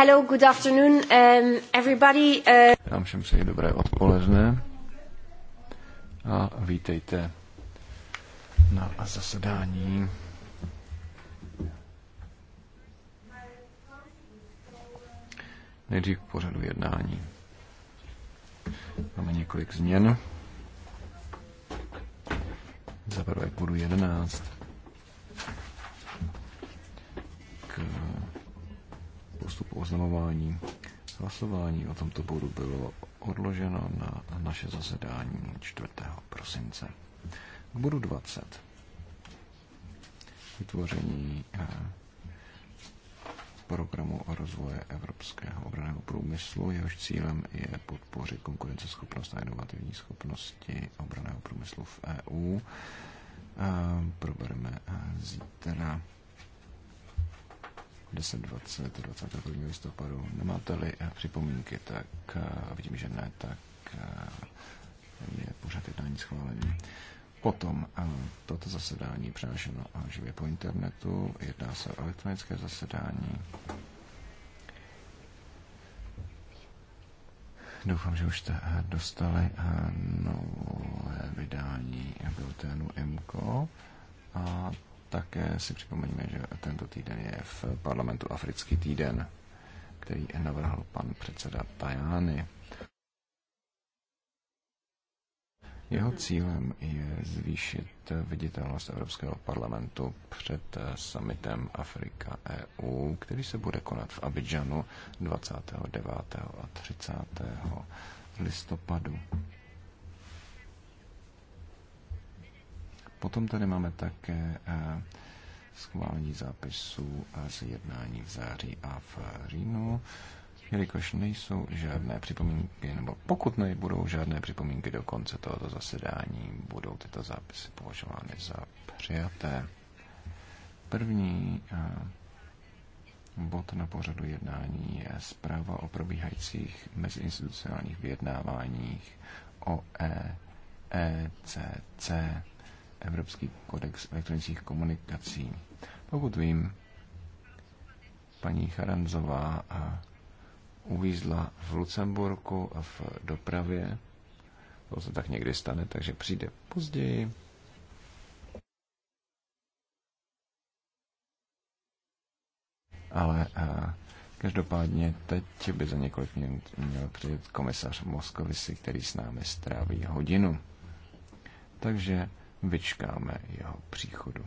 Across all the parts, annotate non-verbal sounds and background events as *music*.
Hello, good afternoon, um, everybody. Uh... Já vám všem přeji dobré odpoledne a vítejte na zasedání. Nejdřív k pořadu jednání. Máme několik změn. Za prvé k bodu 11. postup oznamování. Hlasování o tomto bodu bylo odloženo na naše zasedání 4. prosince. K bodu 20. Vytvoření eh, programu o rozvoje evropského obraného průmyslu. Jehož cílem je podpořit konkurenceschopnost a inovativní schopnosti obraného průmyslu v EU. Eh, probereme eh, zítra. 10, 20, 21. listopadu. Nemáte-li eh, připomínky, tak eh, vidím, že ne, tak eh, je pořád jednání schválení. Potom toto zasedání je přenášeno živě po internetu, jedná se o elektronické zasedání. Doufám, že už jste dostali nové vydání bulletinu MKO a také si připomeňme, že tento týden je v parlamentu Africký týden, který navrhl pan předseda Tajány. Jeho cílem je zvýšit viditelnost Evropského parlamentu před eh, summitem Afrika-EU, který se bude konat v Abidžanu 29. a 30. listopadu. Potom tady máme také eh, schválení zápisů eh, z jednání v září a v říjnu. Jelikož nejsou žádné připomínky, nebo pokud nebudou žádné připomínky do konce tohoto zasedání, budou tyto zápisy považovány za přijaté. První eh, bod na pořadu jednání je zpráva o probíhajících meziinstitucionálních vyjednáváních o ECC. E Evropský kodex elektronických komunikací. Pokud vím, paní Charanzová eh, uvízla v Lucemburku a v dopravě. To se tak někdy stane, takže přijde později. Ale eh, každopádně teď by za několik minut měl přijet komisař Moskovisy, který s námi stráví hodinu. Takže vyčkáme jeho příchodu.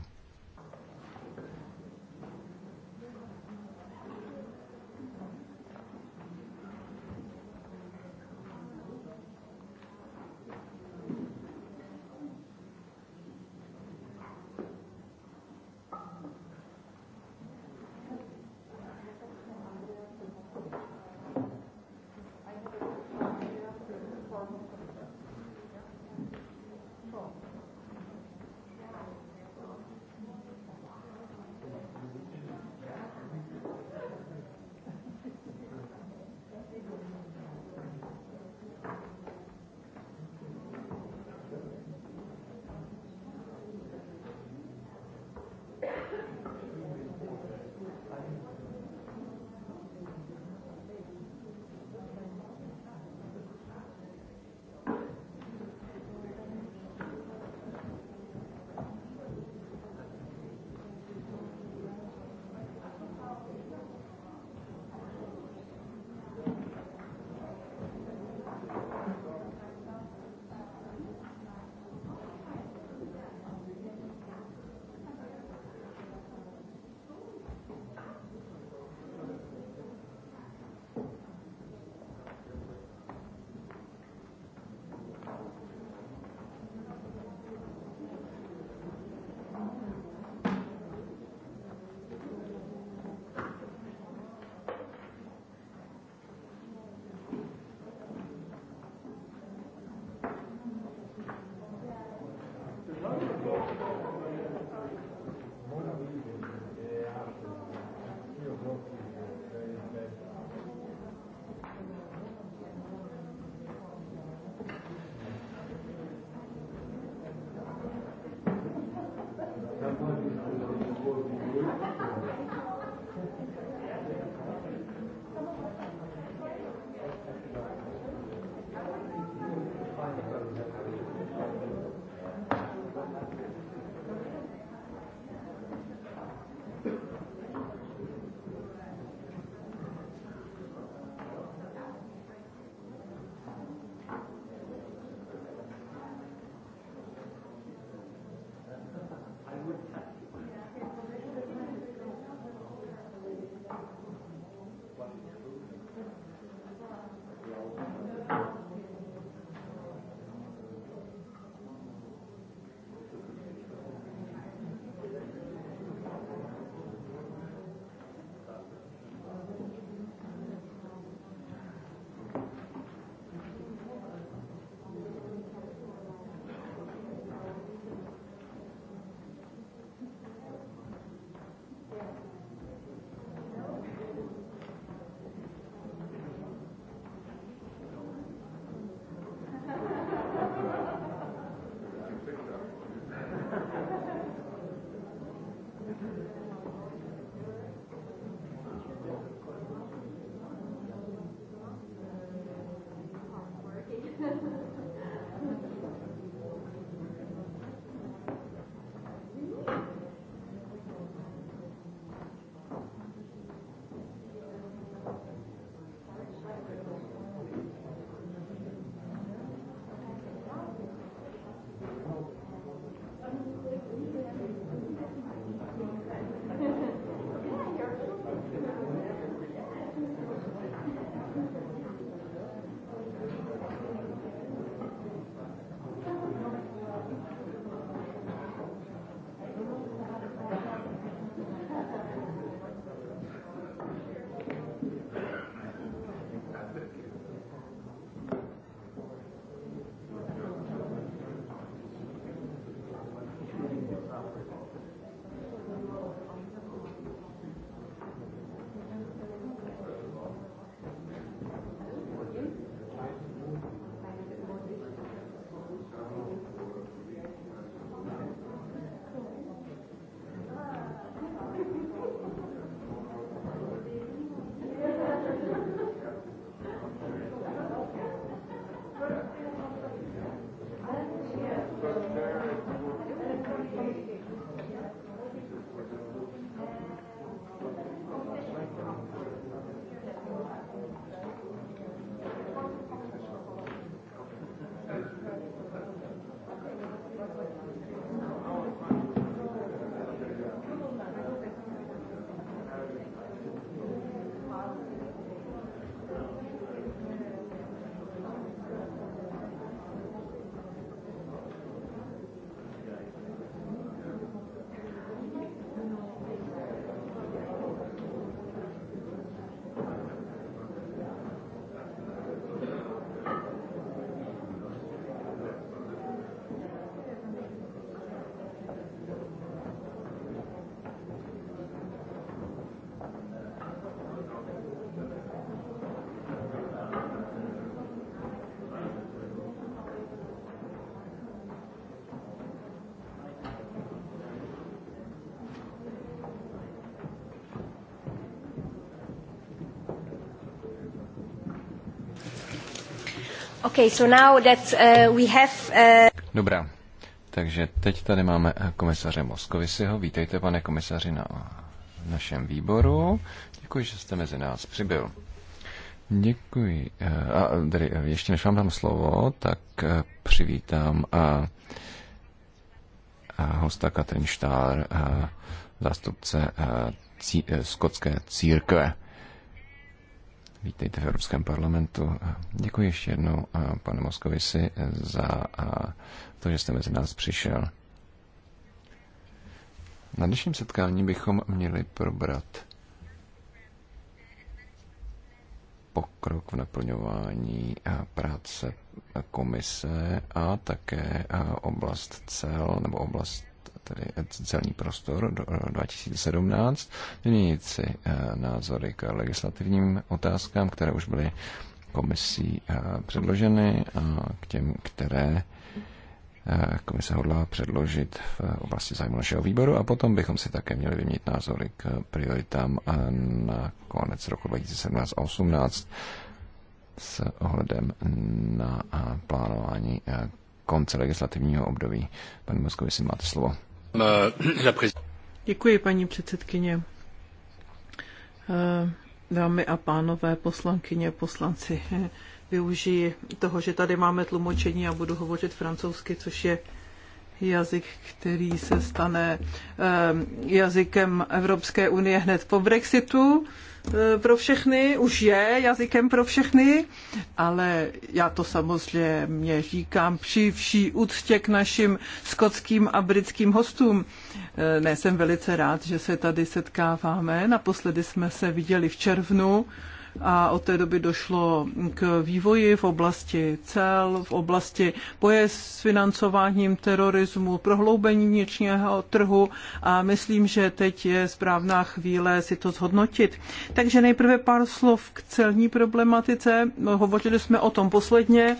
Okay, so now that uh, we have... Uh... Dobrá. Takže teď tady máme eh, komisaře Moskovisiho. Vítejte, pane komisaři, na našem výboru. Děkuji, že jste mezi nás přibyl. Děkuji. Eh, a tady eh, ještě než vám dám slovo, tak přivítám a, a hosta Katrin Štár, a zástupce a cí, skotské církve. Vítejte v Evropském parlamentu. Děkuji ještě jednou, eh, pane Moskovici, za eh, to, že jste mezi nás přišel. Na dnešním setkání bychom měli probrat pokrok v naplňování eh, práce komise a také oblast cel nebo oblast tedy celní prostor do 2017, eh, vyměnit si eh, názory k legislativním otázkám, které už byly komisí eh, předloženy a k těm, které komise hodlá předložit v oblasti zájmu našeho výboru a potom bychom si také měli vyměnit názory k prioritám na konec roku 2017 a 2018 s ohledem na plánování konce legislativního období. Pane Moskovi, si máte slovo. Euh, *clears throat* paní předsedkyně. Eh, dámy a pánové, poslankyně, poslanci, eh, využiji toho, že tady máme tlumočení a budu hovořit francouzsky, což je jazyk, který se stane eh, jazykem Evropské unie hned po Brexitu. Eh, pro všechny, už je jazykem pro všechny, ale já to samozřejmě říkám při vší úctě k našim skotským a britským hostům. Eh, ne, jsem velice rád, že se tady setkáváme. Naposledy jsme se viděli v červnu a od té doby došlo k vývoji v oblasti cel, v oblasti boje s financováním terorismu, prohloubení vnitřního trhu a myslím, že teď je správná chvíle si to zhodnotit. Takže nejprve pár slov k celní problematice. Hovořili jsme o tom posledně.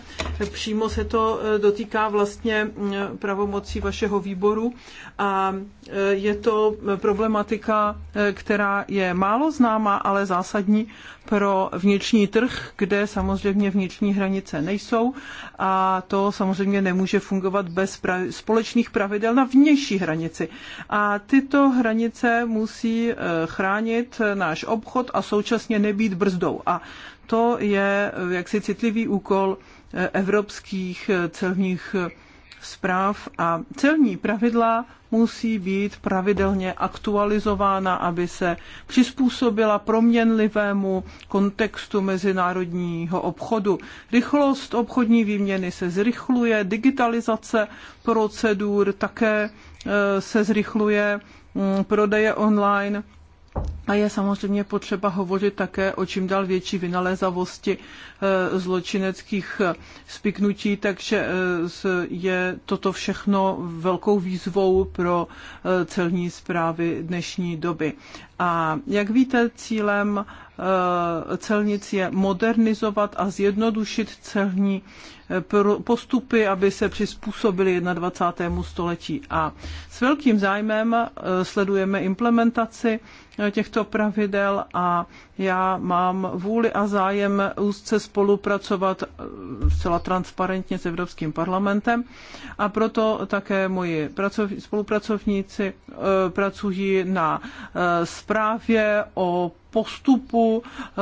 Přímo se to e, dotýká vlastně e, pravomocí vašeho výboru a e, je to problematika, která je málo známá, ale zásadní pro vnitřní trh, kde samozřejmě vnitřní hranice nejsou a to samozřejmě nemůže fungovat bez pra- společných pravidel na vnější hranici. A tyto hranice musí eh, chránit náš obchod a současně nebýt brzdou. A to je eh, jaksi citlivý úkol eh, evropských celních zpráv a celní pravidla musí být pravidelně aktualizována, aby se přizpůsobila proměnlivému kontextu mezinárodního obchodu. Rychlost obchodní výměny se zrychluje, digitalizace procedur také eh, se zrychluje, mm, prodeje online a je samozřejmě potřeba hovořit také o čím dál větší vynalézavosti eh, zločineckých eh, spiknutí, takže eh, je toto všechno velkou výzvou pro celní zprávy dnešní doby. A jak víte, cílem celnic je modernizovat a zjednodušit celní postupy, aby se přizpůsobili 21. století. A s velkým zájmem eh, sledujeme implementaci eh, těchto pravidel a já mám vůli a zájem úzce spolupracovat eh, zcela transparentně s Evropským parlamentem a proto také moji pracov, spolupracovníci pracují na zprávě o postupu eh,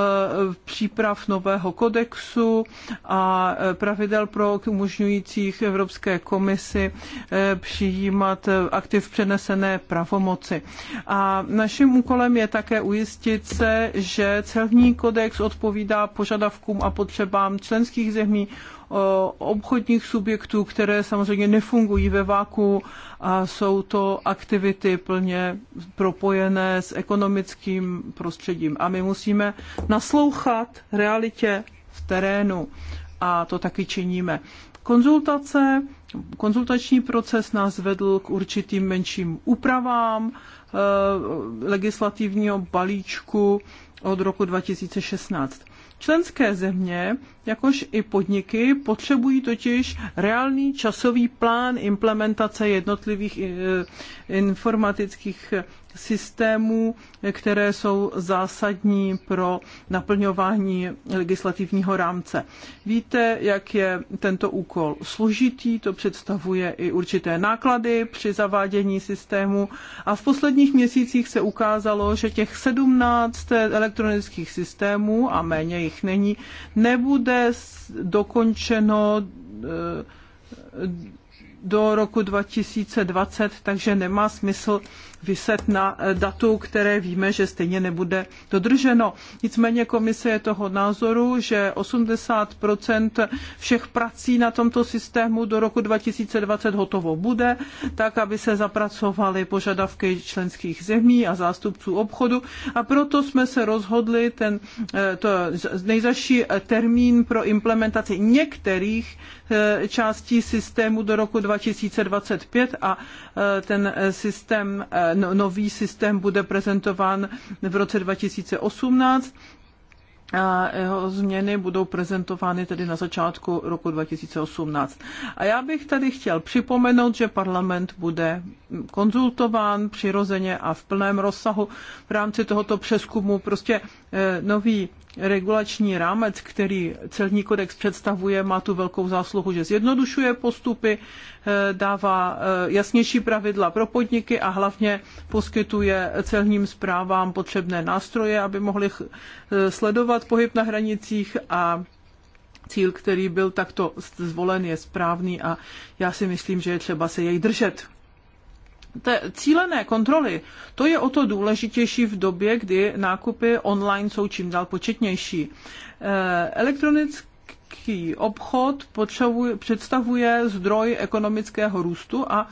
příprav nového kodexu a eh, pravidel pro umožňujících Evropské komisi eh, přijímat aktiv přenesené pravomoci. A naším úkolem je také ujistit se, že celní kodex odpovídá požadavkům a potřebám členských zemí, Eh, obchodních subjektů, které samozřejmě nefungují ve váku a jsou to aktivity plně propojené s ekonomickým prostředím. A my musíme naslouchat realitě v terénu a to taky činíme. Konzultace, konzultační proces nás vedl k určitým menším úpravám eh, legislativního balíčku od roku 2016. Členské země jakož i podniky potřebují totiž reálný časový plán implementace jednotlivých eh, informatických systémů, které jsou zásadní pro naplňování legislativního rámce. Víte, jak je tento úkol složitý, to představuje i určité náklady při zavádění systému a v posledních měsících se ukázalo, že těch 17 elektronických systémů a méně jich není, nebude bude dokončeno eh, do roku 2020, takže nemá smysl vyset na eh, datu, které víme, že stejně nebude dodrženo. Nicméně komise je toho názoru, že 80 všech prací na tomto systému do roku 2020 hotovo bude, tak aby se zapracovaly požadavky členských zemí a zástupců obchodu. A proto jsme se rozhodli ten eh, to, nejzaší eh, termín pro implementaci některých částí systému do roku 2025 a ten systém No, nový systém bude prezentován v roce 2018 a jeho změny budou prezentovány tedy na začátku roku 2018. A já bych tady chtěl připomenout, že parlament bude konzultován přirozeně a v plném rozsahu v rámci tohoto přeskumu. Prostě Eh, nový regulační rámec, který celní kodex představuje, má tu velkou zásluhu, že zjednodušuje postupy, eh, dává eh, jasnější pravidla pro podniky a hlavně poskytuje celním zprávám potřebné nástroje, aby mohli sledovat pohyb na hranicích a cíl, který byl takto zvolen, je správný a já si myslím, že je třeba se jej držet té cílené kontroly, to je o to důležitější v době, kdy nákupy online jsou čím dál početnější. Eh, elektronický obchod představuje zdroj ekonomického růstu a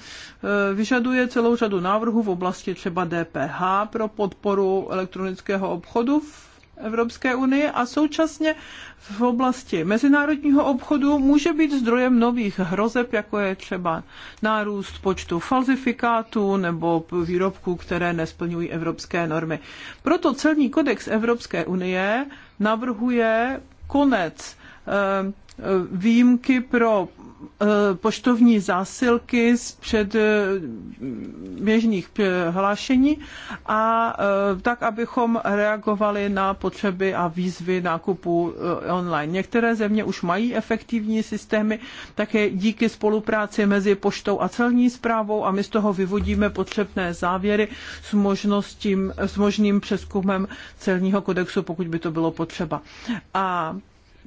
eh, vyžaduje celou řadu návrhů v oblasti třeba DPH pro podporu elektronického obchodu v Evropské unii a současně v oblasti mezinárodního obchodu může být zdrojem nových hrozeb, jako je třeba nárůst počtu falzifikátů nebo výrobků, které nesplňují evropské normy. Proto celní kodex Evropské unie navrhuje konec eh, eh, výjimky pro Eh, poštovní zásilky z před eh, běžných eh, hlášení a tak, abychom reagovali na potřeby a výzvy nákupu online. Některé země už mají efektivní systémy, také díky spolupráci mezi poštou a celní zprávou a my z toho vyvodíme potřebné závěry s, možnostím, s možným přeskumem celního kodexu, pokud by to bylo potřeba. A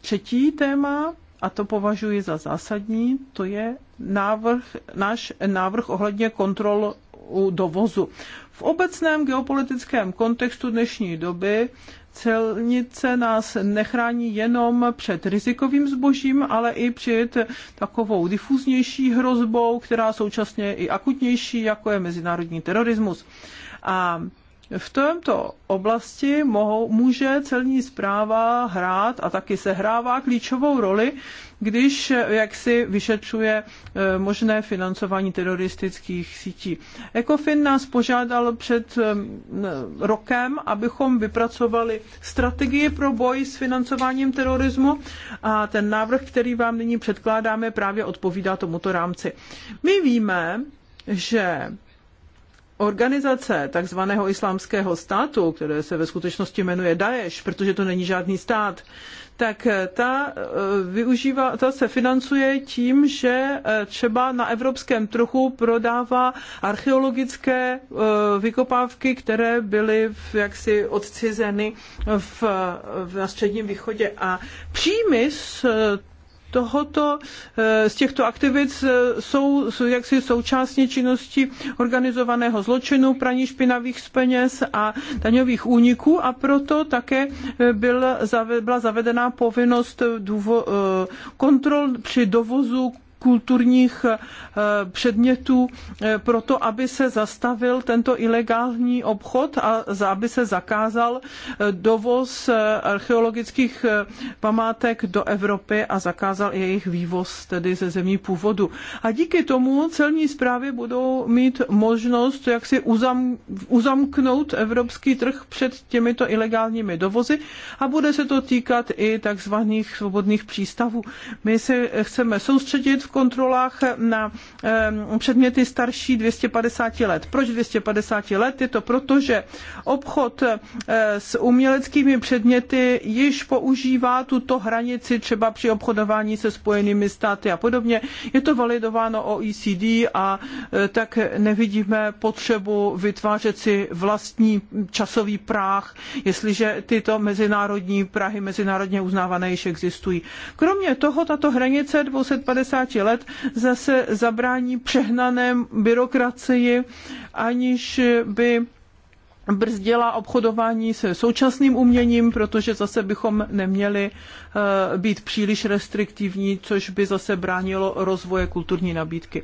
třetí téma, a to považuji za zásadní, to je návrh, náš návrh ohledně kontrol u dovozu. V obecném geopolitickém kontextu dnešní doby celnice nás nechrání jenom před rizikovým zbožím, ale i před takovou difuznější hrozbou, která současně je i akutnější, jako je mezinárodní terorismus. A v tomto oblasti mohou, může celní zpráva hrát a taky se hrává klíčovou roli, když jak si vyšetřuje e, možné financování teroristických sítí. Ecofin nás požádal před e, rokem, abychom vypracovali strategii pro boj s financováním terorismu a ten návrh, který vám nyní předkládáme, právě odpovídá tomuto rámci. My víme, že organizace takzvaného islámského státu, které se ve skutečnosti jmenuje Daesh, protože to není žádný stát, tak eh, ta, eh, využívá, ta se financuje tím, že eh, třeba na evropském trhu prodává archeologické vykopávky, které byly jaksi odcizeny v, na středním východě. A příjmy z tohoto, eh, z těchto aktivit eh, jsou, jsou jaksi součástí činnosti organizovaného zločinu, praní špinavých peněz a daňových úniků a proto také eh, byl, byla zavedena povinnost důvo, kontrol při dovozu kulturních eh, předmětů eh, to, aby se zastavil tento ilegální obchod a aby se zakázal eh, dovoz archeologických památek do Evropy a zakázal i jejich vývoz tedy ze zemí původu. A díky tomu celní zprávy budou mít možnost jak si uzam, uzamknout evropský trh před těmito ilegálními dovozy a bude se to týkat i takzvaných svobodných přístavů. My se chceme soustředit v kontrolách na eh, předměty starší 250 let. Proč 250 let? Je to proto, že obchod eh, s uměleckými předměty již používá tuto hranici třeba při obchodování se spojenými státy a podobně. Je to validováno OECD a eh, tak nevidíme potřebu vytvářet si vlastní časový práh, jestliže tyto mezinárodní prahy mezinárodně uznávané již existují. Kromě toho tato hranice 250 let zase zabrání přehnané byrokracii, aniž by brzdila obchodování se současným uměním, protože zase bychom neměli eh, být příliš restriktivní, což by zase bránilo rozvoje kulturní nabídky.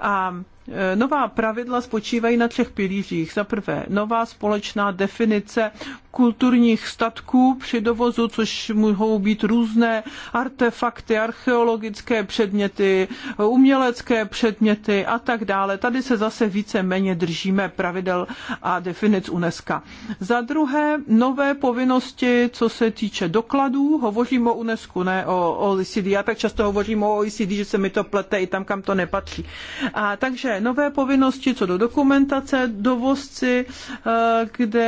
A eh, Nová pravidla spočívají na třech pilířích. Za prvé, nová společná definice kulturních statků při dovozu, což mohou být různé artefakty, archeologické předměty, umělecké předměty a tak dále. Tady se zase více méně držíme pravidel a definic UNESCO. Za druhé, nové povinnosti, co se týče dokladů, hovořím o UNESCO, ne o OECD. Já tak často hovořím o OECD, že se mi to plete i tam, kam to nepatří. A takže nové povinnosti co do dokumentace, dovozci, eh, kde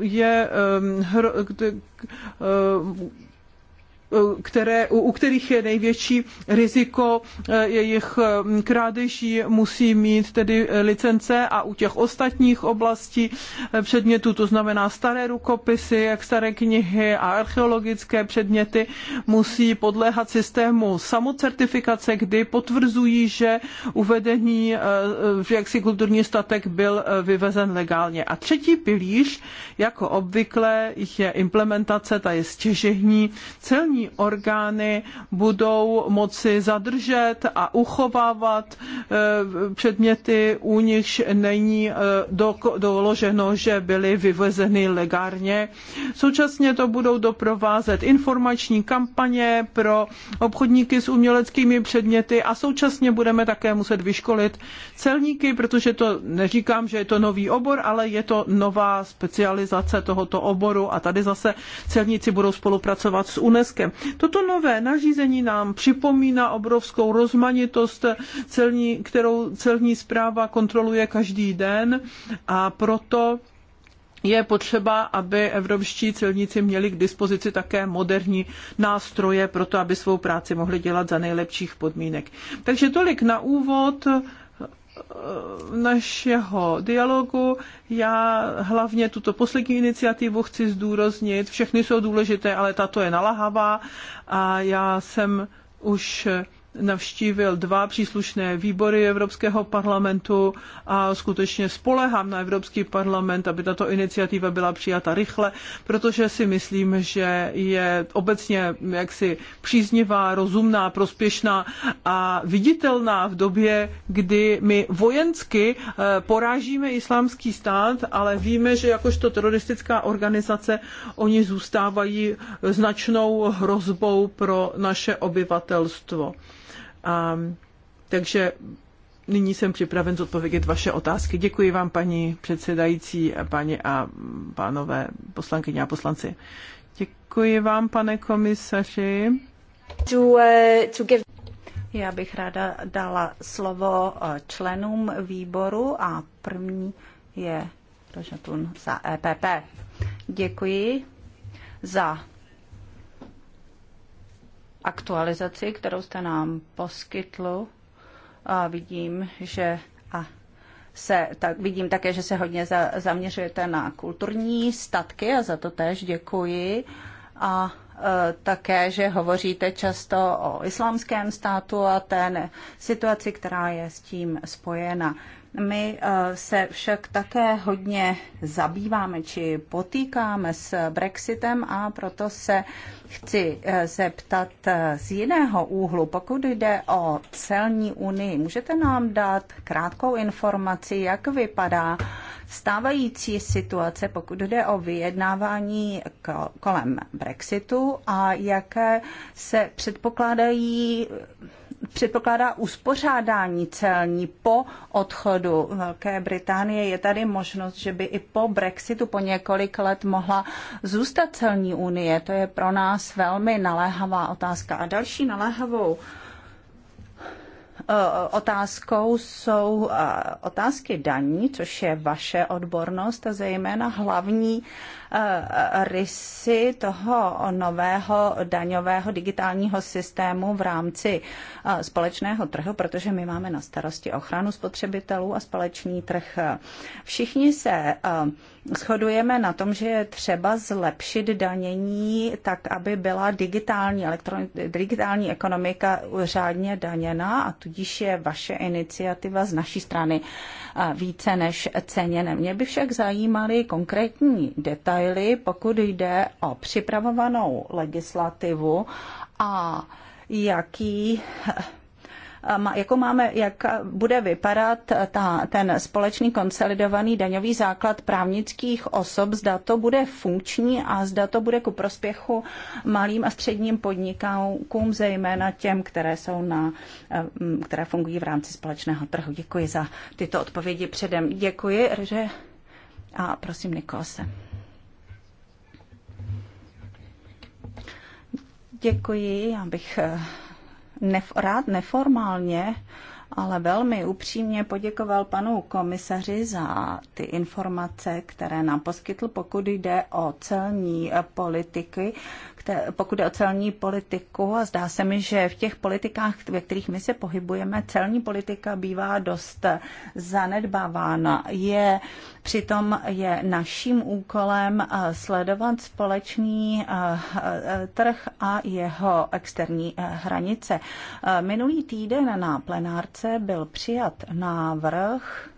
je eh, je ehm, ehm, Eh, které, u, u kterých je největší riziko eh, jejich eh, krádeží, musí mít tedy licence a u těch ostatních oblastí předmětů, to znamená staré rukopisy, jak staré knihy a archeologické předměty, musí podléhat systému samocertifikace, kdy potvrzují, že uvedení jaksi kulturní statek byl vyvezen legálně. A třetí pilíř, jako obvykle, je implementace, ta je stěžení celní správní orgány budou moci zadržet a uchovávat eh, předměty, u nichž není eh, doloženo, že byly vyvezeny legálně. Současně to budou doprovázet informační kampaně pro obchodníky s uměleckými předměty a současně budeme také muset vyškolit celníky, protože to neříkám, že je to nový obor, ale je to nová specializace tohoto oboru a tady zase celníci budou spolupracovat s UNESCO. Toto nové nařízení nám připomíná obrovskou rozmanitost, celní, kterou celní zpráva kontroluje každý den a proto je potřeba, aby evropští celníci měli k dispozici také moderní nástroje pro to, aby svou práci mohli dělat za nejlepších podmínek. Takže tolik na úvod našeho dialogu. Já hlavně tuto poslední iniciativu chci zdůraznit. Všechny jsou důležité, ale tato je nalahavá a já jsem už navštívil dva příslušné výbory Evropského parlamentu a skutečně spolehám na Evropský parlament, aby tato iniciativa byla přijata rychle, protože si myslím, že je obecně jaksi příznivá, rozumná, prospěšná a viditelná v době, kdy my vojensky eh, porážíme islámský stát, ale víme, že jakožto teroristická organizace oni zůstávají značnou hrozbou pro naše obyvatelstvo. A, takže nyní jsem připraven zodpovědět vaše otázky. Děkuji vám, paní předsedající, paní a pánové poslankyně a poslanci. Děkuji vám, pane komisaři. To, uh, to give... Já bych ráda dala slovo eh, členům výboru a první je Rožatun za EPP. Děkuji za aktualizaci, kterou jste nám poskytl. A vidím, že a se, tak vidím také, že se hodně za, zaměřujete na kulturní statky a za to též děkuji. A e, také, že hovoříte často o islámském státu a té situaci, která je s tím spojena. My eh, se však také hodně zabýváme či potýkáme s Brexitem a proto se chci eh, zeptat eh, z jiného úhlu. Pokud jde o celní unii, můžete nám dát krátkou informaci, jak vypadá stávající situace, pokud jde o vyjednávání kolem Brexitu a jaké se předpokládají předpokládá uspořádání celní po odchodu Velké Británie. Je tady možnost, že by i po Brexitu po několik let mohla zůstat celní unie. To je pro nás velmi naléhavá otázka. A další naléhavou eh, otázkou jsou eh, otázky daní, což je vaše odbornost a zejména hlavní Eh, eh, rysy toho nového daňového digitálního systému v rámci eh, společného trhu, protože my máme na starosti ochranu spotřebitelů a společný trh. Všichni se shodujeme na tom, že je třeba zlepšit danění tak, aby byla digitální, elektron, digitální ekonomika řádně daněna a tudíž je vaše iniciativa z naší strany více než ceněné. Mě by však zajímaly konkrétní detaily, pokud jde o připravovanou legislativu a jaký jako máme, jak bude vypadat ta, ten společný konsolidovaný daňový základ právnických osob, zda to bude funkční a zda to bude ku prospěchu malým a středním podnikům, zejména těm, které, jsou na, eh, které fungují v rámci společného trhu. Děkuji za tyto odpovědi předem. Děkuji, Rže. a prosím Nikolase. Děkuji, já bych eh, nef, rád neformálně, ale velmi upřímně poděkoval panu komisaři za ty informace, které nám poskytl, pokud jde o celní politiky, pokud jde o celní politiku a zdá se mi, že v těch politikách, ve kterých my se pohybujeme, celní politika bývá dost zanedbávána. Je Přitom je naším úkolem eh, sledovat společný eh, eh, trh a jeho externí hranice. Minulý týden na plenárce byl přijat návrh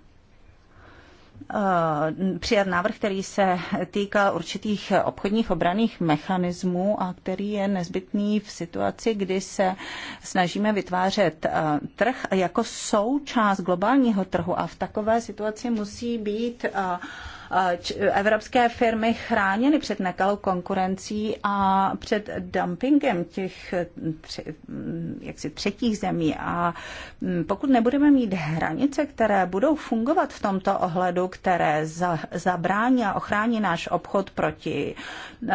Eh, přijat návrh, který se týkal určitých obchodních obraných mechanismů a který je nezbytný v situaci, kdy se snažíme vytvářet eh, trh jako součást globálního trhu a v takové situaci musí být uh, evropské firmy chráněny před nekalou konkurencí a před dumpingem těch tři, jaksi třetích zemí. A mm, pokud nebudeme mít hranice, které budou fungovat v tomto ohledu, které za, zabrání a ochrání náš obchod proti uh,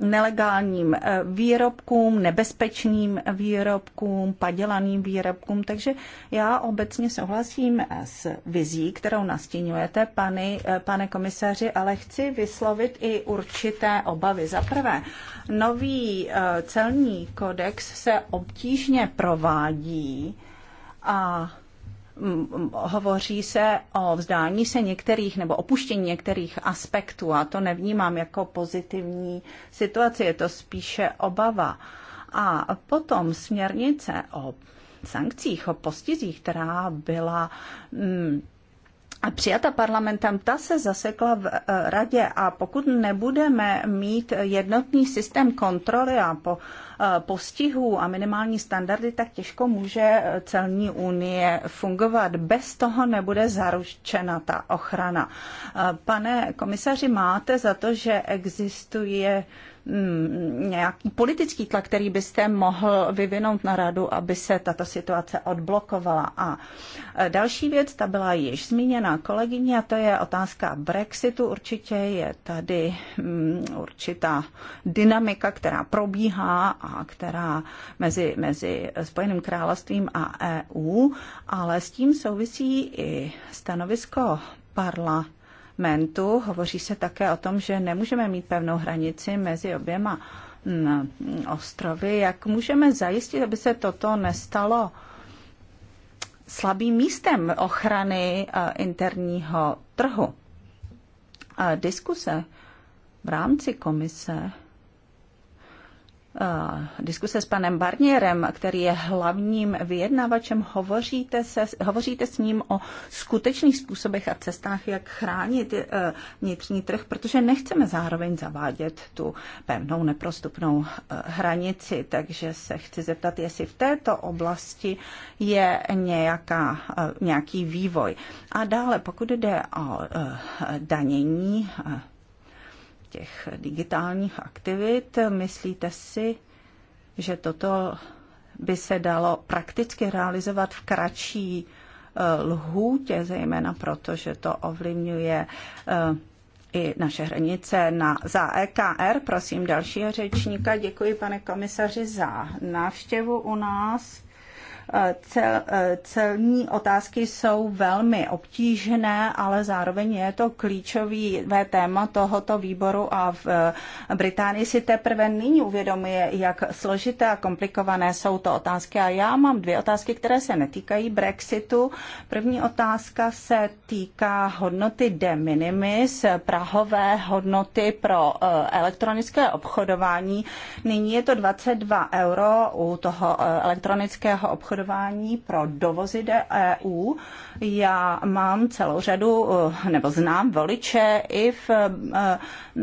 nelegálním eh, výrobkům, nebezpečným výrobkům, padělaným výrobkům. Takže já obecně souhlasím eh, s vizí, kterou nastínujete, pany, eh, pane komisaři, ale chci vyslovit i určité obavy. Za prvé, nový celní kodex se obtížně provádí a hovoří se o vzdání se některých nebo opuštění některých aspektů a to nevnímám jako pozitivní situaci, je to spíše obava. A potom směrnice o sankcích, o postizích, která byla mm, přijata parlamentem, ta se zasekla v eh, radě a pokud nebudeme mít jednotný systém kontroly a po, eh, postihů a minimální standardy, tak těžko může eh, celní unie fungovat. Bez toho nebude zaručena ta ochrana. Pane komisaři, máte za to, že existuje Mm, nějaký politický tlak, který byste mohl vyvinout na radu, aby se tato situace odblokovala. A e, další věc, ta byla již zmíněna kolegyně, a to je otázka Brexitu. Určitě je tady mm, určitá dynamika, která probíhá a která mezi, mezi Spojeným královstvím a EU, ale s tím souvisí i stanovisko parla mentu. Hovoří se také o tom, že nemůžeme mít pevnou hranici mezi oběma mm, ostrovy. Jak můžeme zajistit, aby se toto nestalo slabým místem ochrany eh, interního trhu? Diskuse v rámci komise diskuse s panem Barnierem, který je hlavním vyjednavačem, hovoříte, se, hovoříte s ním o skutečných způsobech a cestách, jak chránit e, vnitřní trh, protože nechceme zároveň zavádět tu pevnou neprostupnou e, hranici. Takže se chci zeptat, jestli v této oblasti je nějaká, e, nějaký vývoj. A dále, pokud jde o danění, těch digitálních aktivit. Myslíte si, že toto by se dalo prakticky realizovat v kratší eh, lhůtě, zejména proto, že to ovlivňuje eh, i naše hranice na, za EKR. Prosím dalšího řečníka. Děkuji, pane komisaři, za návštěvu u nás. Cel, celní otázky jsou velmi obtížné, ale zároveň je to klíčové téma tohoto výboru a v eh, Británii si teprve nyní uvědomuje, jak složité a komplikované jsou to otázky. A já mám dvě otázky, které se netýkají Brexitu. První otázka se týká hodnoty de minimis, prahové hodnoty pro eh, elektronické obchodování. Nyní je to 22 euro u toho eh, elektronického obchodování obchodování pro dovozy do EU. Já mám celou řadu, eh, nebo znám voliče i v eh,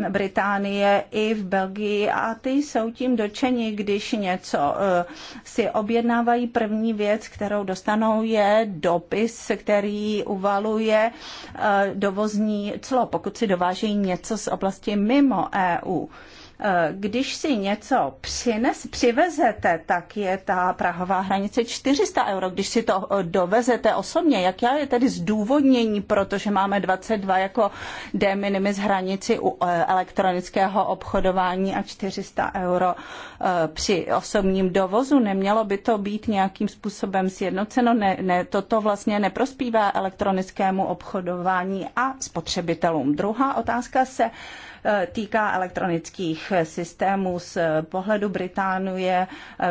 Británie, i v Belgii a ty jsou tím dočeni, když něco eh, si objednávají. První věc, kterou dostanou, je dopis, který uvaluje dovozní clo, pokud si dovážejí něco z oblasti mimo EU. Eh, když si něco přines, přivezete, tak je ta prahová hranice 400 euro. Když si to eh, dovezete osobně, jak já je tedy zdůvodnění, protože máme 22 jako de minimis hranici u eh, elektronického obchodování a 400 euro při osobním dovozu, nemělo by to být nějakým způsobem sjednoceno, ne, ne, toto vlastně neprospívá elektronickému obchodování a spotřebitelům. Druhá otázka se týká elektronických systémů. Z pohledu Británie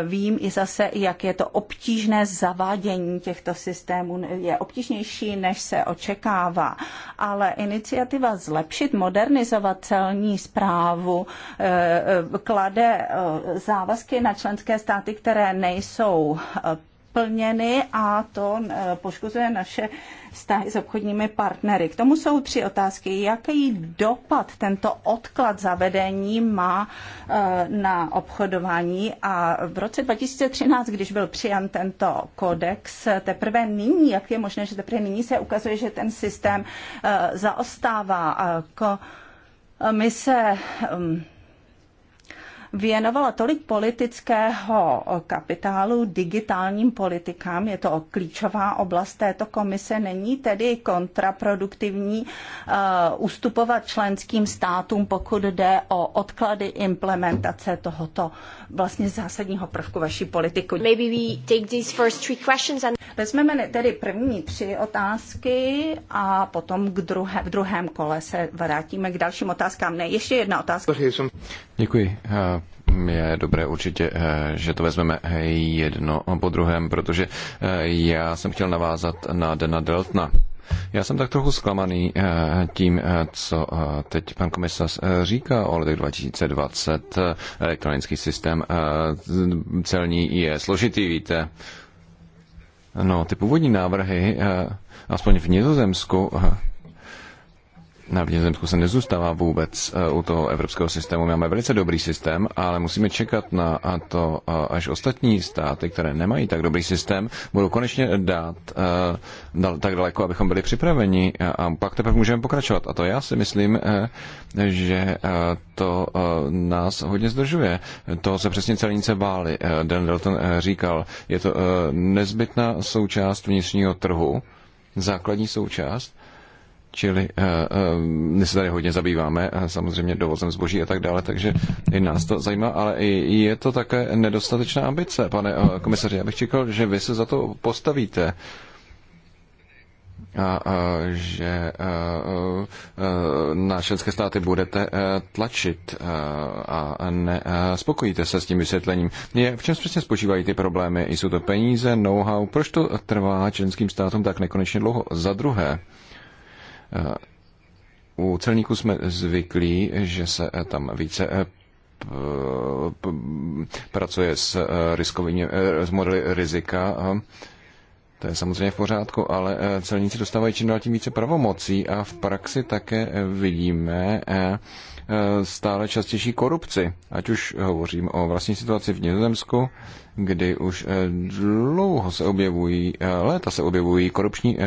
vím i zase, jak je to obtížné zavádění těchto systémů. Je obtížnější, než se očekává. Ale iniciativa zlepšit, modernizovat celní zprávu eh, eh, klade eh, závazky na členské státy, které nejsou plněny a to eh, poškozuje naše vztahy s obchodními partnery. K tomu jsou tři otázky. Jaký dopad tento odklad zavedení má eh, na obchodování? A v roce 2013, když byl přijan tento kodex, eh, teprve nyní, jak je možné, že teprve nyní se ukazuje, že ten systém zaostává. My se věnovala tolik politického kapitálu digitálním politikám. Je to klíčová oblast této komise. Není tedy kontraproduktivní uh, ustupovat členským státům, pokud jde o odklady implementace tohoto vlastně zásadního prvku vaší politiku. Maybe we take these first three questions and... Vezmeme tedy první tři otázky a potom k druhé, v druhém kole se vrátíme k dalším otázkám. Ne, ještě jedna otázka. Děkuji. Eh, je dobré určitě, eh, že to vezmeme eh, jedno po druhém, protože eh, já jsem chtěl navázat na Dana Deltna. Já jsem tak trochu zklamaný tím, co teď pan komisař říká o letech 2020. Elektronický systém celní je složitý, víte. No, ty původní návrhy, aspoň v Nizozemsku, na Vnězemsku se nezůstává vůbec eh, u toho evropského systému. Máme velice dobrý systém, ale musíme čekat na to, eh, až ostatní státy, které nemají tak dobrý systém, budou konečně dát eh, tak daleko, abychom byli připraveni a pak teprve můžeme pokračovat. A to já si myslím, že to nás hodně zdržuje. To se přesně celnice báli. Dan Dalton říkal, je to nezbytná součást vnitřního trhu, základní součást, Čili eh, eh, my se tady hodně zabýváme eh, samozřejmě dovozem zboží a tak dále, takže i nás to zajímá, ale i je to také nedostatečná ambice, pane komisaři. Já bych čekal, že vy se za to postavíte a, a že a, a, na členské státy budete tlačit a, a ne a spokojíte se s tím vysvětlením. Je, v čem přesně spočívají ty problémy? Jsou to peníze, know-how? Proč to trvá členským státům tak nekonečně dlouho? Za druhé, Eh, u celníků jsme zvyklí, že se eh, tam více eh, pracuje s, riskovými, s modely rizika. To je samozřejmě v pořádku, ale celníci dostávají čím dál tím více pravomocí a v praxi také vidíme stále častější korupci. Ať už hovořím o vlastní situaci v Nizozemsku, kdy už dlouho se objevují, léta se objevují korupční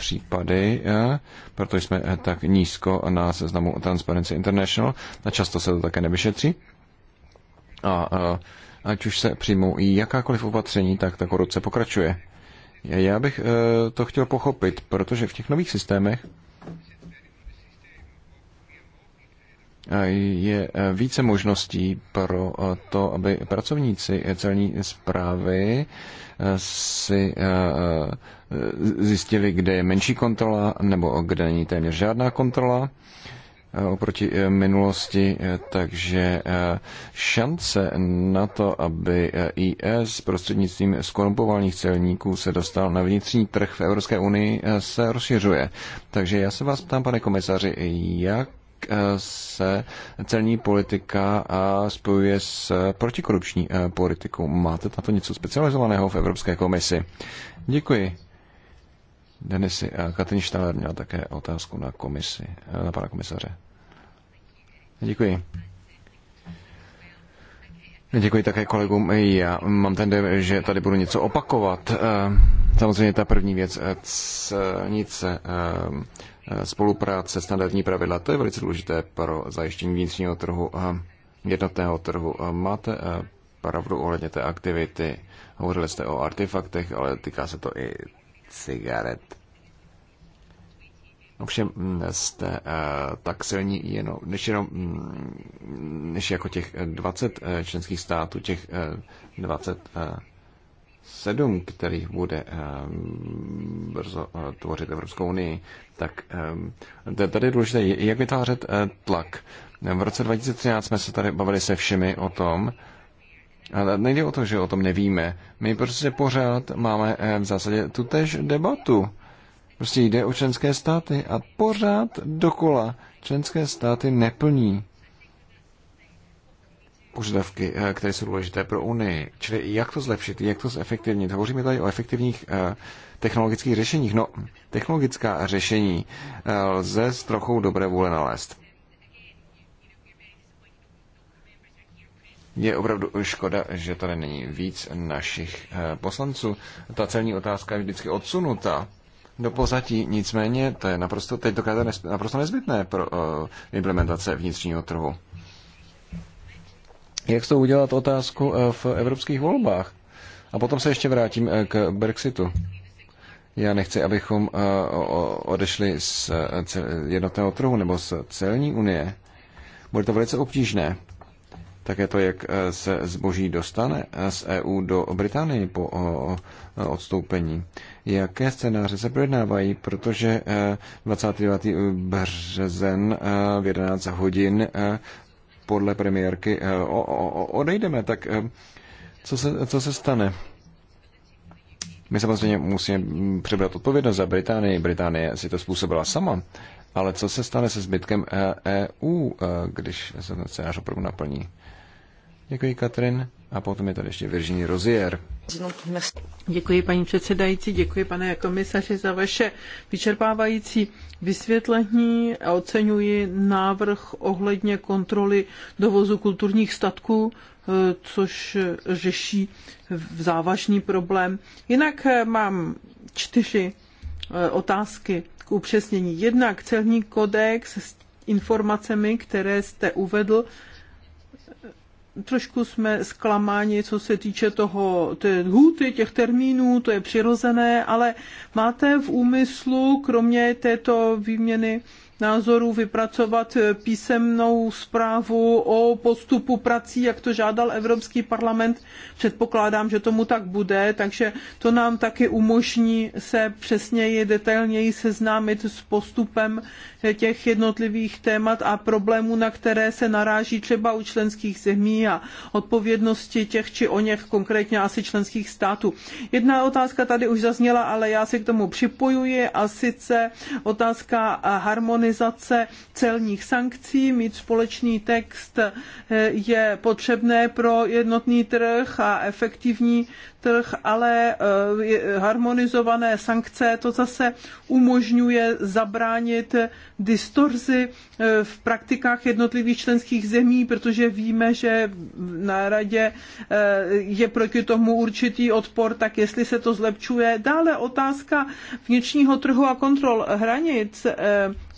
případy, eh, protože jsme eh, tak nízko na seznamu Transparency International a často se to také nevyšetří. A eh, ať už se přijmou i jakákoliv opatření, tak ta korupce pokračuje. Já bych to chtěl pochopit, protože v těch nových systémech je eh, více možností pro eh, to, aby pracovníci celní zprávy eh, si zjistili, kde je menší kontrola nebo kde není téměř žádná kontrola oproti minulosti, takže šance na to, aby IS prostřednictvím skorumpovaných celníků se dostal na vnitřní trh v Evropské unii, se rozšiřuje. Takže já se vás ptám, pane komisaři, jak Eh, se celní politika eh, spojuje s eh, protikorupční politikou. Máte na to něco specializovaného v Evropské komisi? Děkuji. Denisy, Katrin Štaler měla také otázku na komisi, na pana komisaře. Děkuji. Děkuji také kolegům. Já mám ten dojem, že tady budu něco opakovat. Samozřejmě ta první věc, nic spolupráce, standardní pravidla, to je velice důležité pro zajištění vnitřního trhu a jednotného trhu. Máte eh, pravdu ohledně té aktivity, hovořili jste o artefaktech, ale týká se to i cigaret. Ovšem hm, jste uh, tak silní jenom, než, jenom, hm, než jako těch 20 eh, členských států, těch uh, 20 uh, sedm, kterých bude ehm, brzo eh, tvořit Evropskou unii, tak ehm, tady je důležité, jak vytvářet eh, tlak. V roce 2013 jsme se tady bavili se všemi o tom, a nejde o to, že o tom nevíme. My prostě pořád máme eh, v zásadě tež debatu. Prostě jde o členské státy a pořád dokola členské státy neplní požadavky, eh, které jsou důležité pro Unii. Čili jak to zlepšit, jak to zefektivnit. Hovoříme tady o efektivních eh, technologických řešeních. No, technologická řešení eh, lze s trochou dobré vůle nalézt. Je opravdu škoda, že tady není víc našich poslanců. Ta celní otázka je vždycky odsunuta do pozatí. nicméně to je naprosto, teď to je naprosto nezbytné pro implementace vnitřního trhu jak to udělat otázku eh, v evropských volbách. A potom se ještě vrátím eh, k Brexitu. Já nechci, abychom eh, odešli z jednotného trhu nebo z celní unie. Bude to velice obtížné. Také to, jak se zboží dostane z EU do Británie po odstoupení. Jaké scénáře se projednávají, protože 29. březen v 11 hodin podle premiérky eh, o, o, odejdeme, tak eh, co se, co se stane? My samozřejmě musíme mm, přebrat odpovědnost za Británii. Británie si to způsobila sama. Ale co se stane se zbytkem EU, eh, e když se ten scénář opravdu naplní? Děkuji, Katrin. A potom je tady ještě Virginie Rozier. Děkuji paní předsedající, děkuji pane komisaři za vaše vyčerpávající vysvětlení a oceňuji návrh ohledně kontroly dovozu kulturních statků, eh, což řeší závažný problém. Jinak eh, mám čtyři eh, otázky k upřesnění. Jednak celní kodex s informacemi, které jste uvedl, trošku jsme zklamáni, co se týče toho, té hůty, těch termínů, to je přirozené, ale máte v úmyslu, kromě této výměny názorů vypracovat eh, písemnou zprávu o postupu prací, jak to žádal Evropský parlament. Předpokládám, že tomu tak bude, takže to nám taky umožní se přesněji, detailněji seznámit s postupem eh, těch jednotlivých témat a problémů, na které se naráží třeba u členských zemí a odpovědnosti těch či o něch konkrétně asi členských států. Jedna otázka tady už zazněla, ale já se k tomu připojuji a sice otázka harmonizace harmonizace celních sankcí, mít společný text eh, je potřebné pro jednotný trh a efektivní trh, ale eh, harmonizované sankce to zase umožňuje zabránit distorzi eh, v praktikách jednotlivých členských zemí, protože víme, že na radě je proti tomu určitý odpor, tak jestli se to zlepšuje. Dále otázka vnitřního trhu a kontrol hranic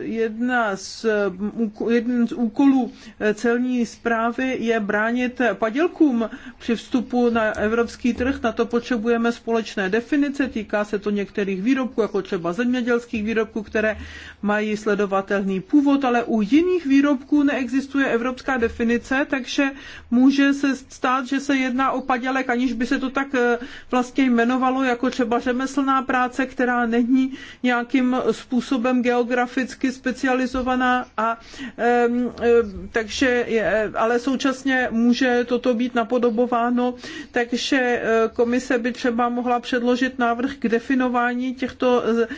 jedna z, jeden z úkolů eh, celní zprávy je bránit padělkům při vstupu na evropský trh. Na to potřebujeme společné definice, týká se to některých výrobků, jako třeba zemědělských výrobků, které mají sledovatelný původ, ale u jiných výrobků neexistuje evropská definice, takže může se stát, že se jedná o padělek, aniž by se to tak eh, vlastně jmenovalo, jako třeba řemeslná práce, která není nějakým způsobem geografická geograficky specializovaná a takže je, ale současně může toto být napodobováno, takže eh, komise by třeba mohla předložit návrh k definování těchto eh,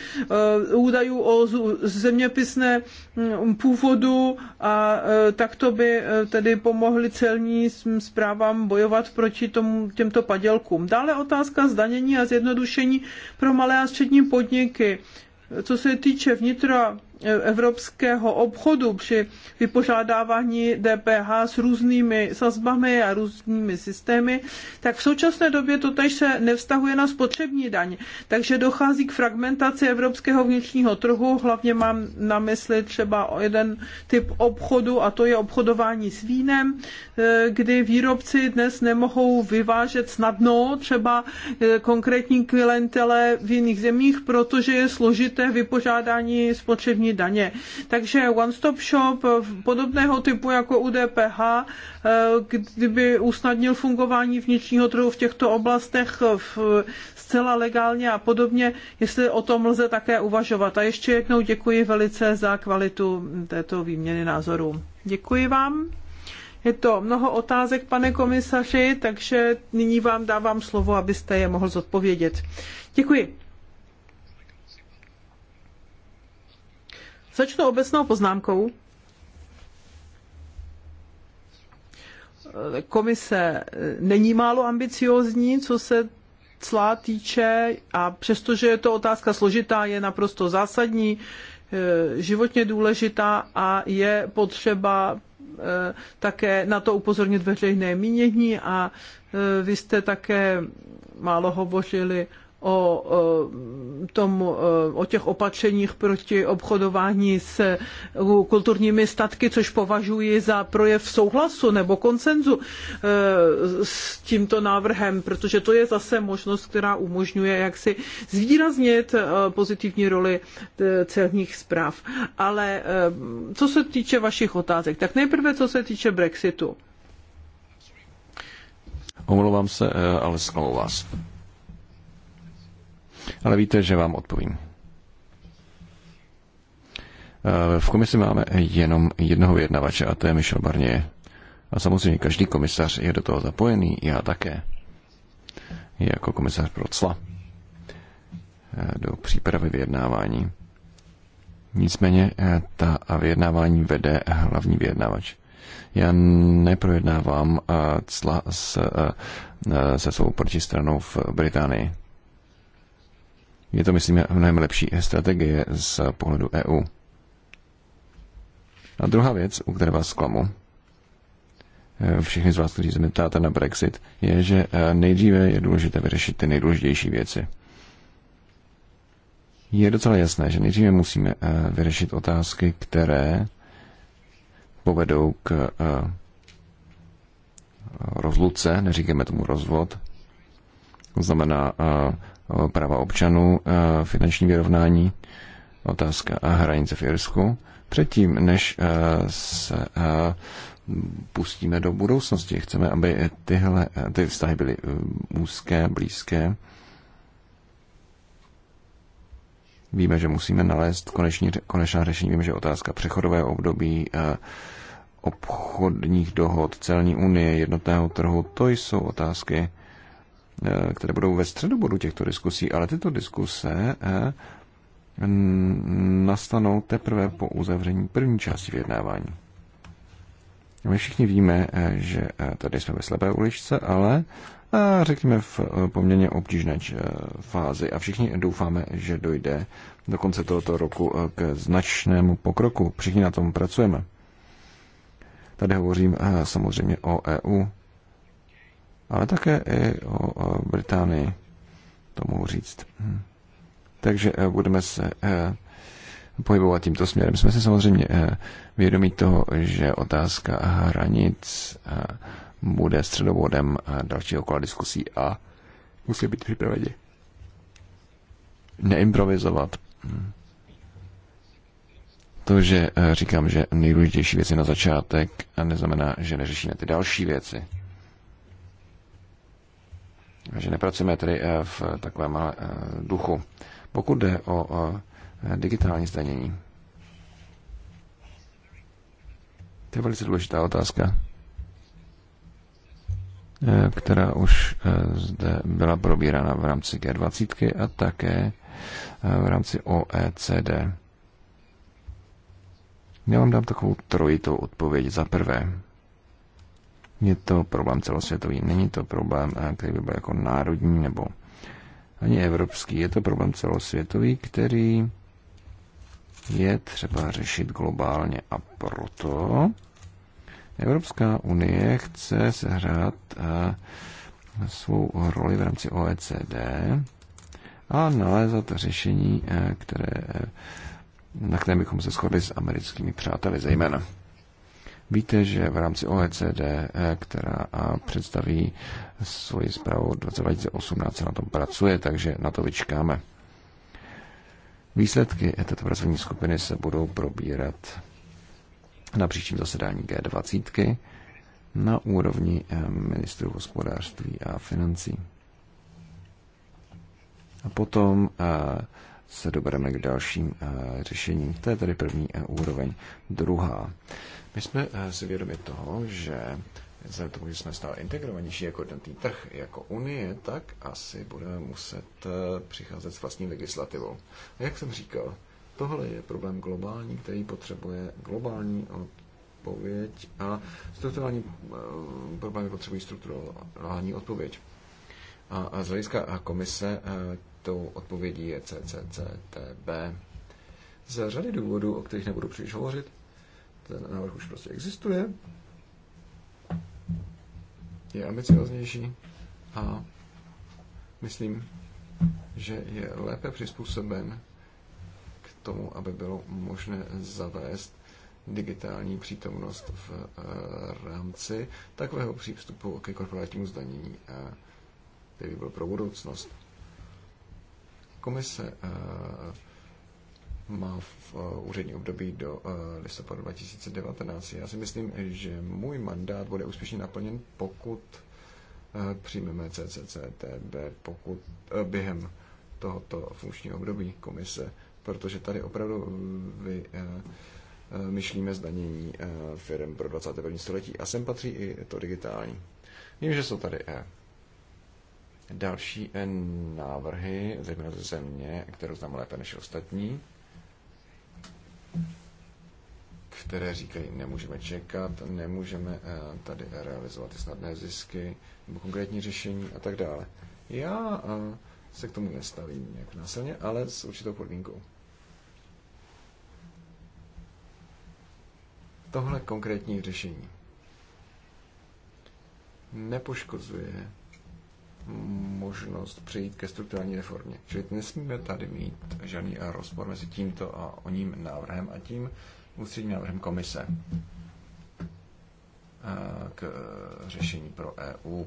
údajů o zeměpisné mm, původu a eh, takto by tedy pomohly celní zprávám bojovat proti tomu, těmto padělkům. Dále otázka zdanění a zjednodušení pro malé a střední podniky. Co se týče vnitra evropského obchodu při vypořádávání DPH s různými sazbami a různými systémy, tak v současné době to tež se nevztahuje na spotřební daň. Takže dochází k fragmentaci evropského vnitřního trhu, hlavně mám na mysli třeba jeden typ obchodu a to je obchodování s vínem, eh, kdy výrobci dnes nemohou vyvážet snadno třeba eh, konkrétní klientele v jiných zemích, protože je složité vypořádání spotřební splatní daně. Takže one-stop shop eh, podobného typu jako u DPH, eh, kdyby usnadnil fungování vnitřního trhu v těchto oblastech eh, v, zcela legálně a podobně, jestli o tom lze také uvažovat. A ještě jednou děkuji velice za kvalitu této výměny názorů. Děkuji vám. Je to mnoho otázek, pane komisaři, takže nyní vám dávám slovo, abyste je mohl zodpovědět. Děkuji. Začnu obecnou poznámkou. Komise není málo ambiciózní, co se clá týče a přestože je to otázka složitá, je naprosto zásadní, eh, životně důležitá a je potřeba eh, také na to upozornit veřejné mínění a eh, vy jste také málo hovořili o, tom, o těch opatřeních proti obchodování s kulturními statky, což považuji za projev souhlasu nebo konsenzu e, s tímto návrhem, protože to je zase možnost, která umožňuje jaksi zvýraznit e, pozitivní roli e, celních zpráv. Ale co se týče vašich otázek, tak nejprve co se týče Brexitu. Omlouvám se, ale zklamu vás ale víte, že vám odpovím. Eh, v komisi máme jenom jednoho vyjednavače a to je Michel Barnier. A samozřejmě každý komisař je do toho zapojený, já také. Jako komisař pro cla eh, do přípravy vyjednávání. Nicméně eh, ta vyjednávání vede hlavní vyjednavač. Já neprojednávám cla s, se svou protistranou v Británii. Je to, myslím, mnohem lepší strategie z pohledu EU. A druhá věc, u které vás zklamu, eh, všichni z vás, kteří se mě ptáte na Brexit, je, že eh, nejdříve je důležité vyřešit ty nejdůležitější věci. Je docela jasné, že nejdříve musíme eh, vyřešit otázky, které povedou k rozluce, neříkáme tomu rozvod, to znamená práva občanů, e, finanční vyrovnání, otázka a hranice v Irsku, předtím, než e, se e, pustíme do budoucnosti. Chceme, aby tyhle, ty vztahy byly úzké, blízké. Víme, že musíme nalézt konečný, konečná řešení. Víme, že otázka přechodového období, obchodních dohod, celní unie, jednotného trhu, to jsou otázky, Eh, které budou ve středobodu těchto diskusí, ale tyto diskuse eh, nastanou teprve po uzavření první části vyjednávání. My všichni víme, eh, že tady jsme ve slepé uličce, ale řekněme v poměrně obtížné fázi a všichni doufáme, že dojde do konce tohoto roku k značnému pokroku. Všichni na tom pracujeme. Tady hovořím samozřejmě o EU ale také i o Británii, to mohu říct. Hm. Takže eh, budeme se eh, pohybovat tímto směrem. Jsme se samozřejmě eh, vědomí toho, že otázka hranic bude středovodem dalšího kola diskusí a musí být připraveni. Neimprovizovat. Hm. To, že říkám, že nejdůležitější věci na začátek, neznamená, že neřešíme ty další věci že nepracujeme tedy eh, v takovém eh, duchu. Pokud jde o eh, digitální zdanění, to je velice důležitá otázka, která už zde byla probírána v rámci G20 a také v rámci OECD. Já vám dám takovou trojitou odpověď. Za prvé, je to problém celosvětový, není to problém, eh, který by byl jako národní nebo ani evropský. Je to problém celosvětový, který je třeba řešit globálně a proto Evropská unie chce sehrát eh, svou roli v rámci OECD a nalézat řešení, eh, které, na kterém bychom se shodli s americkými přáteli zejména. Víte, že v rámci OECD, eh, která eh, představí svoji zprávu 2018, se na tom pracuje, takže na to vyčkáme. Výsledky této pracovní skupiny se budou probírat na příštím zasedání G20 na úrovni eh, ministrů hospodářství a financí. A potom se dobereme k dalším řešením. To je tedy první úroveň. Druhá my jsme eh, si vědomi toho, že vzhledem tomu, že jsme stále integrovanější jako jednotný trh, jako Unie, tak asi budeme muset eh, přicházet s vlastní legislativou. A jak jsem říkal, tohle je problém globální, který potřebuje globální odpověď a strukturální eh, problémy potřebují strukturální odpověď. A z hlediska komise tou odpovědí je CCCTB. Z řady důvodů, o kterých nebudu příliš hovořit, ten návrh už prostě existuje, je ambicioznější a myslím, že je lépe přizpůsoben k tomu, aby bylo možné zavést digitální přítomnost v eh, rámci takového přístupu ke korporátnímu zdanění, který by byl pro budoucnost. Komise eh, má v eh, úřední období do eh, listopadu 2019. Já si myslím, že můj mandát bude úspěšně naplněn, pokud eh, přijmeme CCCTB pokud, během tohoto funkčního období komise, protože tady opravdu vy myšlíme zdanění firm pro 21. století a sem patří i to digitální. Vím, že jsou tady e. další návrhy, zejména ze země, kterou znám lépe než ostatní které říkají, nemůžeme čekat, nemůžeme eh, tady realizovat ty snadné zisky nebo konkrétní řešení a tak dále. Já eh, se k tomu nestavím nějak násilně, ale s určitou podmínkou. Tohle konkrétní řešení nepoškozuje možnost přejít ke strukturální reformě. Čili nesmíme tady mít žádný rozpor mezi tímto a oním návrhem a tím ústředním návrhem komise eh, k řešení pro EU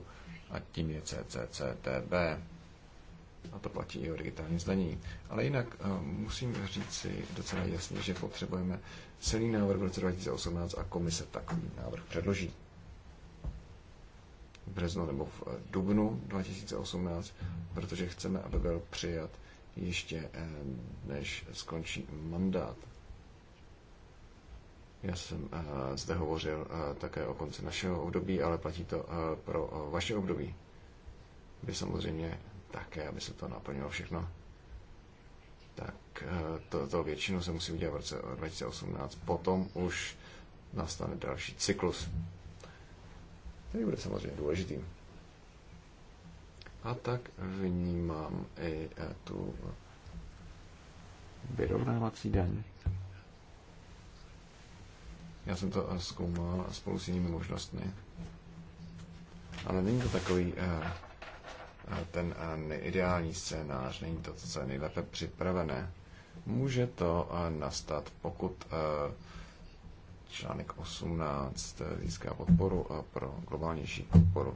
a tím je CCCTB. A to platí i o digitální zdanění. Ale jinak eh, musím říct si docela jasně, že potřebujeme silný návrh v roce 2018 a komise takový návrh předloží březnu nebo v eh, dubnu 2018, protože chceme, aby byl přijat ještě eh, než skončí mandát. Já jsem eh, zde hovořil také o konci našeho období, ale platí to pro vaše období. Vy samozřejmě také, aby se to naplnilo všechno. Tak to, to většinu se musí udělat v roce 2018. Potom už nastane další cyklus který bude samozřejmě důležitý. A tak vnímám i eh, tu vyrovnávací daň. Já jsem to eh, zkoumal spolu s jinými možnostmi. Ale není to takový eh, ten neideální scénář, není to, co je nejlépe připravené. Může to nastat, pokud článek 18 získá podporu a pro globálnější podporu.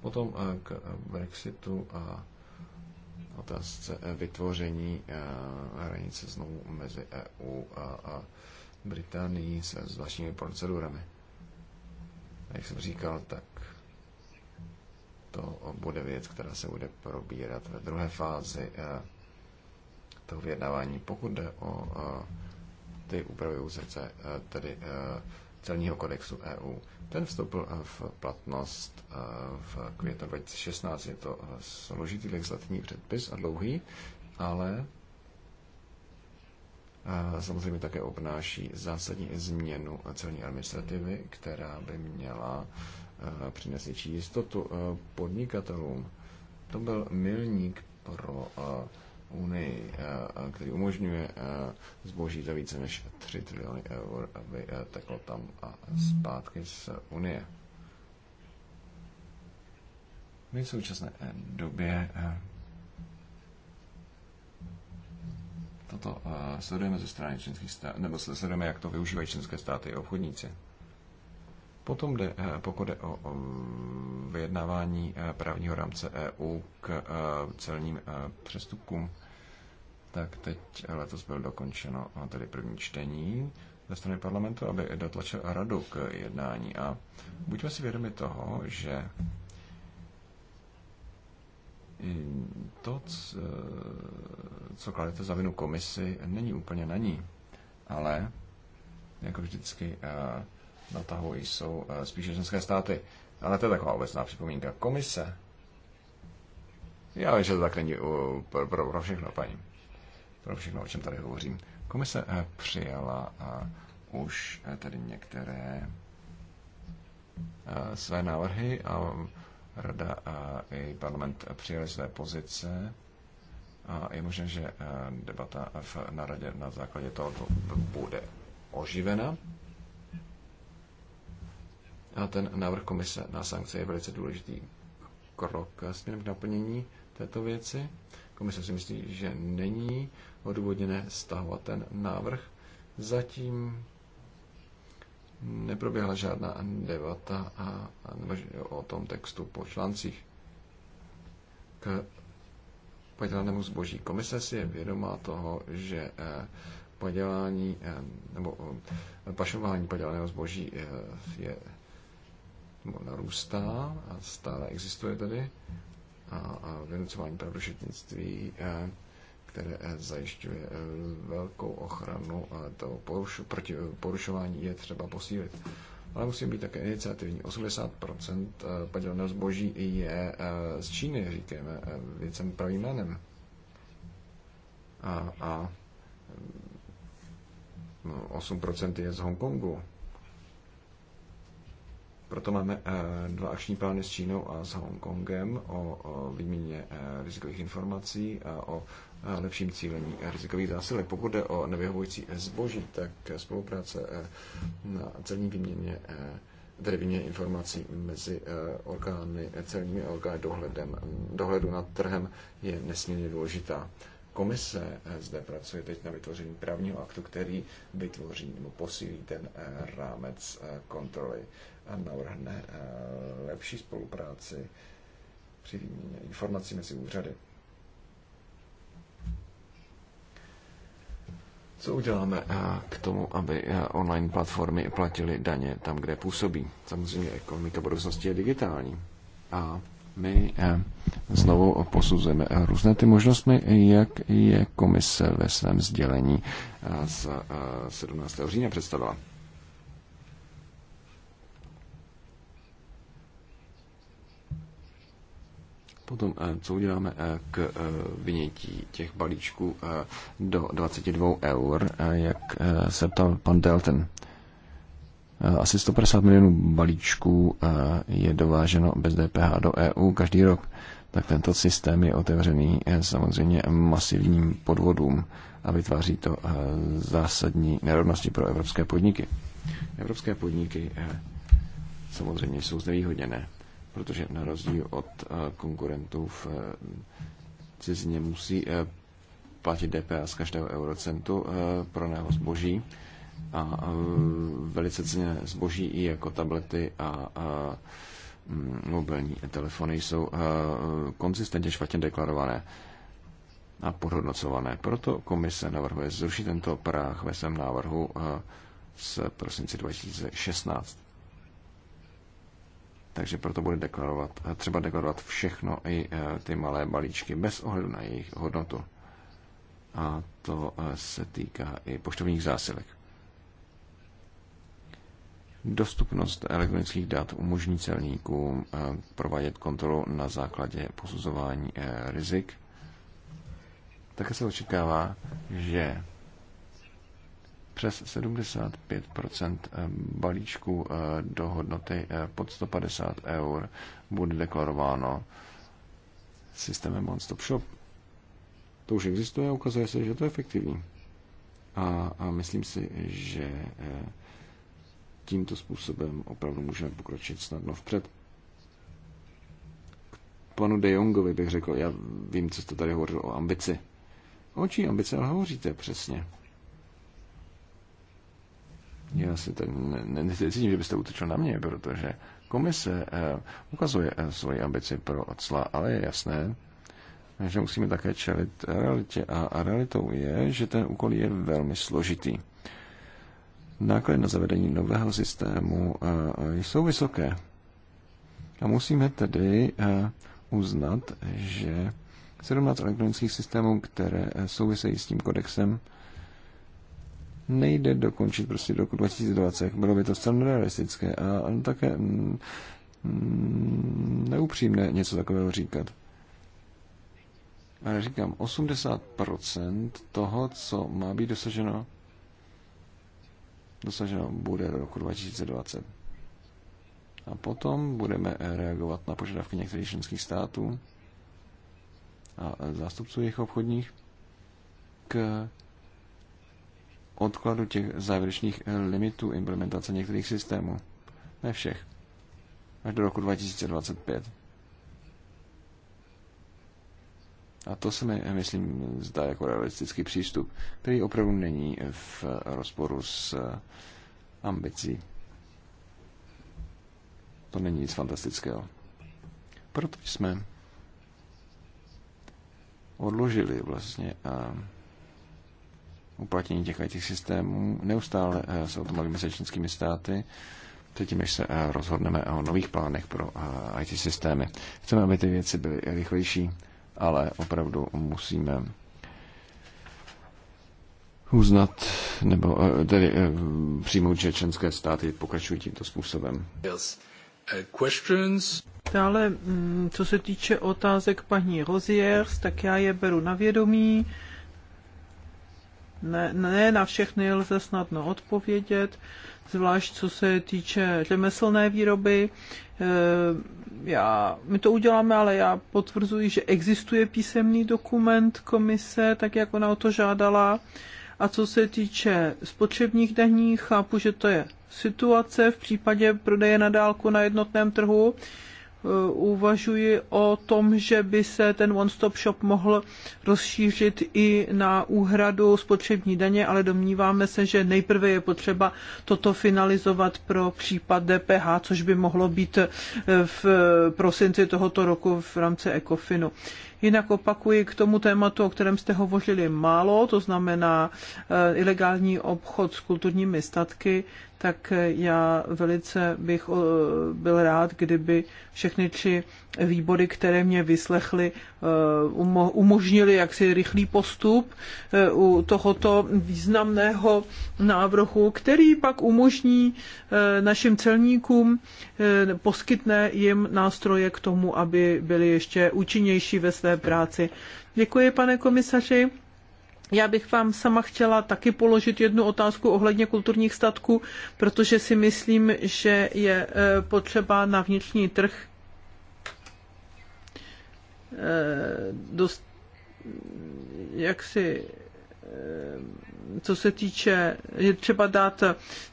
Potom eh, k Brexitu a otázce eh, vytvoření eh, hranice znovu mezi EU a Británií se zvláštními procedurami. Jak jsem říkal, tak to bude věc, která se bude probírat ve druhé fázi toho vyjednávání. Pokud jde o eh, ty úpravy UZC, eh, tedy eh, celního kodexu EU, ten vstoupil v platnost v květnu 2016. Je to složitý legislativní předpis a dlouhý, ale samozřejmě také obnáší zásadní změnu celní administrativy, která by měla přinést větší jistotu podnikatelům. To byl milník pro unii, eh, eh, který umožňuje eh, zboží za více než 3 triliony eur, aby teklo tam a zpátky z unie. My v současné době toto sledujeme ze strany členských států, nebo sledujeme, jak to využívají členské státy a obchodníci. Potom jde, eh, pokud jde o vyjednávání eh, právního rámce EU k eh, celním přestupkům, tak teď letos bylo dokončeno tedy první čtení ze strany parlamentu, aby dotlačil radu k jednání. A buďme si vědomi toho, že to, co kladete za vinu komisi, není úplně na ní. Ale jako vždycky na tahu jsou eh, spíše ženské státy. Ale to je taková obecná připomínka. Komise. Já vím, že to tak není pro, pro, pro všechno, paní. Pro všechno, o čem tady hovořím. Komise eh, přijala eh, už tedy některé své návrhy a mm, Rada a i parlament přijali své pozice a je možné, že debata na radě na základě toho bude oživena. A ten návrh komise na sankce je velice důležitý krok směrem k naplnění této věci. Komise si myslí, že není odůvodněné stahovat ten návrh. Zatím neproběhla žádná debata a, a, o tom textu po článcích. K padělanému zboží. Komise si je vědomá toho, že eh, padělání eh, nebo eh, pašování padělaného zboží je narůstá a stále existuje tady a, a vynucování pravdošetnictví, eh, které eh, zajišťuje eh, velkou ochranu toho porušu, proti, porušování je třeba posílit. Ale musím být také iniciativní. 80% padělného zboží je z Číny, říkáme věcem pravým jménem. A, a 8% mm, je z Hongkongu proto máme eh, dva akční plány s Čínou a s Hongkongem o výměně eh, rizikových informací a o eh, lepším cílení rizikových zásilek. Pokud jde o nevyhovující zboží, tak spolupráce na celní výměně tedy výměně informací mezi orgány, celními orgány dohledem, dohledu nad trhem je nesmírně důležitá. Komise zde pracuje teď na vytvoření právního aktu, který vytvoří nebo posílí ten rámec kontroly navrhne eh, lepší spolupráci při výměně informací mezi úřady. Co uděláme eh, k tomu, aby eh, online platformy platily daně tam, kde působí? Samozřejmě ekonomika budoucnosti je digitální. A my znovu posuzujeme různé ty možnosti, jak je komise ve svém sdělení z 17. října představila. Potom, eh, co uděláme eh, k eh, vynětí těch balíčků do 22 eur, jak se ptal pan Delton. Asi 150 milionů balíčků je dováženo bez DPH do EU každý rok. Tak tento systém je otevřený samozřejmě masivním podvodům a vytváří to zásadní nerovnosti pro evropské podniky. Evropské podniky samozřejmě jsou znevýhodněné protože na rozdíl od eh, konkurentů v eh, cizině musí eh, platit DPH z každého eurocentu pro náho zboží a velice cené zboží i jako tablety a mm, mobilní telefony jsou konzistentně špatně deklarované a podhodnocované. Proto komise navrhuje zrušit tento práh ve svém návrhu z prosince 2016 takže proto bude deklarovat, eh, třeba deklarovat všechno i eh, ty malé balíčky bez ohledu na jejich hodnotu. A to eh, se týká i poštovních zásilek. Dostupnost elektronických dat umožní celníkům provádět kontrolu na základě posuzování rizik. Také se očekává, že přes 75 eh, balíčků eh, do hodnoty eh, pod 150 eur bude deklarováno systémem One Stop Shop. To už existuje a ukazuje se, že to je efektivní. A, a myslím si, že tímto způsobem opravdu můžeme pokročit snadno vpřed. K panu De Jongovi bych řekl, já vím, co jste tady hovořil o ambici. O čí ambice ale hovoříte přesně? Já si tady necítím, že byste utečel na mě, protože komise eh, ukazuje eh, svoji ambici pro cla, ale je jasné, že musíme také čelit realitě. A realitou je, že ten úkol je velmi složitý. Náklady na zavedení nového systému eh, jsou vysoké. A musíme tedy uznat, že 17 elektronických systémů, které souvisejí s tím kodexem, nejde dokončit prostě do roku 2020. Bylo by to zcela nerealistické a také mm, mm, neupřímné něco takového říkat. Ale říkám, 80% toho, co má být dosaženo, dosaženo bude do roku 2020. A potom budeme reagovat na požadavky některých členských států a zástupců jejich obchodních k odkladu těch závěrečných eh, limitů implementace některých systémů. Ne všech. Až do roku 2025. A to se mi, eh, myslím, zdá jako realistický přístup, který opravdu není eh, v rozporu s ambicí. To není nic fantastického. Proto jsme odložili vlastně a uplatnění těch IT systémů neustále eh, tom mluvíme se čínskými státy, Teď než se eh, rozhodneme o nových plánech pro eh, IT systémy. Chceme, aby ty věci byly rychlejší, ale opravdu musíme uznat nebo tedy přijmout, že členské státy pokračují tímto způsobem. Questions? Dále, mm, co se týče otázek paní Roziers, tak já je beru na vědomí ne, ne na všechny lze snadno odpovědět, zvlášť co se týče řemeslné výroby. E, já, my to uděláme, ale já potvrzuji, že existuje písemný dokument komise, tak jak ona o to žádala. A co se týče spotřebních daní, chápu, že to je situace v případě prodeje na dálku na jednotném trhu. Eh, uvažuji o tom, že by se ten one-stop shop mohl rozšířit i na úhradu spotřební daně, ale domníváme se, že nejprve je potřeba toto finalizovat pro případ DPH, což by mohlo být eh, v prosinci tohoto roku v rámci ECOFINu. Jinak opakuji k tomu tématu, o kterém jste hovořili málo, to znamená eh, ilegální obchod s kulturními statky, tak eh, já velice bych byl rád, kdyby všechny tři výbory, které mě vyslechly, eh, umožnili jaksi rychlý postup u tohoto významného návrhu, který pak umožní našim celníkům, poskytne jim nástroje k tomu, aby byli ještě účinnější ve své své práci. Děkuji, pane komisaři. Já bych vám sama chtěla taky položit jednu otázku ohledně kulturních statků, protože si myslím, že je eh, potřeba na vnitřní trh eh, dost, jak si eh, co se týče, je třeba dát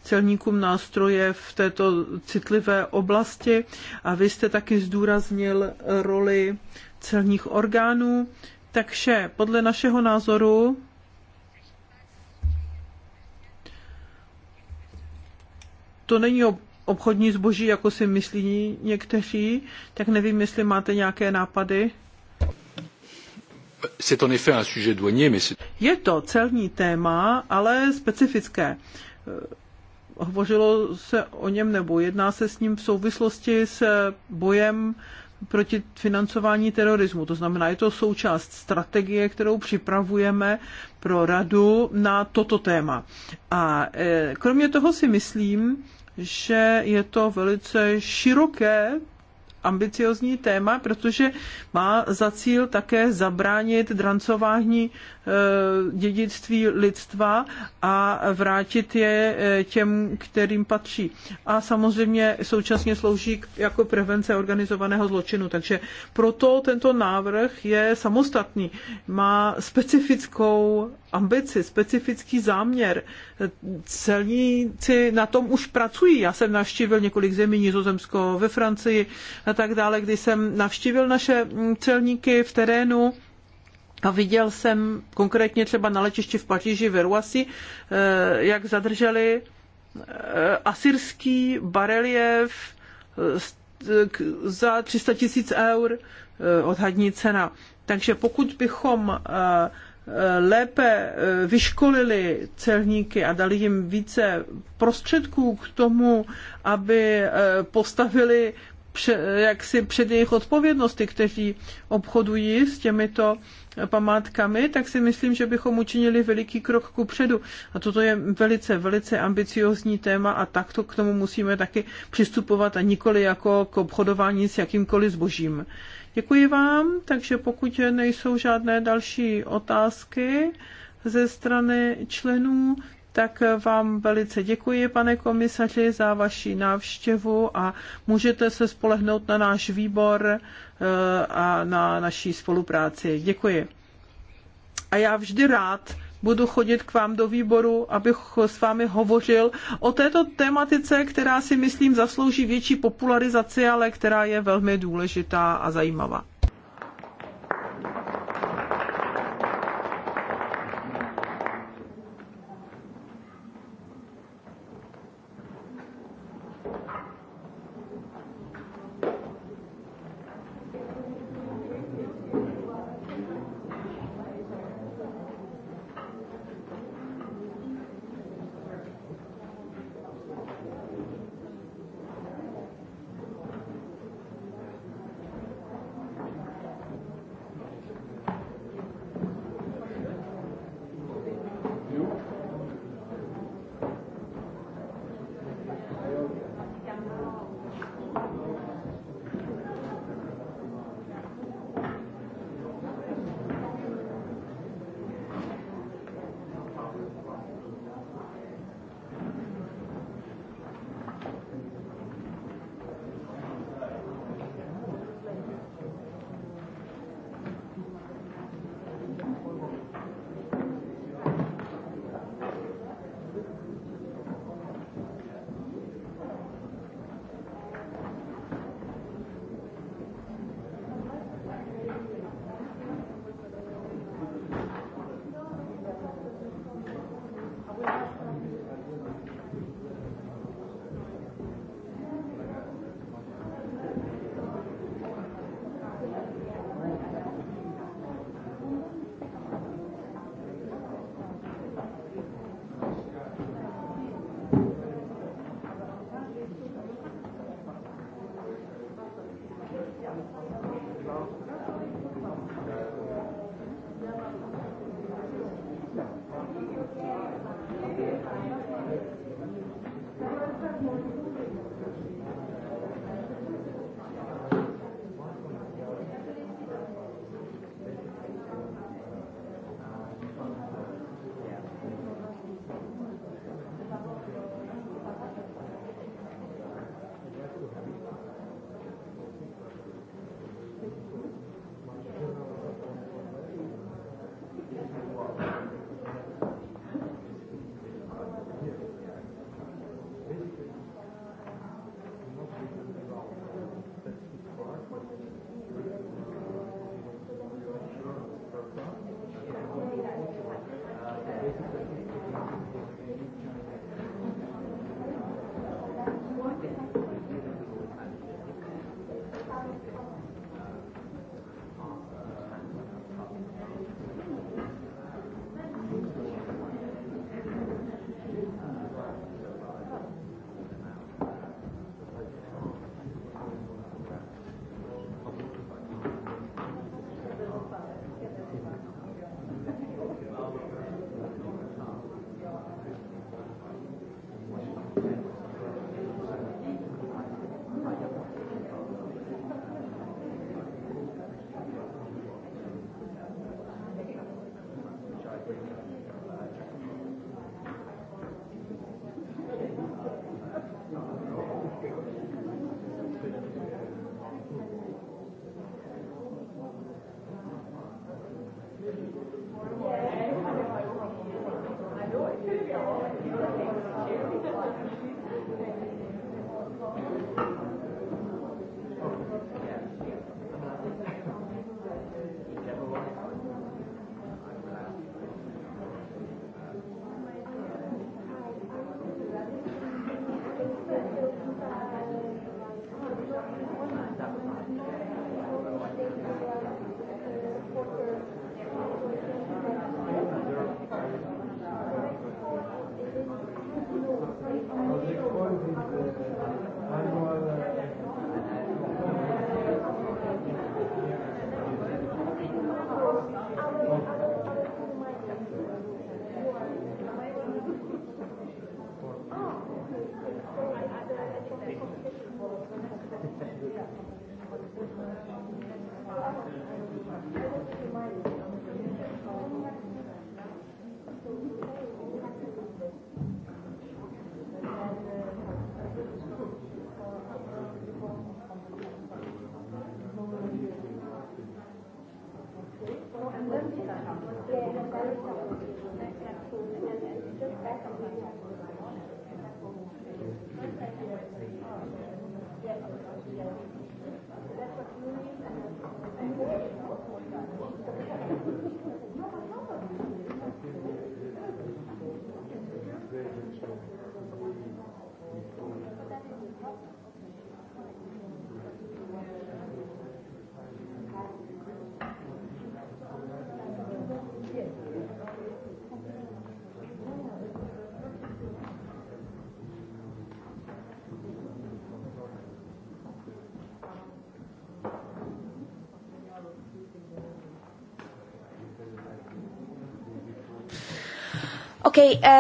celníkům nástroje v této citlivé oblasti a vy jste taky zdůraznil roli celních orgánů. Takže podle našeho názoru to není obchodní zboží, jako si myslí někteří, tak nevím, jestli máte nějaké nápady. Je to celní téma, ale specifické. Hovořilo se o něm nebo jedná se s ním v souvislosti s bojem proti financování terorismu. To znamená, je to součást strategie, kterou připravujeme pro radu na toto téma. A e, kromě toho si myslím, že je to velice široké ambiciozní téma, protože má za cíl také zabránit drancování Eh, dědictví lidstva a vrátit je eh, těm, kterým patří. A samozřejmě současně slouží jako prevence organizovaného zločinu. Takže proto tento návrh je samostatný. Má specifickou ambici, specifický záměr. Celníci na tom už pracují. Já jsem navštívil několik zemí, Nizozemsko, ve Francii a tak dále, kdy jsem navštívil naše mm, celníky v terénu a viděl jsem konkrétně třeba na letišti v Paříži ve Ruasi, eh, jak zadrželi eh, asyrský barelief eh, za 300 tisíc eur odhadní cena. Takže pokud bychom lépe vyškolili celníky a dali jim více prostředků k tomu, aby postavili jak si před jejich odpovědnosti, kteří obchodují s těmito památkami, tak si myslím, že bychom učinili veliký krok ku předu. A toto je velice, velice ambiciozní téma a takto k tomu musíme taky přistupovat a nikoli jako k obchodování s jakýmkoliv zbožím. Děkuji vám, takže pokud nejsou žádné další otázky ze strany členů, tak vám velice děkuji, pane komisaři, za vaši návštěvu a můžete se spolehnout na náš výbor a na naší spolupráci. Děkuji. A já vždy rád budu chodit k vám do výboru, abych s vámi hovořil o této tematice, která si myslím zaslouží větší popularizaci, ale která je velmi důležitá a zajímavá.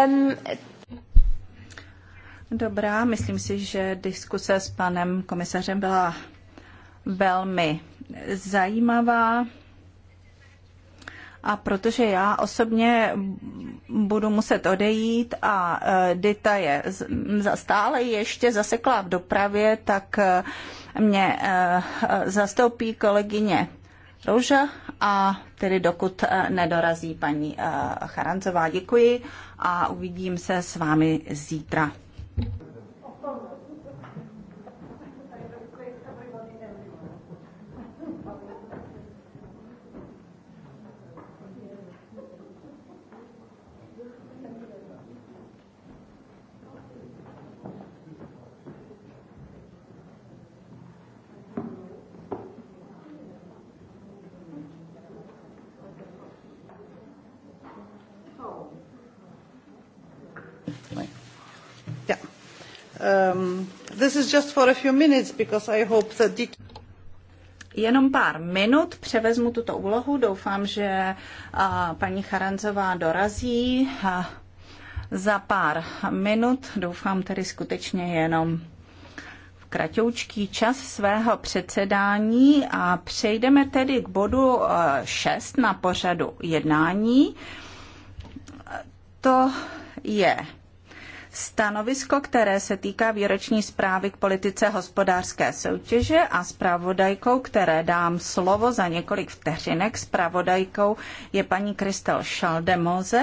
um... Dobrá, myslím si, že diskuse s panem komisařem byla velmi zajímavá. A protože já osobně budu muset odejít a e, Dita je stále ještě zasekla v dopravě, tak e, mě e, zastoupí kolegyně Rouža a tedy dokud eh, nedorazí paní eh, Charanzová. Děkuji a uvidím se s vámi zítra. Jenom pár minut převezmu tuto úlohu. Doufám, že uh, paní Charanzová dorazí a, uh, za pár minut. Doufám tedy skutečně jenom v kratoučký čas svého předsedání a přejdeme tedy k bodu 6 uh, na pořadu jednání. To je stanovisko, které se týká výroční zprávy k politice hospodářské soutěže a zpravodajkou, které dám slovo za několik vteřinek, zpravodajkou je paní Kristel Šaldemoze.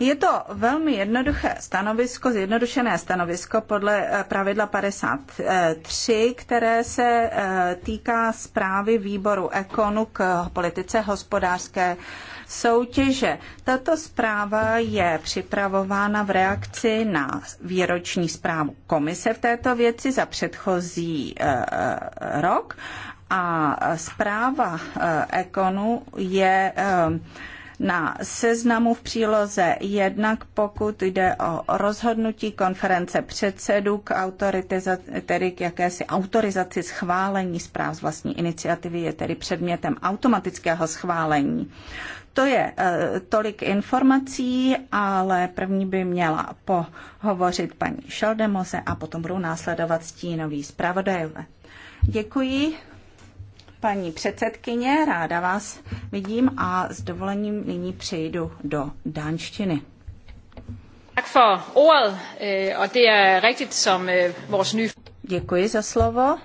Je to velmi jednoduché stanovisko, zjednodušené stanovisko podle eh, pravidla 53, které se eh, týká zprávy výboru ekonu k politice hospodářské soutěže. Tato zpráva je připravována v reakci na výroční zprávu komise v této věci za předchozí eh, eh, rok a zpráva eh, Ekonu je na seznamu v příloze jednak pokud jde o rozhodnutí konference předsedů k, tedy k jakési autorizaci schválení zpráv z vlastní iniciativy, je tedy předmětem automatického schválení. To je eh, tolik informací, ale první by měla pohovořit paní Šeldemose a potom budou následovat stínový zpravodajové. Děkuji. Paní předsedkyně, ráda vás vidím a s dovolením nyní přejdu do dánštiny. Eh, er eh, Děkuji za slovo.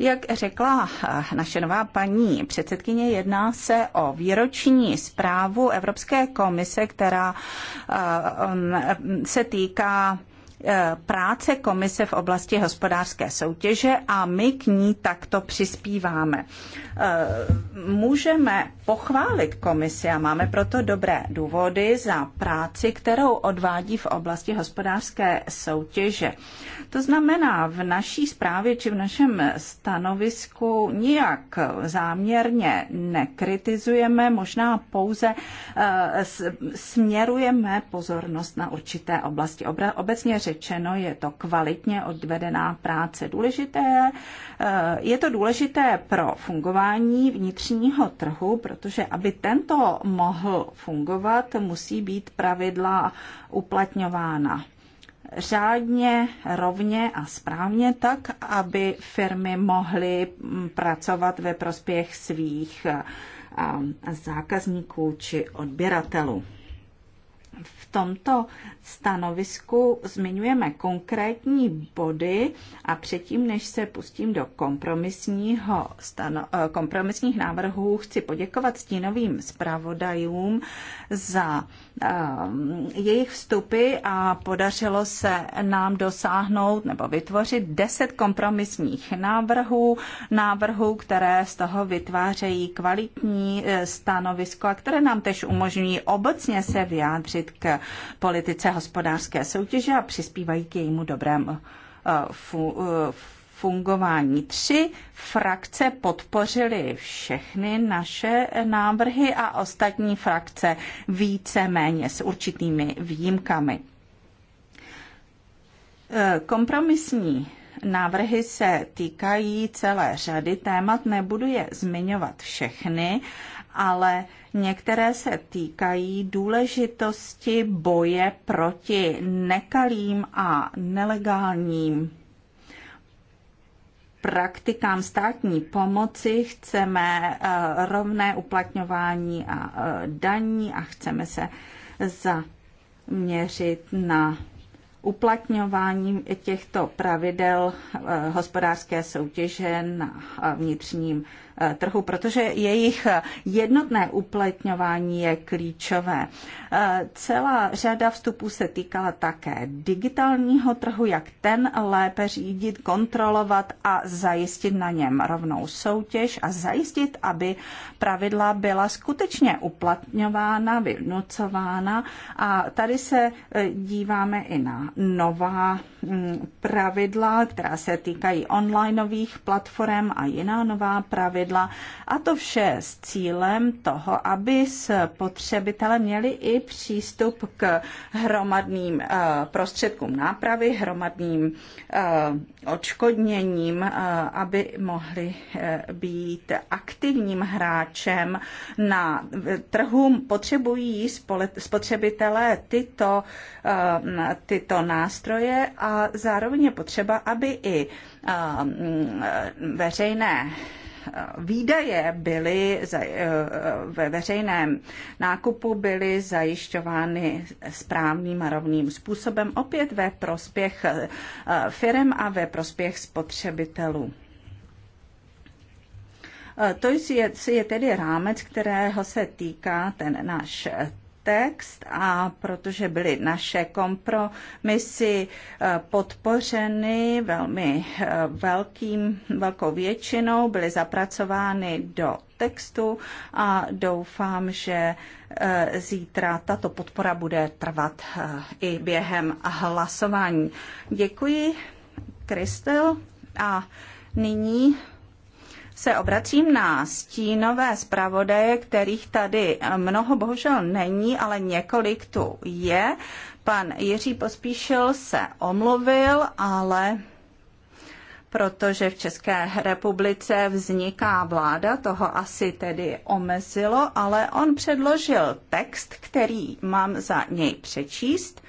Jak řekla eh, naše nová paní předsedkyně, jedná se o výroční zprávu Evropské komise, která eh, mm, se týká Eh, práce komise v oblasti hospodářské soutěže a my k ní takto přispíváme. Eh, můžeme pochválit komisi a máme proto dobré důvody za práci, kterou odvádí v oblasti hospodářské soutěže. To znamená, v naší zprávě či v našem stanovisku nijak záměrně nekritizujeme, možná pouze eh, směrujeme pozornost na určité oblasti. Obecně řečeno, řečeno, je to kvalitně odvedená práce. Důležité, eh, je to důležité pro fungování vnitřního trhu, protože aby tento mohl fungovat, musí být pravidla uplatňována řádně, rovně a správně tak, aby firmy mohly mm, pracovat ve prospěch svých eh, zákazníků či odběratelů. V tomto stanovisku zmiňujeme konkrétní body a předtím, než se pustím do kompromisního stano, eh, kompromisních návrhů, chci poděkovat stínovým zpravodajům za eh, jejich vstupy a podařilo se nám dosáhnout nebo vytvořit deset kompromisních návrhů, návrhů, které z toho vytvářejí kvalitní eh, stanovisko a které nám tež umožňují obecně se vyjádřit k politice hospodářské soutěže a přispívají k jejímu dobrému eh, eh, fungování. Tři frakce podpořily všechny naše návrhy a ostatní frakce víceméně s určitými výjimkami. Eh, kompromisní návrhy se týkají celé řady témat, nebudu je zmiňovat všechny, ale některé se týkají důležitosti boje proti nekalým a nelegálním praktikám státní pomoci, chceme eh, rovné uplatňování a eh, daní a chceme se zaměřit na uplatňování těchto pravidel eh, hospodářské soutěže na vnitřním Eh, trhu, protože jejich jednotné uplatňování je klíčové. Eh, celá řada vstupů se týkala také digitálního trhu, jak ten lépe řídit, kontrolovat a zajistit na něm rovnou soutěž a zajistit, aby pravidla byla skutečně uplatňována, vynucována. A tady se eh, díváme i na nová mm, pravidla, která se týkají onlineových platform a jiná nová pravidla pravidla a to vše s cílem toho, aby spotřebitele měli i přístup k hromadným eh, prostředkům nápravy, hromadným eh, odškodněním, eh, aby mohli být aktivním hráčem na trhu. Potřebují spotřebitelé tyto, tyto nástroje a zároveň je potřeba, aby i veřejné výdaje byly eh, ve veřejném nákupu byly zajišťovány správným a rovným způsobem opět ve prospěch eh, firm a ve prospěch spotřebitelů. Eh, to je, je tedy rámec, kterého se týká ten náš text a protože byly naše kompromisy eh, podpořeny velmi eh, velkým, velkou většinou, byly zapracovány do textu a doufám, že eh, zítra tato podpora bude trvat i během hlasování. Děkuji, Kristel. A nyní se obracím na stínové zpravodaje, kterých tady eh, mnoho bohužel není, ale několik tu je. Pan Jiří Pospíšil se omluvil, ale protože v České republice vzniká vláda, toho asi tedy omezilo, ale on předložil text, který mám za něj přečíst.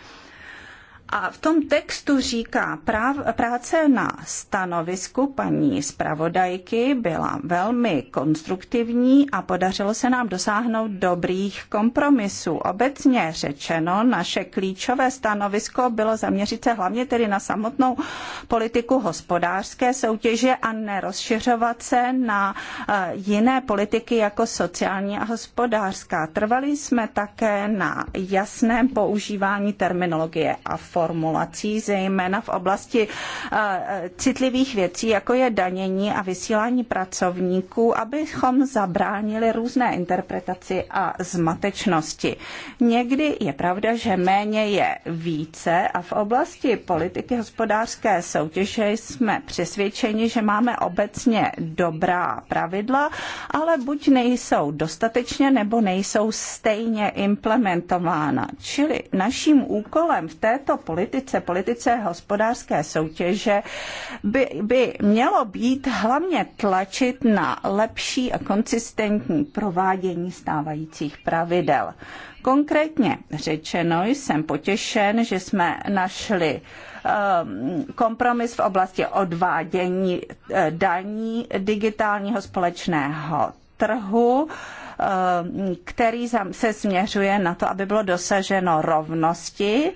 A v tom textu říká, práce na stanovisku paní zpravodajky byla velmi konstruktivní a podařilo se nám dosáhnout dobrých kompromisů. Obecně řečeno, naše klíčové stanovisko bylo zaměřit se hlavně tedy na samotnou politiku hospodářské soutěže a nerozšiřovat se na eh, jiné politiky jako sociální a hospodářská. Trvali jsme také na jasném používání terminologie a formulací, zejména v oblasti eh, citlivých věcí, jako je danění a vysílání pracovníků, abychom zabránili různé interpretaci a zmatečnosti. Někdy je pravda, že méně je více a v oblasti politiky hospodářské soutěže jsme přesvědčeni, že máme obecně dobrá pravidla, ale buď nejsou dostatečně nebo nejsou stejně implementována. Čili naším úkolem v této politice, politice hospodářské soutěže, by, by mělo být hlavně tlačit na lepší a konsistentní provádění stávajících pravidel. Konkrétně řečeno jsem potěšen, že jsme našli ehm, kompromis v oblasti odvádění eh, daní digitálního společného trhu. Eh, který se směřuje na to, aby bylo dosaženo rovnosti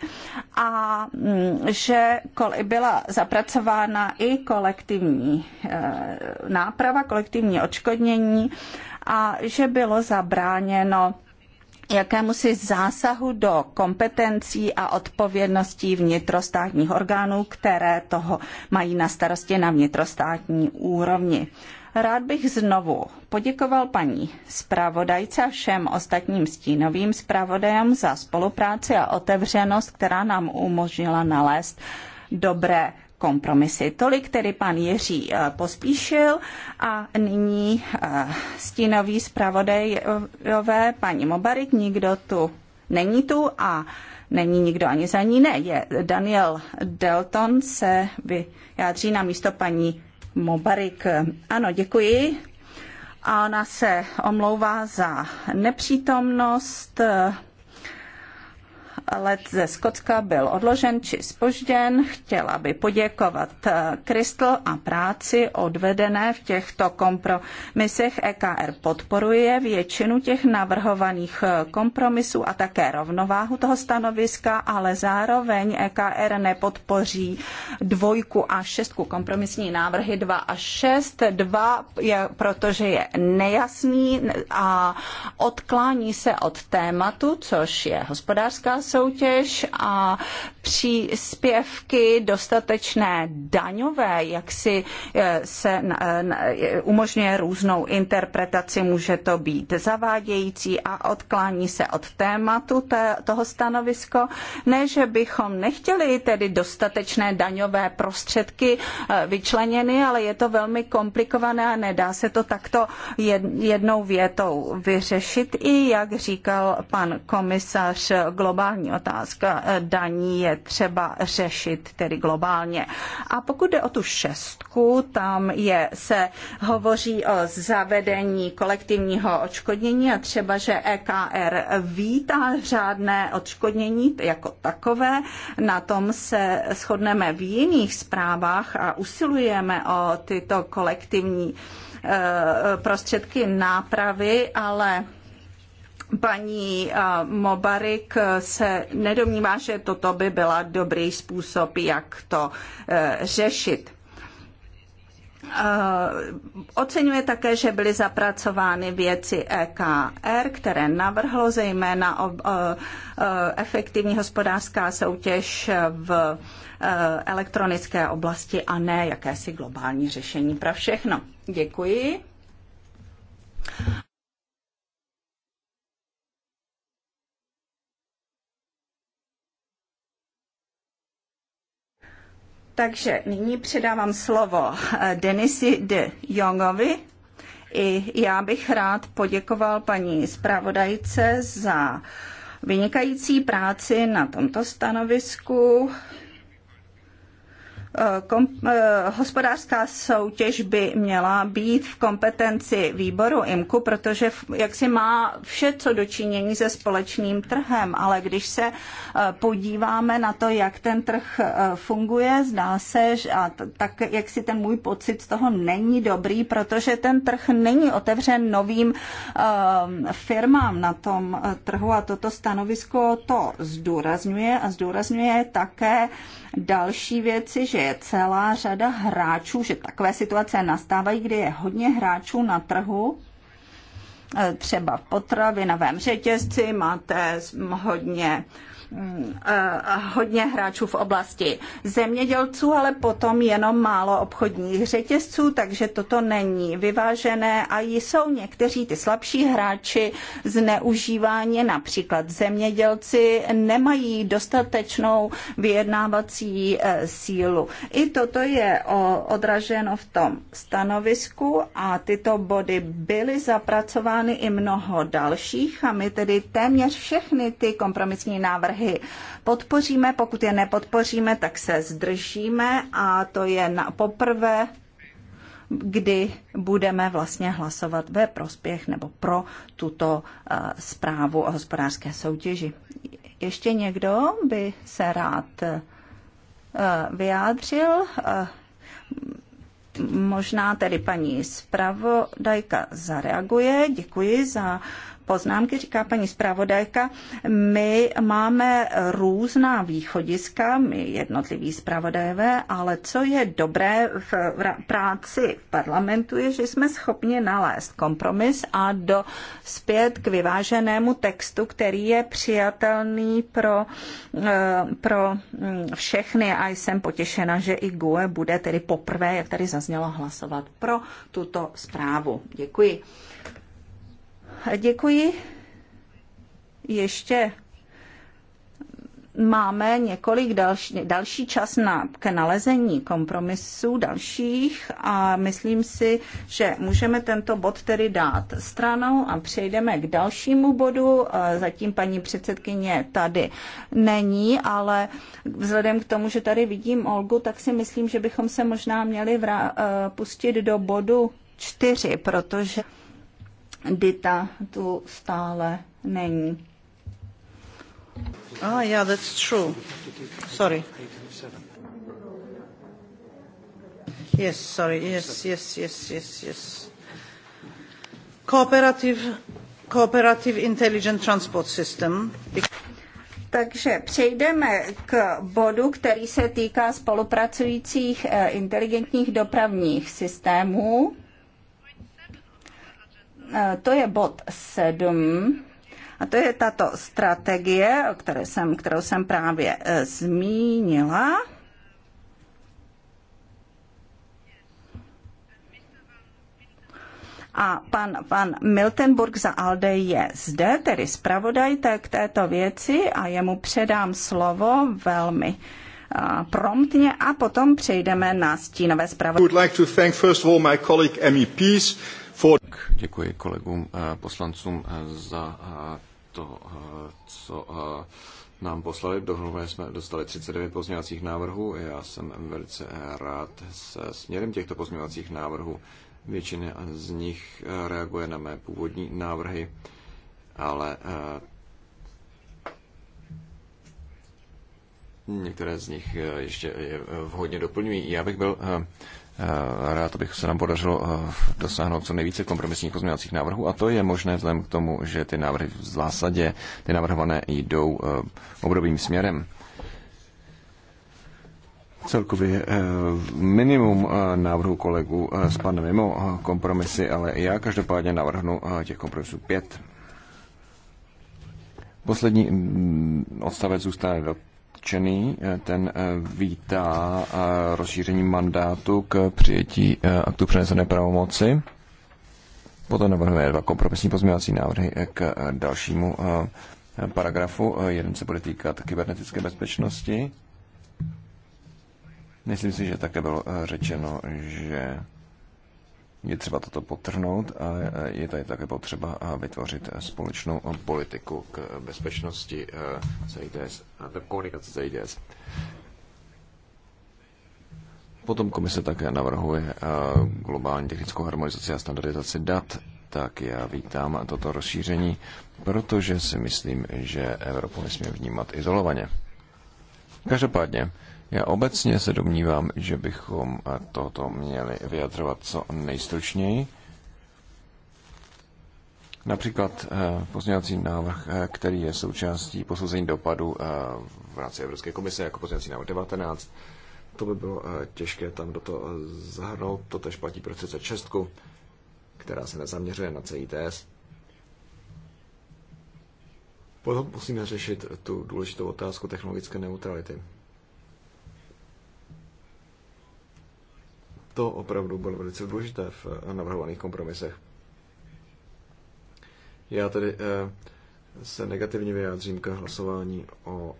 a mm, že byla zapracována i kolektivní eh, náprava, kolektivní odškodnění a že bylo zabráněno jakémusi zásahu do kompetencí a odpovědností vnitrostátních orgánů, které toho mají na starosti na vnitrostátní úrovni. Rád bych znovu poděkoval paní zpravodajce a všem ostatním stínovým zpravodajům za spolupráci a otevřenost, která nám umožnila nalézt dobré kompromisy. Tolik tedy pan Jiří eh, pospíšil a nyní eh, stínový zpravodajové paní Mobarik, nikdo tu není tu a není nikdo ani za ní, ne, je Daniel Delton se vyjádří na místo paní Mobarik. Ano, děkuji. A ona se omlouvá za nepřítomnost let ze Skotska byl odložen či spožděn. Chtěla by poděkovat Kristl eh, a práci odvedené v těchto kompromisech. EKR podporuje většinu těch navrhovaných eh, kompromisů a také rovnováhu toho stanoviska, ale zároveň EKR nepodpoří dvojku a šestku kompromisní návrhy 2 a 6. 2 je, protože je nejasný a odklání se od tématu, což je hospodářská soutěž a příspěvky dostatečné daňové, jak si eh, se eh, eh, umožňuje různou interpretaci, může to být zavádějící a odklání se od tématu toho stanovisko, ne, že bychom nechtěli tedy dostatečné daňové prostředky vyčleněny, ale je to velmi komplikované a nedá se to takto jednou větou vyřešit. I jak říkal pan komisař, globální základní otázka eh, daní je třeba řešit tedy globálně. A pokud jde o tu šestku, tam je, se hovoří o zavedení kolektivního odškodnění a třeba, že EKR vítá řádné odškodnění jako takové. Na tom se shodneme v jiných zprávách a usilujeme o tyto kolektivní eh, prostředky nápravy, ale paní eh, Mobarik eh, se nedomnívá, že toto by byl dobrý způsob, jak to eh, řešit. Oceňuje také, že byly zapracovány věci EKR, které navrhlo zejména efektivní hospodářská soutěž v elektronické oblasti a ne jakési globální řešení pro všechno. Děkuji. Takže nyní předávám slovo eh, Denisi de Jongovi. I já bych rád poděkoval paní zpravodajce za vynikající práci na tomto stanovisku. Eh, kom, eh, hospodářská soutěž by měla být v kompetenci výboru IMKU, protože jak si má vše, co dočinění se společným trhem, ale když se eh, podíváme na to, jak ten trh funguje, zdá se, že a tak jak si ten můj pocit z toho není dobrý, protože ten trh není otevřen novým firmám na tom trhu a toto stanovisko to zdůrazňuje a zdůrazňuje také další věci, že je celá řada hráčů, že takové situace nastávají, kdy je hodně hráčů na trhu, e, třeba v potravinovém řetězci máte hodně hodně hráčů v oblasti zemědělců, ale potom jenom málo obchodních řetězců, takže toto není vyvážené a jsou někteří ty slabší hráči zneužíváni, například zemědělci nemají dostatečnou vyjednávací e, sílu. I toto je odraženo v tom stanovisku a tyto body byly zapracovány i mnoho dalších a my tedy téměř všechny ty kompromisní návrhy návrhy podpoříme, pokud je nepodpoříme, tak se zdržíme a to je na poprvé kdy budeme vlastně hlasovat ve prospěch nebo pro tuto eh, zprávu o hospodářské soutěži. Ještě někdo by se rád eh, vyjádřil? Eh, možná tedy paní zpravodajka zareaguje. Děkuji za poznámky, říká paní zpravodajka. My máme různá východiska, my jednotliví zpravodajové, ale co je dobré v práci v parlamentu, je, že jsme schopni nalézt kompromis a dospět k vyváženému textu, který je přijatelný pro, eh, pro mm, všechny a jsem potěšena, že i GUE bude tedy poprvé, jak tady zaznělo, hlasovat pro tuto zprávu. Děkuji. Děkuji. Ještě máme několik další, další čas na, k nalezení kompromisů dalších a myslím si, že můžeme tento bod tedy dát stranou a přejdeme k dalšímu bodu. Zatím paní předsedkyně tady není, ale vzhledem k tomu, že tady vidím Olgu, tak si myslím, že bychom se možná měli vra- eh, pustit do bodu čtyři, protože Dita tu stále není. Ah, yeah, that's true. Sorry. Yes, sorry. Yes, yes, yes, yes, yes. Cooperative, cooperative intelligent transport system. Takže přejdeme k bodu, který se týká spolupracujících eh, inteligentních dopravních systémů. Eh, to je bod 7. A to je tato strategie, které jsem, kterou jsem právě eh, zmínila. A pan, pan Miltenburg za Alde je zde, tedy zpravodajte k této věci a jemu předám slovo velmi eh, promptně a potom přejdeme na stínové zpravodajství for... Děkuji kolegům eh, poslancům eh, za eh, to, co nám poslali. Dohromady jsme dostali 39 pozměňovacích návrhů. Já jsem velice rád se směrem těchto pozměňovacích návrhů. Většina z nich reaguje na mé původní návrhy, ale některé z nich ještě je vhodně doplňují. Já bych byl Eh, rád bych se nám podařilo eh, dosáhnout co nejvíce kompromisních pozměňovacích návrhů a to je možné vzhledem k tomu, že ty návrhy v zásadě, ty navrhované jdou eh, obdobým směrem celkově minimum návrhu kolegů spadne mimo kompromisy, ale já každopádně navrhnu těch kompromisů pět. Poslední mm, odstavec zůstane do dotčený, eh, ten eh, vítá eh, rozšíření mandátu k přijetí aktu přenesené pravomoci. Potom navrhuje dva kompromisní pozměňovací návrhy k dalšímu paragrafu. Jeden se bude týkat kybernetické bezpečnosti. Myslím si, že také bylo řečeno, že je třeba toto potrhnout a je tady také potřeba vytvořit společnou politiku k bezpečnosti CITS, eh, komunikace CITS. Potom komise také navrhuje eh, globální technickou harmonizaci a standardizaci dat, tak já vítám toto rozšíření, protože si myslím, že Evropu nesmíme vnímat izolovaně. Každopádně já obecně se domnívám, že bychom toto měli vyjadřovat co nejstručněji. Například eh, pozměňovací návrh, eh, který je součástí posouzení dopadu eh, v rámci Evropské komise jako pozměňovací návrh 19. To by bylo těžké tam do toho zahrnout. To tež platí pro 36, která se nezaměřuje na CITS. Potom musíme řešit tu důležitou otázku technologické neutrality. to opravdu bylo velice důležité v eh, navrhovaných kompromisech. Já tedy eh, se negativně vyjádřím k hlasování o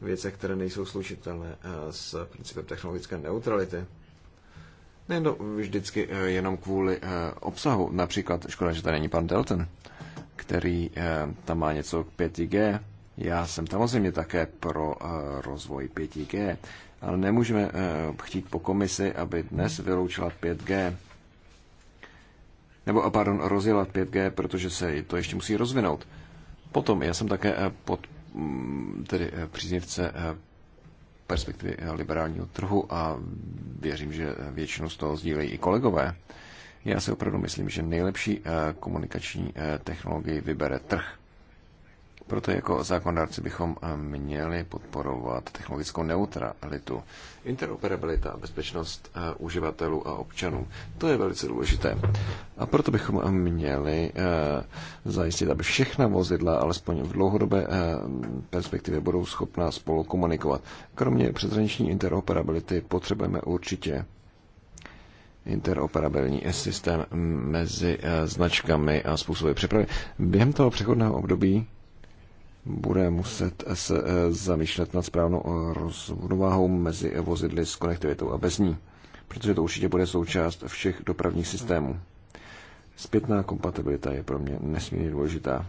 věcech, které nejsou slučitelné eh, s principem technologické neutrality. Nejen to vždycky jenom kvůli obsahu. Například, škoda, že tady není pan Delton, který tam má něco k 5G. Já jsem samozřejmě také pro rozvoj 5G, ale nemůžeme eh, chtít po komisi, aby dnes vyloučila 5G. Nebo, eh, pardon, rozjela 5G, protože se to ještě musí rozvinout. Potom, já jsem také eh, pod, mm, tedy příznivce perspektivy liberálního trhu a věřím, že většinu z toho sdílejí i kolegové. Já si opravdu myslím, že nejlepší komunikační technologii vybere trh. Proto jako zákonodárci bychom eh, měli podporovat technologickou neutralitu, interoperabilita bezpečnost eh, uživatelů a občanů. To je velice důležité. A proto bychom eh, měli zajistit, aby všechna vozidla, alespoň v dlouhodobé perspektivě, budou schopná spolu komunikovat. Kromě přeshraniční interoperability potřebujeme určitě interoperabilní systém mezi značkami a způsoby přepravy. Během toho přechodného období bude muset se eh, zamýšlet nad správnou eh, rozvodováhou mezi eh, vozidly s konektivitou a bez ní, protože to určitě bude součást všech dopravních systémů. Zpětná kompatibilita je pro mě nesmírně důležitá.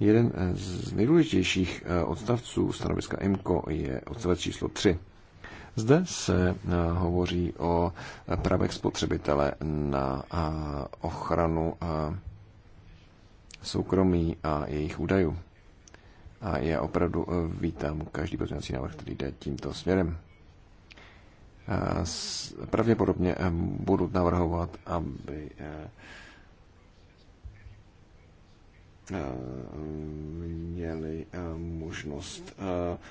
Jeden z nejdůležitějších odstavců stanoviska IMCO je odstavec číslo 3. Zde se hovoří o právech spotřebitele na ochranu soukromí a jejich údajů. A já opravdu eh, vítám každý pozměňovací návrh, který jde tímto směrem. Pravděpodobně eh, budu navrhovat, aby eh, měli možnost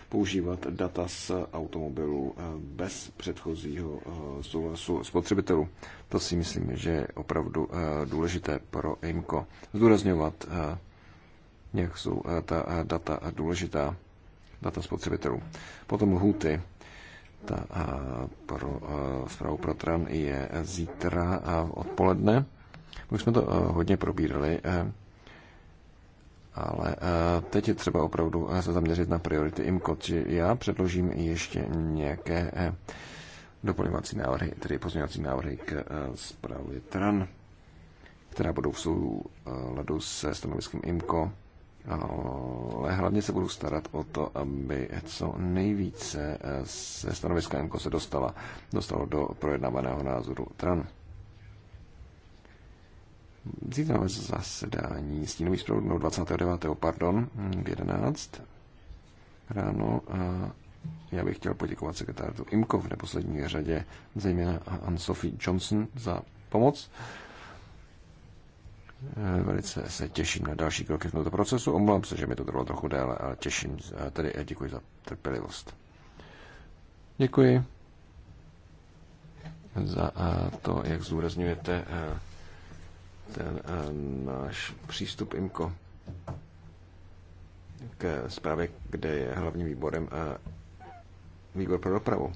používat data z automobilu bez předchozího souhlasu spotřebitelů. To si myslím, že je opravdu důležité pro IMCO zdůrazňovat jak jsou eh, ta eh, data eh, důležitá, data spotřebitelů. Potom lhuty. Ta pro, zprávu pro TRAN je zítra a odpoledne. Už jsme to hodně probírali, ale teď je třeba opravdu se zaměřit na priority IMCO, či já předložím ještě nějaké doplňovací návrhy, tedy pozměňovací návrhy k zprávě TRAN, která budou v souladu se stanoviskem IMCO ale hlavně se budu starat o to, aby co nejvíce se eh, stanoviska MKO se dostala, dostalo do projednávaného názoru TRAN. Zítra máme zasedání stínových zpravodnou 29. pardon, hm, v 11 ráno a já bych chtěl poděkovat sekretářu Imkov v neposlední řadě, zejména Anne-Sophie Johnson za pomoc. Eh, velice se těším na další kroky v tomto procesu. Omlouvám se, že mi to trvalo trochu déle, ale těším, se. tedy eh, děkuji za trpělivost. Děkuji za eh, to, jak zúraznujete ten náš přístup IMCO k zprávě, kde je hlavním výborem výbor pro dopravu.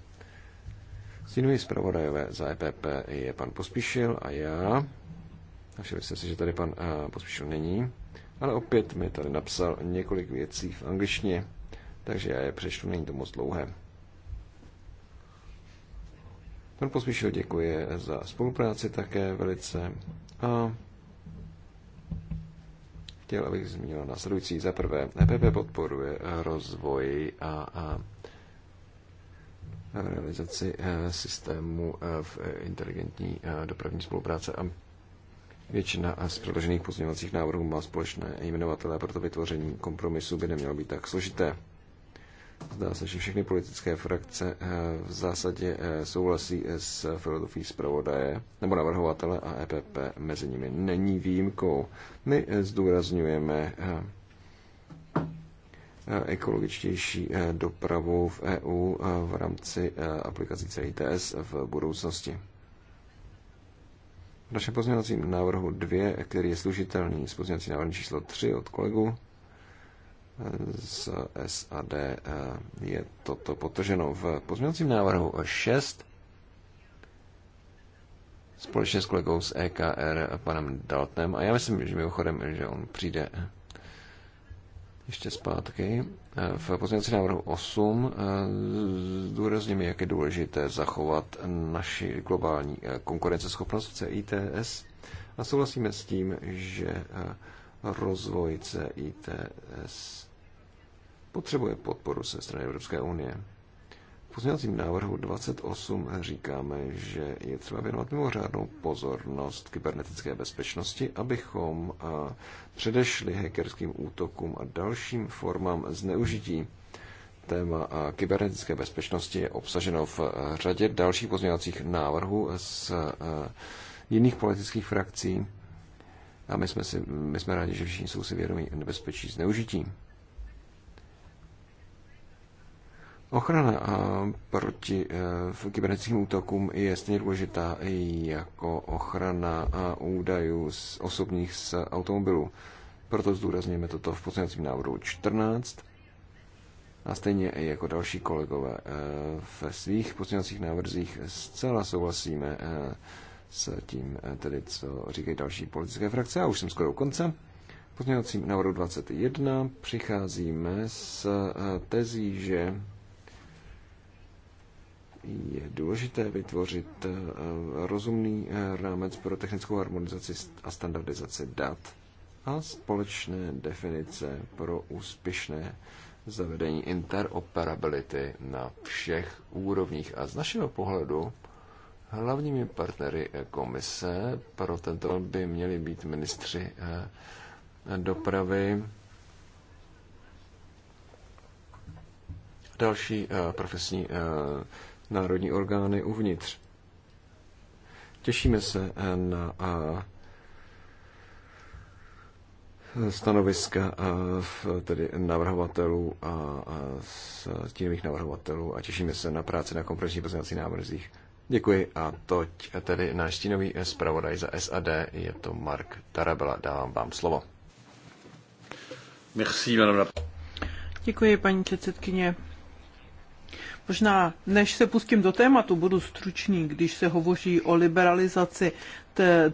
Synový zpravodajové za EPP je pan Pospíšil a já. Všimli myslím si, že tady pan eh, Pospíšil není, ale opět mi tady napsal několik věcí v angličtině, takže já je přečtu, není to moc dlouhé. Pan Pospíšil děkuje za spolupráci také velice a chtěl, abych zmínil následující. Za prvé, EPP podporuje rozvoj a, a realizaci eh, systému eh, v inteligentní dopravní spolupráce a Většina a z předložených pozměňovacích návrhů má společné jmenovatele, proto vytvoření kompromisu by nemělo být tak složité. Zdá se, že všechny politické frakce eh, v zásadě eh, souhlasí s filozofií zpravodaje nebo navrhovatele a EPP mezi nimi není výjimkou. My eh, zdůrazňujeme ekologičtější dopravu v EU v rámci aplikací CITS v budoucnosti v našem pozměňovacím návrhu 2, který je služitelný s pozměňovacím návrhem číslo 3 od kolegu z SAD, je toto potrženo v pozměňovacím návrhu 6 společně s kolegou z EKR panem Daltem. a já myslím, že mimochodem, že on přijde ještě zpátky. E, v pozměnci návrhu 8 e, zdůrazněme, jak je důležité zachovat naši globální e, konkurenceschopnost v CITS a souhlasíme s tím, že rozvoj CITS potřebuje podporu ze strany Evropské unie pozměňovacím návrhu 28 říkáme, že je třeba věnovat mimořádnou pozornost kybernetické bezpečnosti, abychom předešli hackerským útokům a dalším formám zneužití. Téma kybernetické bezpečnosti je obsaženo v řadě dalších pozměňovacích návrhů z jiných politických frakcí a my jsme, si, my jsme rádi, že všichni jsou si vědomí nebezpečí zneužití. Ochrana eh, proti eh, kybernetickým útokům je stejně důležitá jako ochrana eh, údajů z osobních z automobilů. Proto zdůrazněme toto v pozměňovacím návrhu 14 a stejně i jako další kolegové ve svých pozměňovacích návrzích zcela souhlasíme s tím, tedy co říkají další politické frakce. A už jsem skoro u konce. Pozměňovacím návrhu 21 přicházíme s tezí, že je důležité vytvořit eh, rozumný eh, rámec pro technickou harmonizaci a standardizaci dat a společné definice pro úspěšné zavedení interoperability na všech úrovních. A z našeho pohledu hlavními partnery eh, komise pro tento by měli být ministři dopravy, další profesní národní orgány uvnitř. Těšíme se eh, na a, eh, stanoviska a, eh, v, tedy navrhovatelů a a stínových navrhovatelů a těšíme se na práci na kompromisních pozměňovacích návrzích. Děkuji a toť a tedy náš stínový zpravodaj za SAD, je to Mark Tarabela, dávám vám slovo. Merci, Děkuji, paní předsedkyně. Možná, než se pustím do tématu, budu stručný, když se hovoří o liberalizaci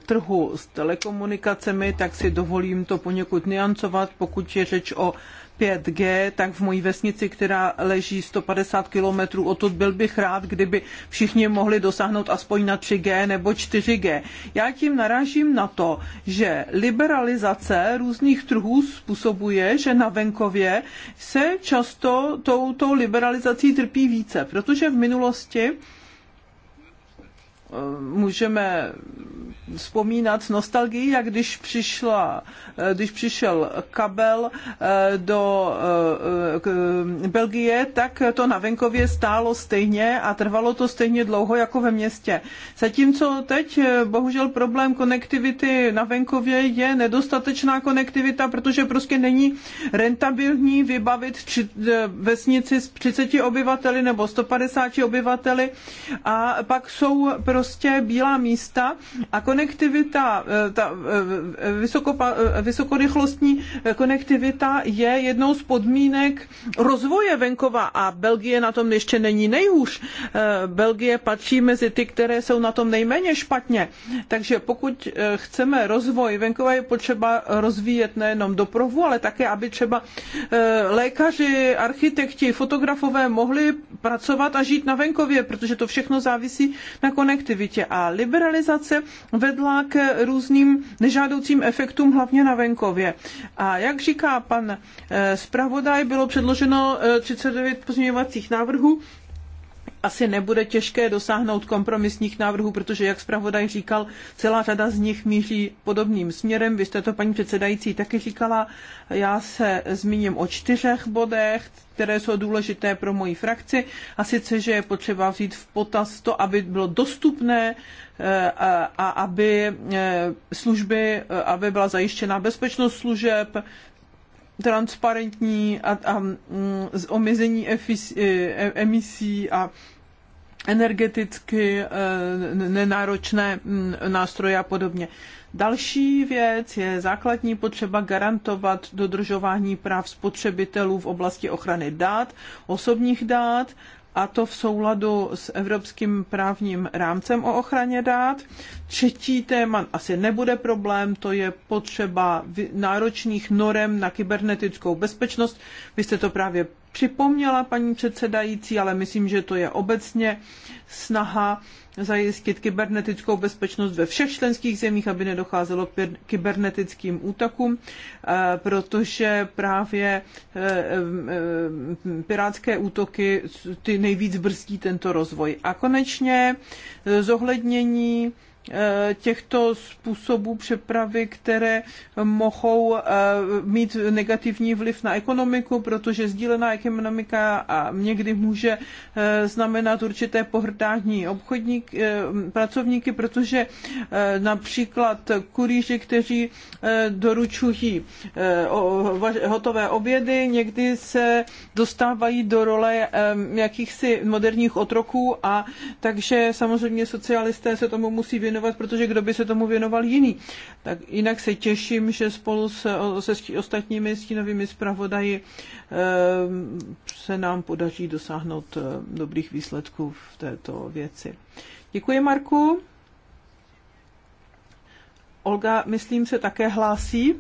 trhu s telekomunikacemi, tak si dovolím to poněkud niancovat, pokud je řeč o 5G, tak v mojí vesnici, která leží 150 kilometrů odtud, byl bych rád, kdyby všichni mohli dosáhnout aspoň na 3G nebo 4G. Já tím narážím na to, že liberalizace různých trhů způsobuje, že na venkově se často touto liberalizací trpí více, protože v minulosti eh, můžeme vzpomínat s nostalgií, jak když, přišla, eh, když přišel kabel eh, do eh, Belgie, tak to na venkově stálo stejně a trvalo to stejně dlouho jako ve městě. Zatímco teď bohužel problém konektivity na venkově je nedostatečná konektivita, protože prostě není rentabilní vybavit či, vesnici s 30 obyvateli nebo 150 obyvateli a pak jsou prostě bílá místa a konektivita konektivita, eh, ta eh, vysokopa, eh, vysokorychlostní konektivita je jednou z podmínek rozvoje venkova a Belgie na tom ještě není nejhůř. Belgie patří mezi ty, které jsou na tom nejméně špatně. Takže pokud chceme rozvoj venkova, je potřeba rozvíjet nejenom doprovu, ale také, aby třeba lékaři, architekti, fotografové mohli pracovat a žít na venkově, protože to všechno závisí na konektivitě. A liberalizace ve vedla k různým nežádoucím efektům, hlavně na venkově. A jak říká pan eh, zpravodaj, bylo předloženo 39 eh, pozměňovacích návrhů, asi nebude těžké dosáhnout kompromisních návrhů, protože, jak zpravodaj říkal, celá řada z nich míří podobným směrem. Vy jste to, paní předsedající, taky říkala. Já se zmíním o čtyřech bodech, které jsou důležité pro moji frakci, a sice, že je potřeba vzít v potaz to, aby bylo dostupné a aby e, služby, e, aby byla zajištěna bezpečnost služeb, transparentní a, a omezení e, emisí a energeticky nenáročné nástroje a podobně. Další věc je základní potřeba garantovat dodržování práv spotřebitelů v oblasti ochrany dát, osobních dát a to v souladu s evropským právním rámcem o ochraně dát. Třetí téma asi nebude problém, to je potřeba náročných norem na kybernetickou bezpečnost. Vy jste to právě připomněla paní předsedající, ale myslím, že to je obecně snaha zajistit kybernetickou bezpečnost ve všech členských zemích, aby nedocházelo k kybernetickým útokům, eh, protože právě eh, eh, pirátské útoky ty nejvíc brzdí tento rozvoj. A konečně zohlednění Eh, těchto způsobů přepravy, které mohou eh, mít negativní vliv na ekonomiku, protože sdílená ekonomika a někdy může eh, znamenat určité pohrdání obchodník, pracovníky, protože například kurýři, kteří doručují hotové obědy, někdy se dostávají do role jakýchsi moderních otroků a takže samozřejmě socialisté se tomu musí věnovat věnovat, protože kdo by se tomu věnoval jiný. Tak jinak se těším, že spolu se, se ostatními stínovými zpravodaji eh, se nám podaří dosáhnout eh, dobrých výsledků v této věci. Děkuji, Marku. Olga, myslím, se také hlásí.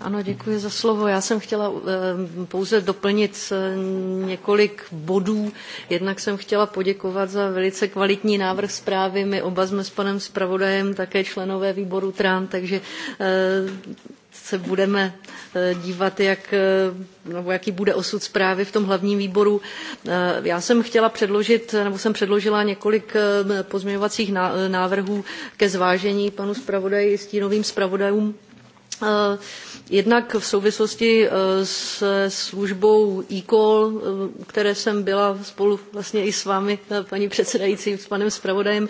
Ano, děkuji za slovo. Já jsem chtěla eh, pouze doplnit eh, několik bodů. Jednak jsem chtěla poděkovat za velice kvalitní návrh zprávy. My oba jsme s panem zpravodajem také členové výboru TRAN, takže eh, se budeme dívat, jak, nebo jaký bude osud zprávy v tom hlavním výboru. Já jsem chtěla předložit, nebo jsem předložila několik pozměňovacích návrhů ke zvážení panu zpravodaji, stínovým zpravodajům Eh, jednak v souvislosti eh, se službou e-call, eh, které jsem byla spolu vlastně i s vámi, paní předsedající, s panem zpravodajem,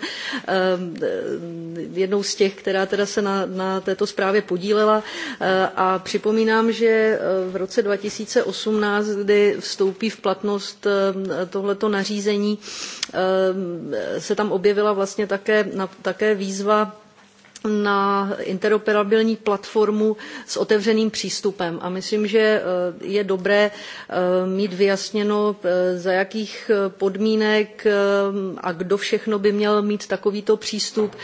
jednou z těch, která teda se na, na této zprávě podílela. A připomínám, že v roce 2018, kdy vstoupí v platnost tohleto nařízení, se tam objevila vlastně také, také výzva na interoperabilní platformu s otevřeným přístupem. A myslím, že eh, je dobré eh, mít vyjasněno, eh, za jakých podmínek a kdo všechno by měl mít takovýto přístup.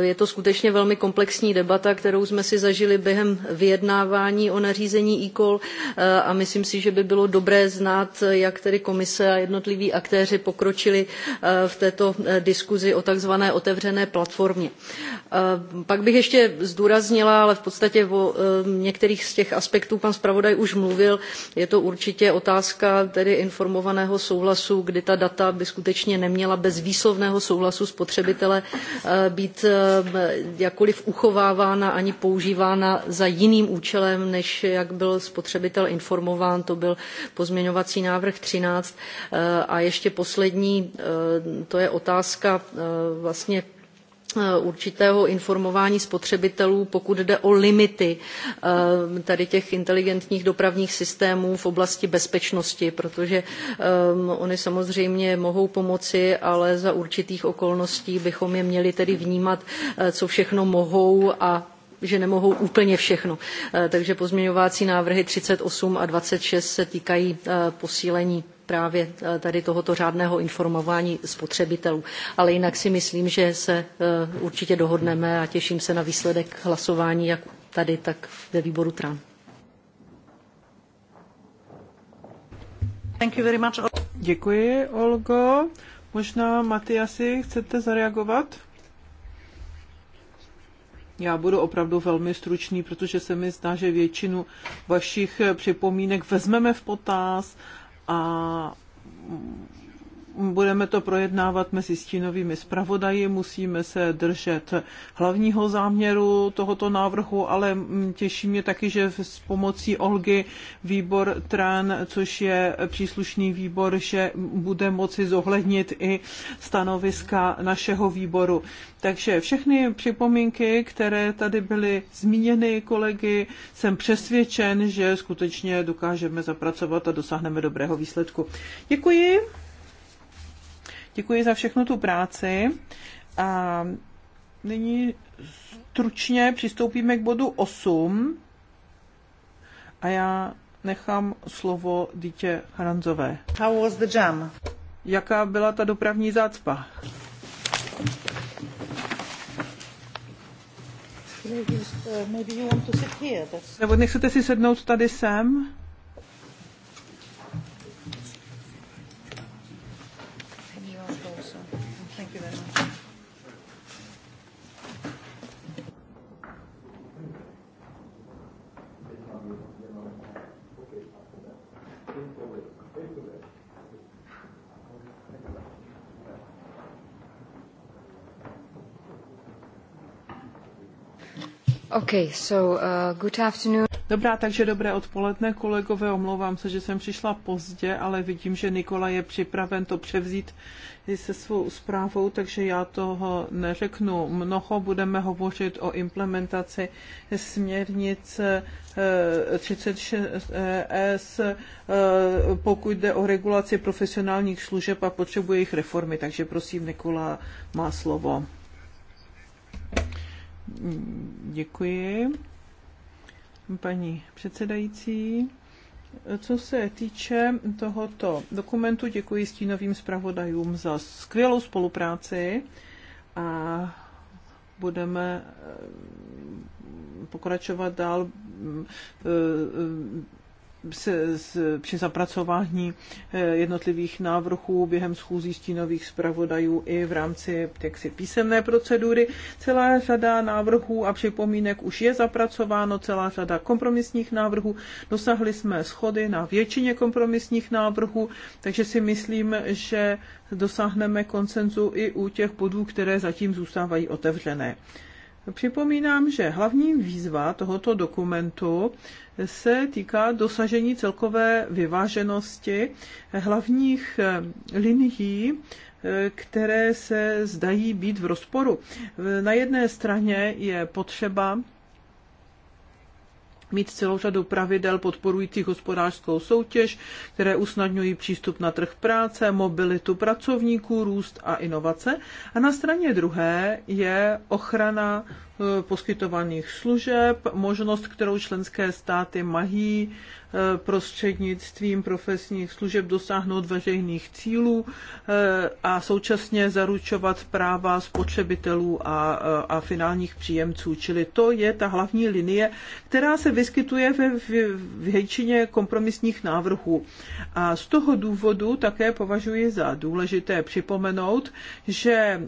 Je to skutečně velmi komplexní debata, kterou jsme si zažili během vyjednávání o nařízení e-call a myslím si, že by bylo dobré znát, jak tedy komise a jednotliví aktéři pokročili v této diskuzi o takzvané otevřené platformě. Pak bych ještě zdůraznila, ale v podstatě o e, některých z těch aspektů pan zpravodaj už mluvil, je to určitě otázka tedy informovaného souhlasu, kdy ta data by skutečně neměla bez výslovného souhlasu spotřebitele e, být e, jakkoliv uchovávána ani používána za jiným účelem, než jak byl spotřebitel informován. To byl pozměňovací návrh 13. A ještě poslední, to je otázka vlastně Eh, určitého informování spotřebitelů, pokud jde o limity eh, tady těch inteligentních dopravních systémů v oblasti bezpečnosti, protože eh, oni samozřejmě mohou pomoci, ale za určitých okolností bychom je měli tedy vnímat, co všechno mohou a že nemohou úplně všechno. Takže pozměňovací návrhy 38 a 26 se týkají posílení právě eh, tady tohoto řádného informování spotřebitelů. Ale jinak si myslím, že se eh, určitě dohodneme a těším se na výsledek hlasování jak tady, tak ve výboru TRAN. Děkuji, Olgo. Možná, Matyasi, chcete zareagovat? Já budu opravdu velmi stručný, protože se mi zdá, že většinu vašich připomínek vezmeme v potaz a budeme to projednávat mezi stínovými zpravodaji, musíme se držet hlavního záměru tohoto návrhu, ale těší mě taky, že s pomocí Olgy výbor TRAN, což je příslušný výbor, že bude moci zohlednit i stanoviska našeho výboru. Takže všechny připomínky, které tady byly zmíněny kolegy, jsem přesvědčen, že skutečně dokážeme zapracovat a dosáhneme dobrého výsledku. Děkuji. Děkuji za všechnu tu práci. A nyní stručně přistoupíme k bodu 8 a já nechám slovo dítě Haranzové. How was the jam? Jaká byla ta dopravní zácpa? Uh, Nebo nechcete si sednout tady sem? Okay, so, uh, good afternoon. Dobrá, takže dobré odpoledne, kolegové. Omlouvám se, že jsem přišla pozdě, ale vidím, že Nikola je připraven to převzít se svou zprávou, takže já toho neřeknu mnoho. Budeme hovořit o implementaci směrnice 36 eh, e s eh, pokud jde o regulaci profesionálních služeb a potřebuje jejich reformy. Takže prosím, Nikola má slovo. Děkuji, paní předsedající. Co se týče tohoto dokumentu, děkuji stínovým zpravodajům za skvělou spolupráci a budeme eh, pokračovat dál eh, se, s, při zapracování eh, jednotlivých návrhů během schůzí stínových zpravodajů i v rámci jaksi, písemné procedury. Celá řada návrhů a připomínek už je zapracováno, celá řada kompromisních návrhů. Dosahli jsme schody na většině kompromisních návrhů, takže si myslím, že dosáhneme koncenzu i u těch bodů, které zatím zůstávají otevřené. Připomínám, že hlavní výzva tohoto dokumentu se týká dosažení celkové vyváženosti hlavních eh, linií, eh, které se zdají být v rozporu. Eh, na jedné straně je potřeba mít celou řadu pravidel podporujících hospodářskou soutěž, které usnadňují přístup na trh práce, mobilitu pracovníků, růst a inovace. A na straně druhé je ochrana Eh, poskytovaných služeb, možnost, kterou členské státy mají eh, prostřednictvím profesních služeb dosáhnout veřejných cílů eh, a současně zaručovat práva spotřebitelů a, a finálních příjemců. Čili to je ta hlavní linie, která se vyskytuje ve většině kompromisních návrhů. A z toho důvodu také považuji za důležité připomenout, že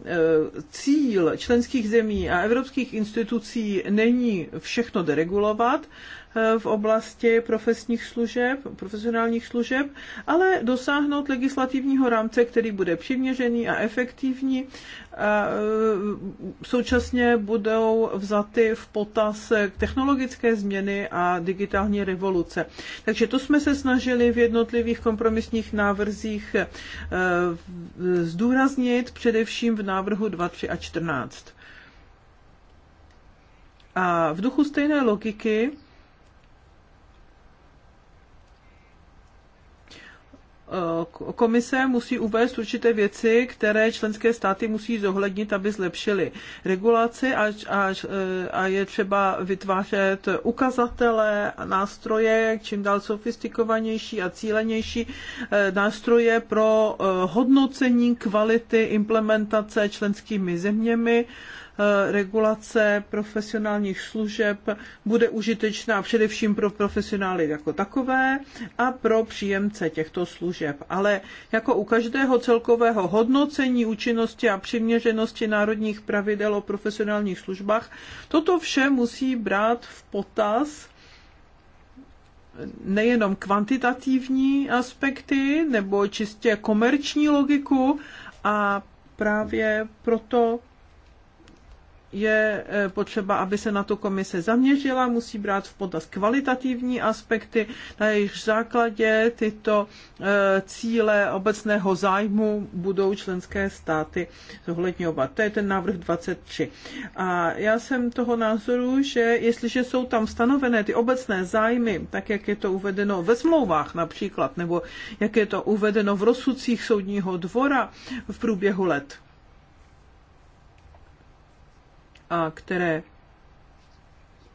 cíl členských zemí a evropských institucí není všechno deregulovat eh, v oblasti profesních služeb, profesionálních služeb, ale dosáhnout legislativního rámce, který bude přiměřený a efektivní. Eh, současně budou vzaty v potaz technologické změny a digitální revoluce. Takže to jsme se snažili v jednotlivých kompromisních návrzích eh, zdůraznit, především v návrhu 2, 3 a 14. A v duchu stejné logiky eh, Komise musí uvést určité věci, které členské státy musí zohlednit, aby zlepšily regulaci a, a, a je třeba vytvářet ukazatele a nástroje, čím dál sofistikovanější a cílenější eh, nástroje pro eh, hodnocení kvality implementace členskými zeměmi Eh, regulace profesionálních služeb bude užitečná především pro profesionály jako takové a pro příjemce těchto služeb. Ale jako u každého celkového hodnocení účinnosti a přiměřenosti národních pravidel o profesionálních službách, toto vše musí brát v potaz nejenom kvantitativní aspekty nebo čistě komerční logiku a právě proto je eh, potřeba, aby se na to komise zaměřila, musí brát v potaz kvalitativní aspekty, na jejich základě tyto eh, cíle obecného zájmu budou členské státy zohledňovat. To je ten návrh 23. A já jsem toho názoru, že jestliže jsou tam stanovené ty obecné zájmy, tak jak je to uvedeno ve smlouvách například, nebo jak je to uvedeno v rozsudcích soudního dvora v průběhu let, a které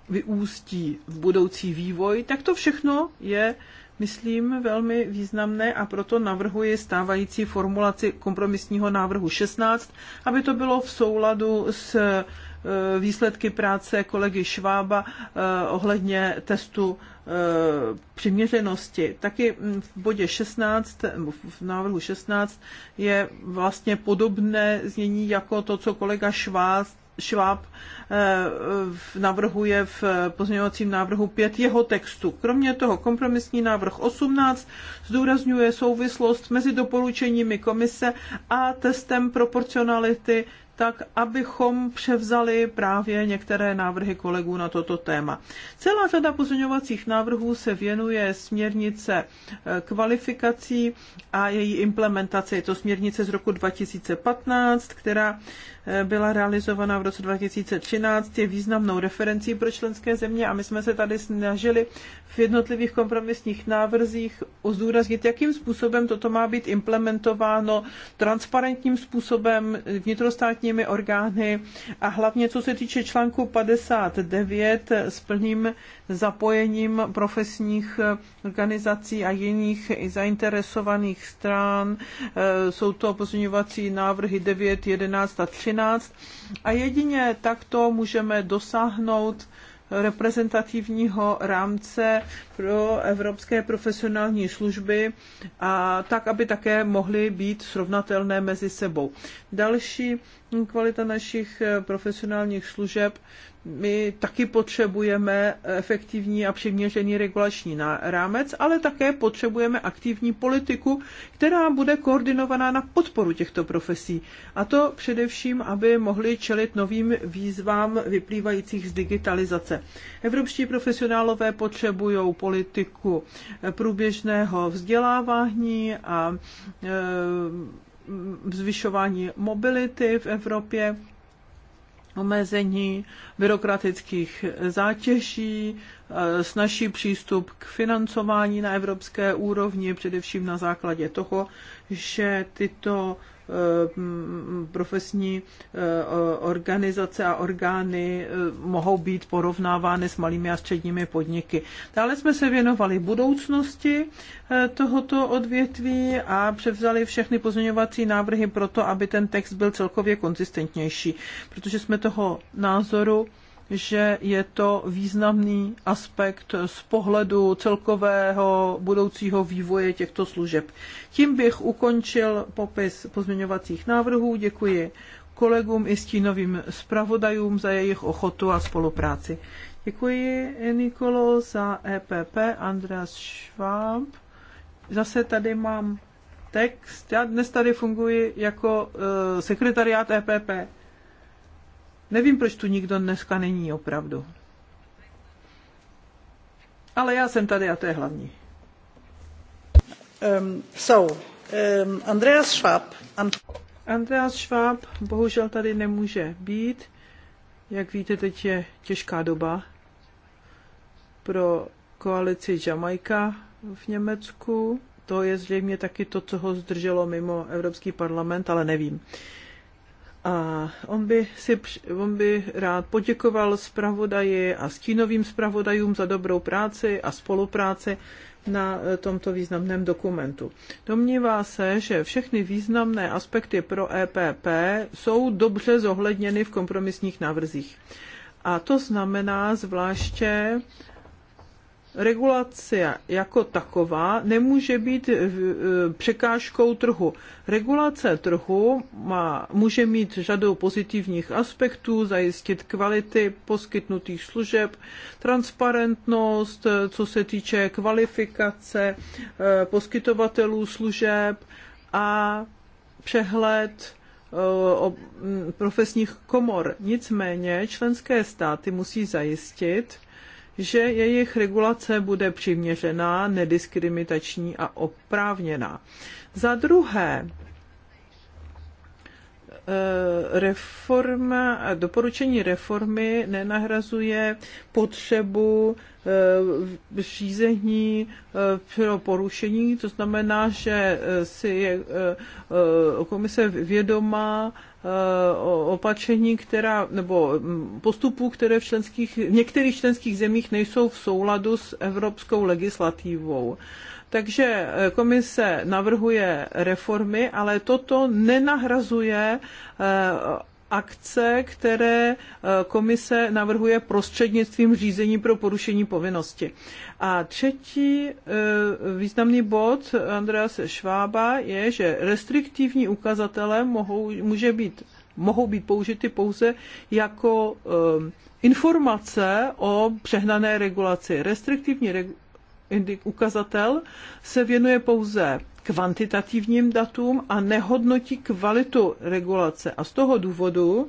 vyústí v budoucí vývoj, tak to všechno je, myslím, velmi významné a proto navrhuji stávající formulaci kompromisního návrhu 16, aby to bylo v souladu s e, výsledky práce kolegy Švába e, ohledně testu e, přiměřenosti. Taky v bodě 16, v návrhu 16 je vlastně podobné znění jako to, co kolega Šváb Schwab eh, navrhuje v pozměňovacím návrhu 5 jeho textu. Kromě toho kompromisní návrh 18 zdůrazňuje souvislost mezi doporučeními komise a testem proporcionality tak abychom převzali právě některé návrhy kolegů na toto téma. Celá řada pozměňovacích návrhů se věnuje směrnice eh, kvalifikací a její implementaci. Je to směrnice z roku 2015, která eh, byla realizovaná v roce 2013, je významnou referencí pro členské země a my jsme se tady snažili v jednotlivých kompromisních návrzích ozdůraznit, jakým způsobem toto má být implementováno transparentním způsobem vnitrostátní státními orgány a hlavně co se týče článku 59 s plným zapojením profesních organizací a jiných zainteresovaných stran. Eh, jsou to pozměňovací návrhy 9, 11 a 13 a jedině takto můžeme dosáhnout reprezentativního rámce pro evropské profesionální služby a tak, aby také mohly být srovnatelné mezi sebou. Další kvalita našich profesionálních služeb my taky potřebujeme efektivní a přiměřený regulační rámec, ale také potřebujeme aktivní politiku, která bude koordinovaná na podporu těchto profesí. A to především, aby mohli čelit novým výzvám vyplývajících z digitalizace. Evropští profesionálové potřebují politiku průběžného vzdělávání a e, zvyšování mobility v Evropě omezení byrokratických zátěží, eh, snažší přístup k financování na evropské úrovni, především na základě toho, že tyto Eh, profesní eh, organizace a orgány eh, mohou být porovnávány s malými a středními podniky. Dále jsme se věnovali budoucnosti tohoto odvětví a převzali všechny pozměňovací návrhy proto, aby ten text byl celkově konzistentnější, protože jsme toho názoru, že je to významný aspekt z pohledu celkového budoucího vývoje těchto služeb. Tím bych ukončil popis pozměňovacích návrhů. Děkuji kolegům i stínovým zpravodajům za jejich ochotu a spolupráci. Děkuji Nikolo za EPP, Andreas Schwab. Zase tady mám text. Já dnes tady funguji jako uh, sekretariát EPP. Nevím, proč tu nikdo dneska není opravdu. Ale já jsem tady a to je hlavní. Um, so, um, Andreas Schwab. And... Andreas Schwab bohužel tady nemůže být. Jak víte, teď je těžká doba pro koalici Jamaika v Německu. To je zřejmě taky to, co ho zdrželo mimo Evropský parlament, ale nevím. Uh, a on by, si, on by rád poděkoval zpravodaji a stínovým zpravodajům za dobrou práci a spolupráci na eh, tomto významném dokumentu. Domnívá se, že všechny významné aspekty pro EPP jsou dobře zohledněny v kompromisních návrzích. A to znamená zvláště regulace jako taková nemůže být eh, překážkou trhu. Regulace trhu má, může mít řadu pozitivních aspektů, zajistit kvality poskytnutých služeb, transparentnost, eh, co se týče kvalifikace eh, poskytovatelů služeb a přehled profesních komor. Nicméně členské státy musí zajistit, že jejich regulace bude přiměřená, nediskriminační a oprávněná. Za druhé, Eh, reforma a doporučení reformy nenahrazuje potřebu eh, řízení eh, pro porušení, to znamená, že si je komise vědomá opatření, která, nebo mm, postupů, které v, členských, v některých členských zemích nejsou v souladu s evropskou legislativou. Takže eh, komise navrhuje reformy, ale toto nenahrazuje eh, akce, které eh, komise navrhuje prostřednictvím řízení pro porušení povinnosti. A třetí významný bod Andrease Švába je, že restriktivní ukazatele mohou, může být, mohou být použity pouze jako informace o přehnané regulaci. Restriktivní ukazatel se věnuje pouze kvantitativním datům a nehodnotí kvalitu regulace. A z toho důvodu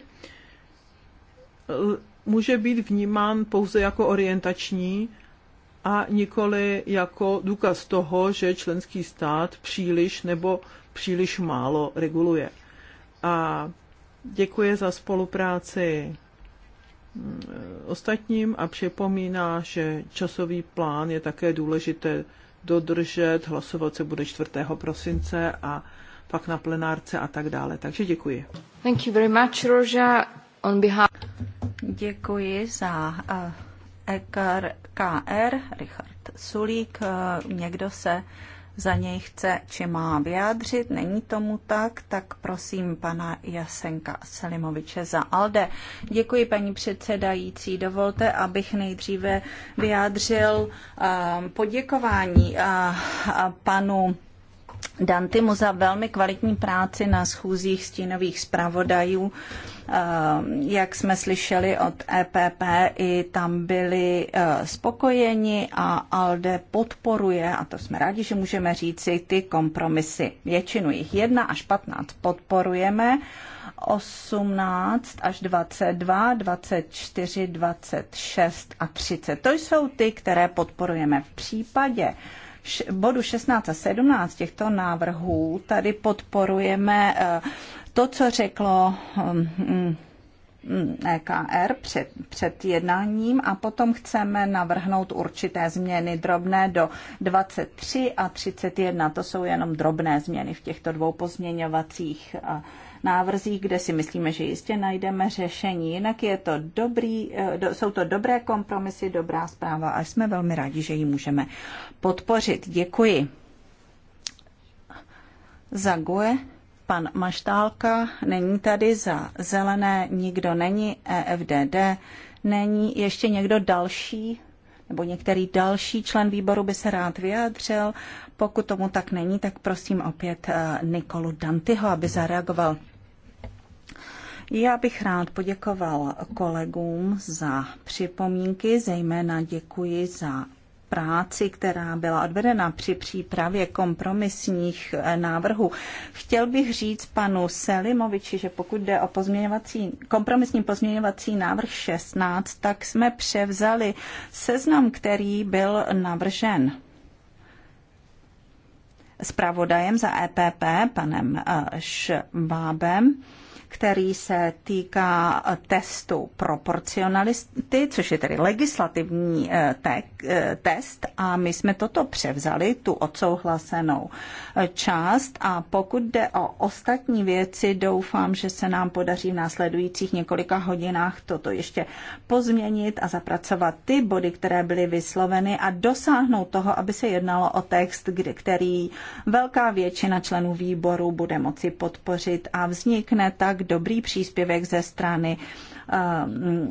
může být vnímán pouze jako orientační a nikoli jako důkaz toho, že členský stát příliš nebo příliš málo reguluje. A děkuji za spolupráci ostatním a připomíná, že časový plán je také důležité dodržet, hlasovat se bude 4. prosince a pak na plenárce a tak dále. Takže děkuji. Thank you very much, Roža. On behalf... Děkuji za uh, EKR, KR, Richard Sulík. Uh, někdo se za něj chce či má vyjádřit. Není tomu tak, tak prosím pana Jasenka Selimoviče za ALDE. Děkuji, paní předsedající. Dovolte, abych nejdříve vyjádřil eh, poděkování eh, panu Dantimu za velmi kvalitní práci na schůzích stínových zpravodajů Eh, jak jsme slyšeli od EPP, i tam byli eh, spokojeni a ALDE podporuje, a to jsme rádi, že můžeme říci, ty kompromisy. Většinu jich 1 až 15 podporujeme. 18 až 22, 24, 26 a 30. To jsou ty, které podporujeme. V případě bodu 16 a 17 těchto návrhů tady podporujeme uh, to, co řeklo hm, hm, hm, EKR před, před jednáním a potom chceme navrhnout určité změny drobné do 23 a 31. To jsou jenom drobné změny v těchto dvou pozměňovacích eh, návrzích, kde si myslíme, že jistě najdeme řešení. Jinak je to dobrý, eh, jsou to dobré kompromisy, dobrá zpráva a jsme velmi rádi, že ji můžeme podpořit. Děkuji. Zague. Pan Maštálka není tady za zelené, nikdo není, EFDD není. Ještě někdo další nebo některý další člen výboru by se rád vyjádřil. Pokud tomu tak není, tak prosím opět eh, Nikolu Dantyho, aby zareagoval. Já bych rád poděkoval kolegům za připomínky, zejména děkuji za práci, která byla odvedena při přípravě kompromisních eh, návrhů. Chtěl bych říct panu Selimoviči, že pokud jde o pozměňovací, kompromisní pozměňovací návrh 16, tak jsme převzali seznam, který byl navržen zpravodajem za EPP, panem eh, Švábem který se týká testu proporcionality, což je tedy legislativní eh, eh, test a my jsme toto převzali, tu odsouhlasenou eh, část a pokud jde o ostatní věci, doufám, že se nám podaří v následujících několika hodinách toto ještě pozměnit a zapracovat ty body, které byly vysloveny a dosáhnout toho, aby se jednalo o text, který velká většina členů výboru bude moci podpořit a vznikne tak dobrý příspěvek ze strany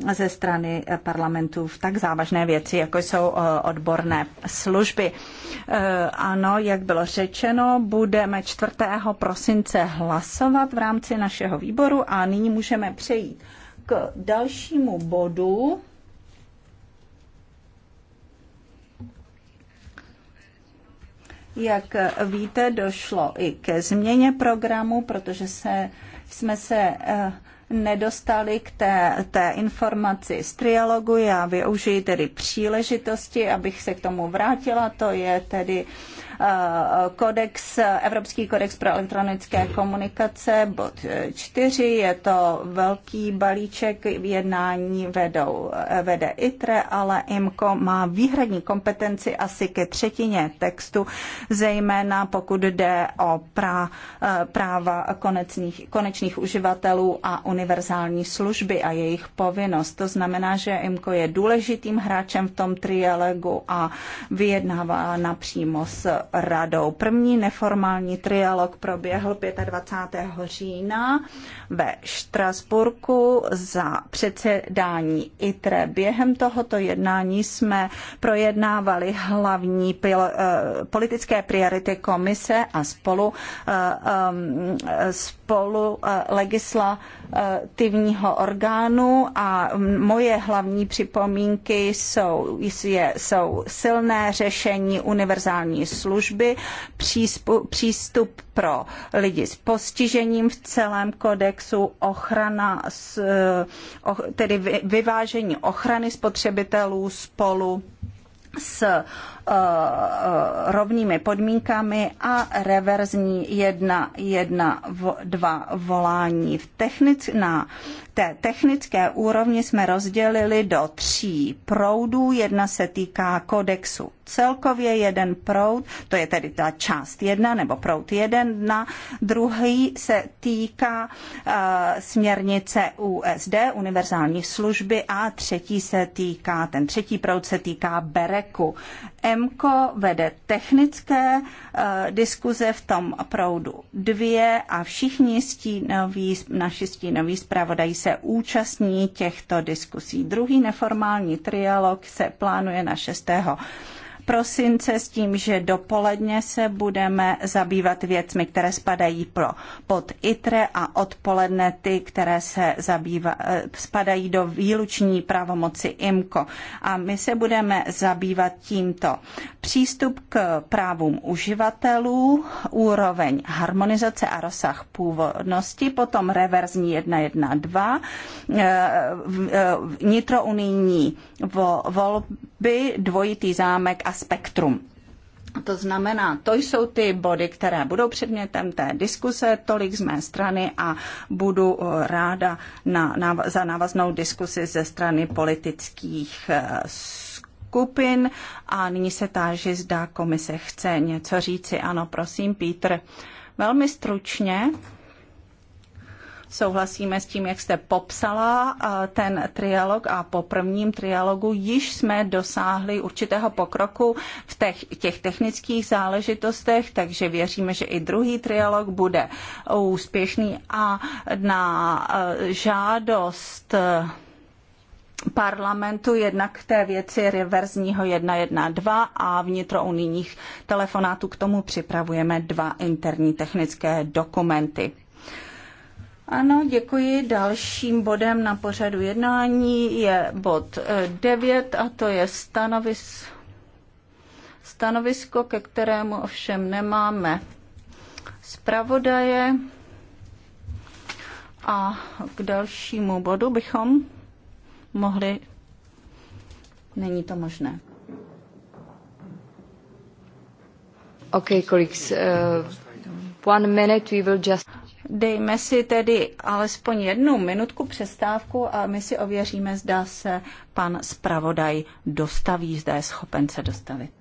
eh, ze strany parlamentu v tak závažné věci, jako jsou eh, odborné služby. Eh, ano, jak bylo řečeno, budeme 4. prosince hlasovat v rámci našeho výboru a nyní můžeme přejít k dalšímu bodu. Jak víte, došlo i ke změně programu, protože se jsme se eh, nedostali k té, té informaci z trialogu. Já využiji tedy příležitosti, abych se k tomu vrátila. To je tedy uh, Eh, kodex, Evropský kodex pro elektronické komunikace, bod 4, je to velký balíček, jednání vedou, vede ITRE, ale IMCO má výhradní kompetenci asi ke třetině textu, zejména pokud jde o pra, eh, práva konecných, konečných uživatelů a univerzální služby a jejich povinnost. To znamená, že IMCO je důležitým hráčem v tom trialogu a vyjednává napřímo s radou. První neformální trialog proběhl 25. října ve Štrasburku za předsedání ITRE. Během tohoto jednání jsme projednávali hlavní eh, politické priority komise a spolu, eh, eh, spolu legislativního orgánu a moje hlavní připomínky jsou, jsou silné řešení univerzální služby, služby, přístup pro lidi s postižením v celém kodexu, ochrana, eh, tedy vyvážení ochrany spotřebitelů spolu s eh, eh, rovnými podmínkami a reverzní jedna jedna dva volání. V technic, na té technické úrovni jsme rozdělili do tří proudů. Jedna se týká kodexu celkově jeden proud, to je tedy ta část jedna nebo proud jeden dna, druhý se týká uh, směrnice USD, univerzální služby a třetí se týká, ten třetí proud se týká Bereku. MKO vede technické uh, diskuze v tom proudu dvě a všichni stínoví, naši stínoví zpravodají se účastní těchto diskusí. Druhý neformální trialog se plánuje na 6 prosince s tím, že dopoledne se budeme zabývat věcmi, které spadají pro, pod ITRE a odpoledne ty, které se zabývá, eh, spadají do výluční pravomoci IMCO. A my se budeme zabývat tímto. Přístup k právům uživatelů, úroveň harmonizace a rozsah původnosti, potom reverzní 1.1.2, eh, eh, vnitrounijní volby, dvojitý zámek a spektrum. To znamená, to jsou ty body, které budou předmětem té diskuse, tolik z mé strany a budu eh, ráda na, na, za návaznou diskusi ze strany politických eh, skupin. A nyní se táži, zda komise chce něco říci. Ano, prosím, Pítr. Velmi stručně. Souhlasíme s tím, jak jste popsala eh, ten trialog a po prvním trialogu již jsme dosáhli určitého pokroku v těch, těch technických záležitostech, takže věříme, že i druhý trialog bude úspěšný a na eh, žádost eh, parlamentu jednak té věci reverzního 112 a vnitrounijních telefonátů k tomu připravujeme dva interní technické dokumenty. Ano, děkuji. Dalším bodem na pořadu jednání je bod 9 eh, a to je stanovis, stanovisko, ke kterému ovšem nemáme zpravodaje. A k dalšímu bodu bychom mohli. Není to možné. Okay, colleagues, uh, one minute we will just. Dejme si tedy alespoň jednu minutku přestávku a my si ověříme, zda se pan zpravodaj dostaví, zda je schopen se dostavit.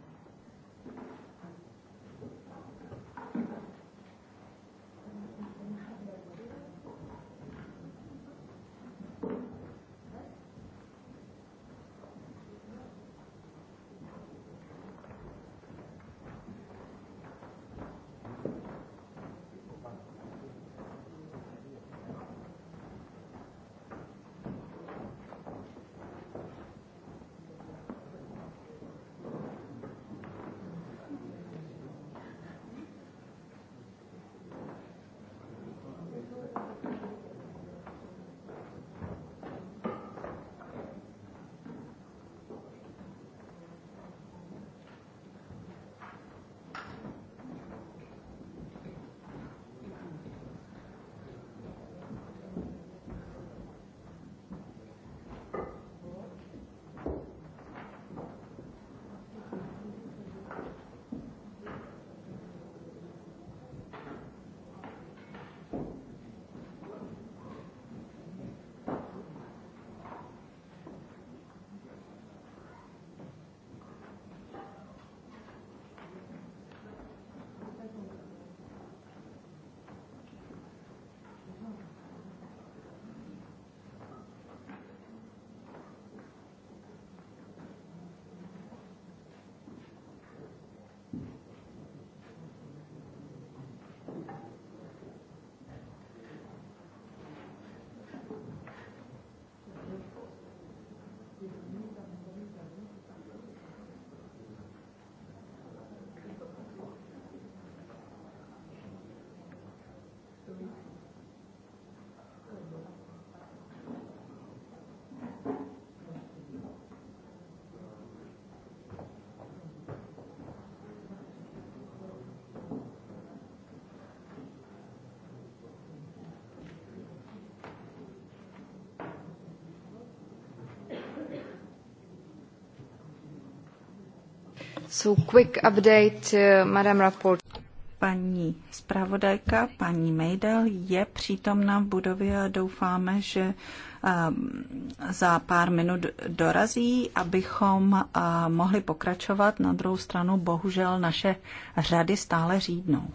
So quick update, uh, Madam Rapport. Paní zpravodajka, paní Mejdel, je přítomna v budově a doufáme, že um, za pár minut dorazí, abychom uh, mohli pokračovat. Na druhou stranu bohužel naše řady stále řídnou.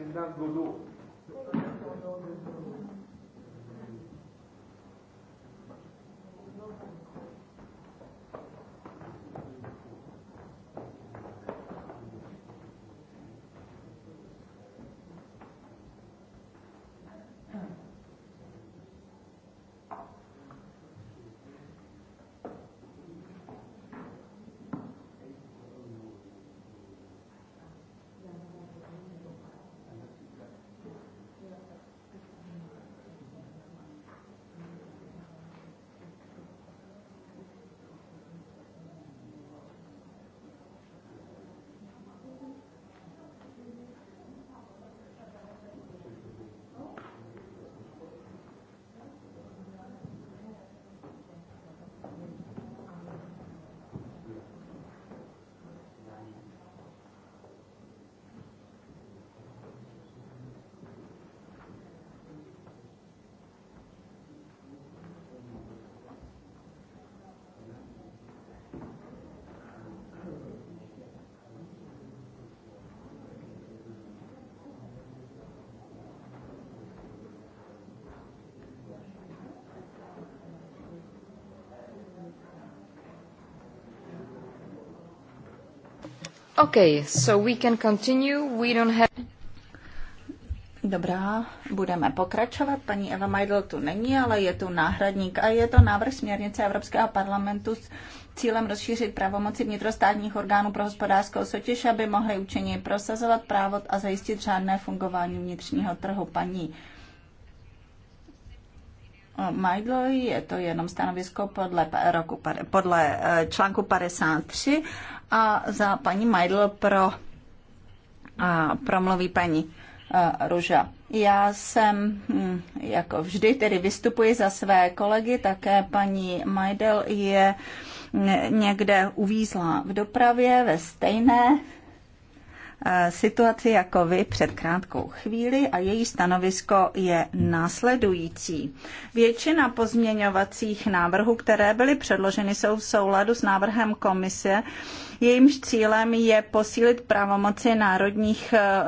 tendrán Godot Okay, so we can continue. We don't have... Dobrá, budeme pokračovat. Paní Eva Majdl tu není, ale je tu náhradník a je to návrh směrnice Evropského parlamentu s cílem rozšířit pravomoci vnitrostátních orgánů pro hospodářskou soutěž, aby mohly účinně prosazovat právo a zajistit řádné fungování vnitřního trhu. Paní Majdl, je to jenom stanovisko podle, roku, podle eh, článku 53 a za paní Majdl pro, a promluví paní e, Ruža. Já jsem, hm, jako vždy, tedy vystupuji za své kolegy, také paní Majdel je hm, někde uvízla v dopravě ve stejné e, situaci jako vy před krátkou chvíli a její stanovisko je následující. Většina pozměňovacích návrhů, které byly předloženy, jsou v souladu s návrhem komise jejímž cílem je posílit pravomoci národních eh,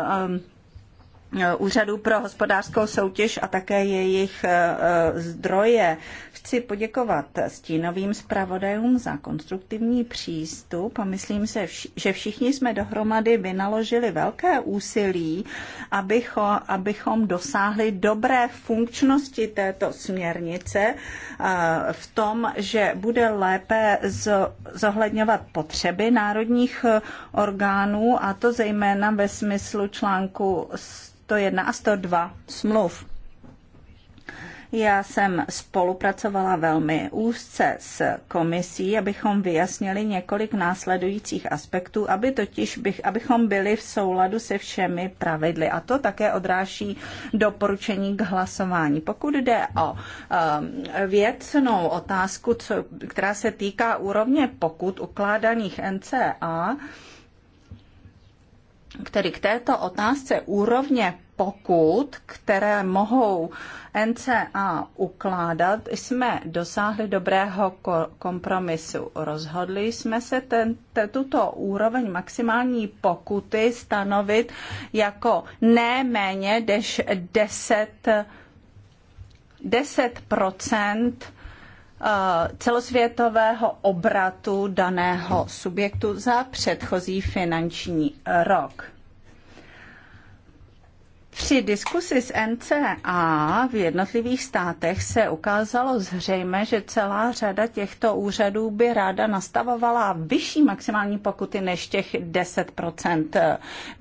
eh, úřadů pro hospodářskou soutěž a také jejich eh, zdroje chci poděkovat stínovým zpravodajům za konstruktivní přístup a myslím se, že všichni jsme dohromady vynaložili velké úsilí, abychom, abychom dosáhli dobré funkčnosti této směrnice v tom, že bude lépe zohledňovat potřeby národních e, orgánů a to zejména ve smyslu článku 101 a 102 smluv. Já jsem spolupracovala velmi úzce s komisí, abychom vyjasnili několik následujících aspektů, aby totiž bych, abychom byli v souladu se všemi pravidly. A to také odráží doporučení k hlasování. Pokud jde o um, věcnou otázku, co, která se týká úrovně pokud ukládaných NCA, který k této otázce úrovně pokut, které mohou NCA ukládat, jsme dosáhli dobrého kompromisu. Rozhodli jsme se ten, te, tuto úroveň maximální pokuty stanovit jako ne méně než 10, 10 eh, celosvětového obratu daného subjektu za předchozí finanční rok. Při diskusi s NCA v jednotlivých státech se ukázalo zřejmé, že celá řada těchto úřadů by ráda nastavovala vyšší maximální pokuty než těch 10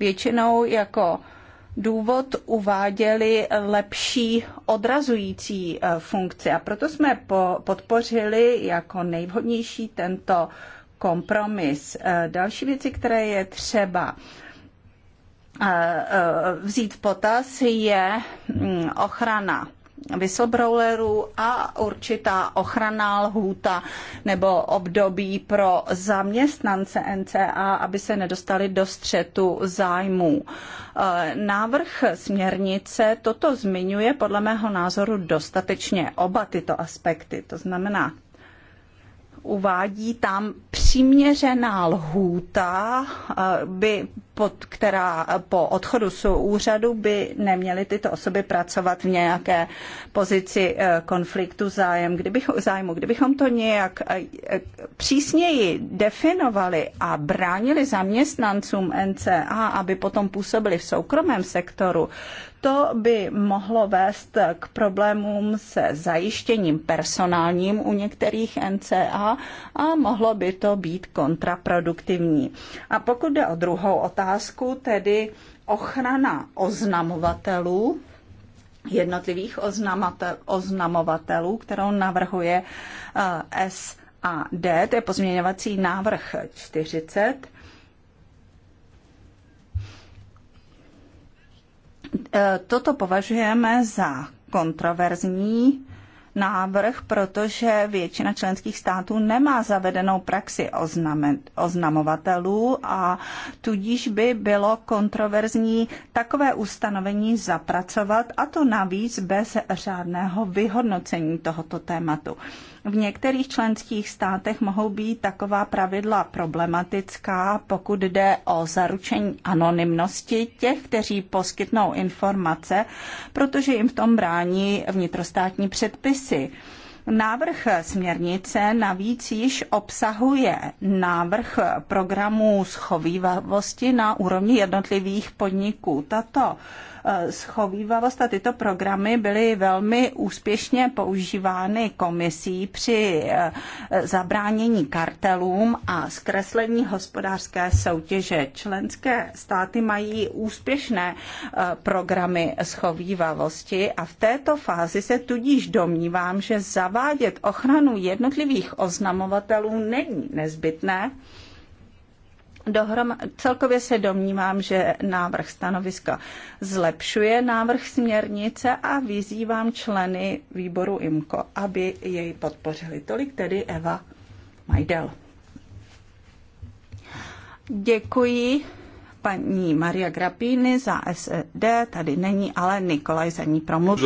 Většinou jako důvod uváděli lepší odrazující eh, funkci. A proto jsme po, podpořili jako nejvhodnější tento kompromis. Eh, další věci, které je třeba Eh, eh, vzít potaz, je mm, ochrana whistleblowerů a určitá ochranná lhůta nebo období pro zaměstnance NCA, aby se nedostali do střetu zájmů. Eh, návrh směrnice toto zmiňuje podle mého názoru dostatečně oba tyto aspekty, to znamená uvádí tam přiměřená lhůta, eh, by, pod, která po odchodu z úřadu by neměly tyto osoby pracovat v nějaké pozici eh, konfliktu zájem. Kdybych, zájmu. Kdybychom to nějak eh, přísněji definovali a bránili zaměstnancům NCA, aby potom působili v soukromém sektoru, to by mohlo vést k problémům se zajištěním personálním u některých NCA a mohlo by to být kontraproduktivní. A pokud jde o druhou otázku, tedy ochrana oznamovatelů, jednotlivých oznamovatelů, kterou navrhuje eh, SAD, a to je pozměňovací návrh 40, Eh, toto považujeme za kontroverzní návrh, protože většina členských států nemá zavedenou praxi oznamovatelů a tudíž by bylo kontroverzní takové ustanovení zapracovat a to navíc bez řádného vyhodnocení tohoto tématu. V některých členských státech mohou být taková pravidla problematická, pokud jde o zaručení anonymnosti těch, kteří poskytnou informace, protože jim v tom brání vnitrostátní předpisy. Návrh směrnice navíc již obsahuje návrh programů schovývavosti na úrovni jednotlivých podniků. Tato schovývavost a tyto programy byly velmi úspěšně používány komisí při eh, zabránění kartelům a zkreslení hospodářské soutěže. Členské státy mají úspěšné eh, programy schovývavosti a v této fázi se tudíž domnívám, že zavádět ochranu jednotlivých oznamovatelů není nezbytné, Dohrom, celkově se domnívám, že návrh stanoviska zlepšuje návrh směrnice a vyzývám členy výboru IMKO, aby jej podpořili. Tolik tedy Eva Majdel. Děkuji paní Maria Grapini za SED, tady není, ale Nikolaj za ní promluví.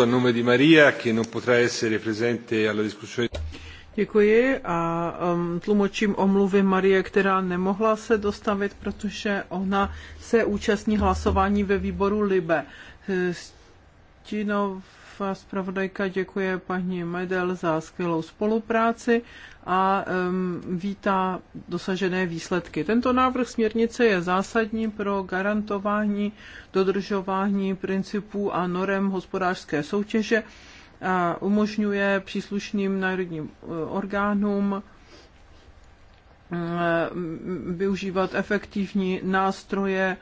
Děkuji a um, tlumočím omluvy Marie, která nemohla se dostavit, protože ona se účastní hlasování ve výboru Libe. Stínová zpravodajka děkuje paní Medel za skvělou spolupráci a um, vítá dosažené výsledky. Tento návrh směrnice je zásadní pro garantování dodržování principů a norem hospodářské soutěže umožňuje příslušným národním e, orgánům e, využívat efektivní nástroje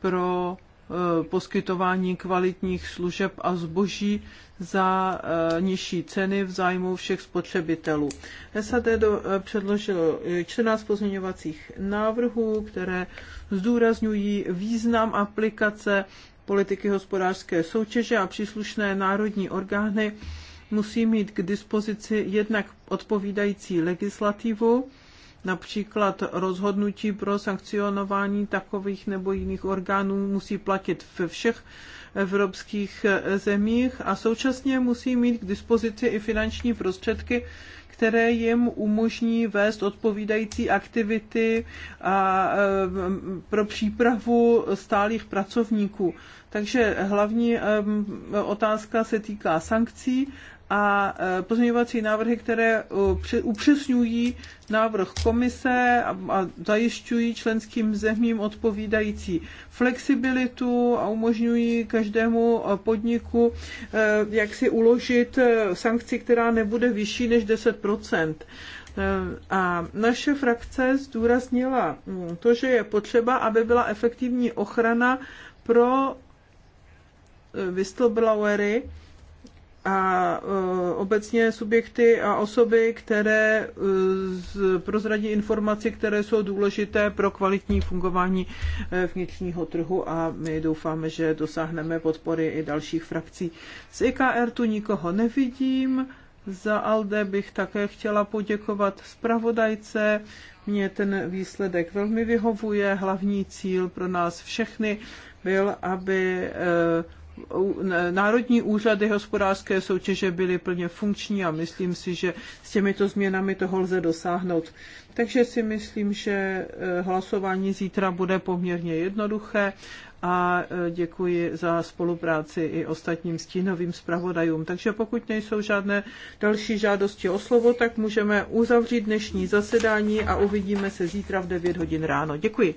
pro e, poskytování kvalitních služeb a zboží za nižší ceny v zájmu všech spotřebitelů. SAD předložilo 14 pozměňovacích návrhů, které zdůrazňují význam aplikace politiky hospodářské soutěže a příslušné národní orgány musí mít k dispozici jednak odpovídající legislativu, například rozhodnutí pro sankcionování takových nebo jiných orgánů musí platit ve všech evropských zemích a současně musí mít k dispozici i finanční prostředky které jim umožní vést odpovídající aktivity a, eh, pro přípravu stálých pracovníků. Takže hlavní eh, otázka se týká sankcí a e, pozměňovací návrhy, které upřesňují návrh komise a zajišťují členským zemím odpovídající flexibilitu a umožňují každému e, podniku e, jak si uložit sankci, která nebude vyšší než 10 a naše frakce zdůraznila mm, to, že je potřeba, aby byla efektivní ochrana pro whistleblowery, a obecně subjekty a osoby, které e, prozradí informaci, které jsou důležité pro kvalitní fungování e, vnitřního trhu a my doufáme, že dosáhneme podpory i dalších frakcí. Z IKR tu nikoho nevidím. Za ALDE bych také chtěla poděkovat zpravodajce. Mně ten výsledek velmi vyhovuje. Hlavní cíl pro nás všechny byl, aby e, národní úřady hospodářské soutěže byly plně funkční a myslím si, že s těmito změnami toho lze dosáhnout. Takže si myslím, že eh, hlasování zítra bude poměrně jednoduché a eh, děkuji za spolupráci i ostatním stínovým zpravodajům. Takže pokud nejsou žádné další žádosti o slovo, tak můžeme uzavřít dnešní zasedání a uvidíme se zítra v 9 hodin ráno. Děkuji.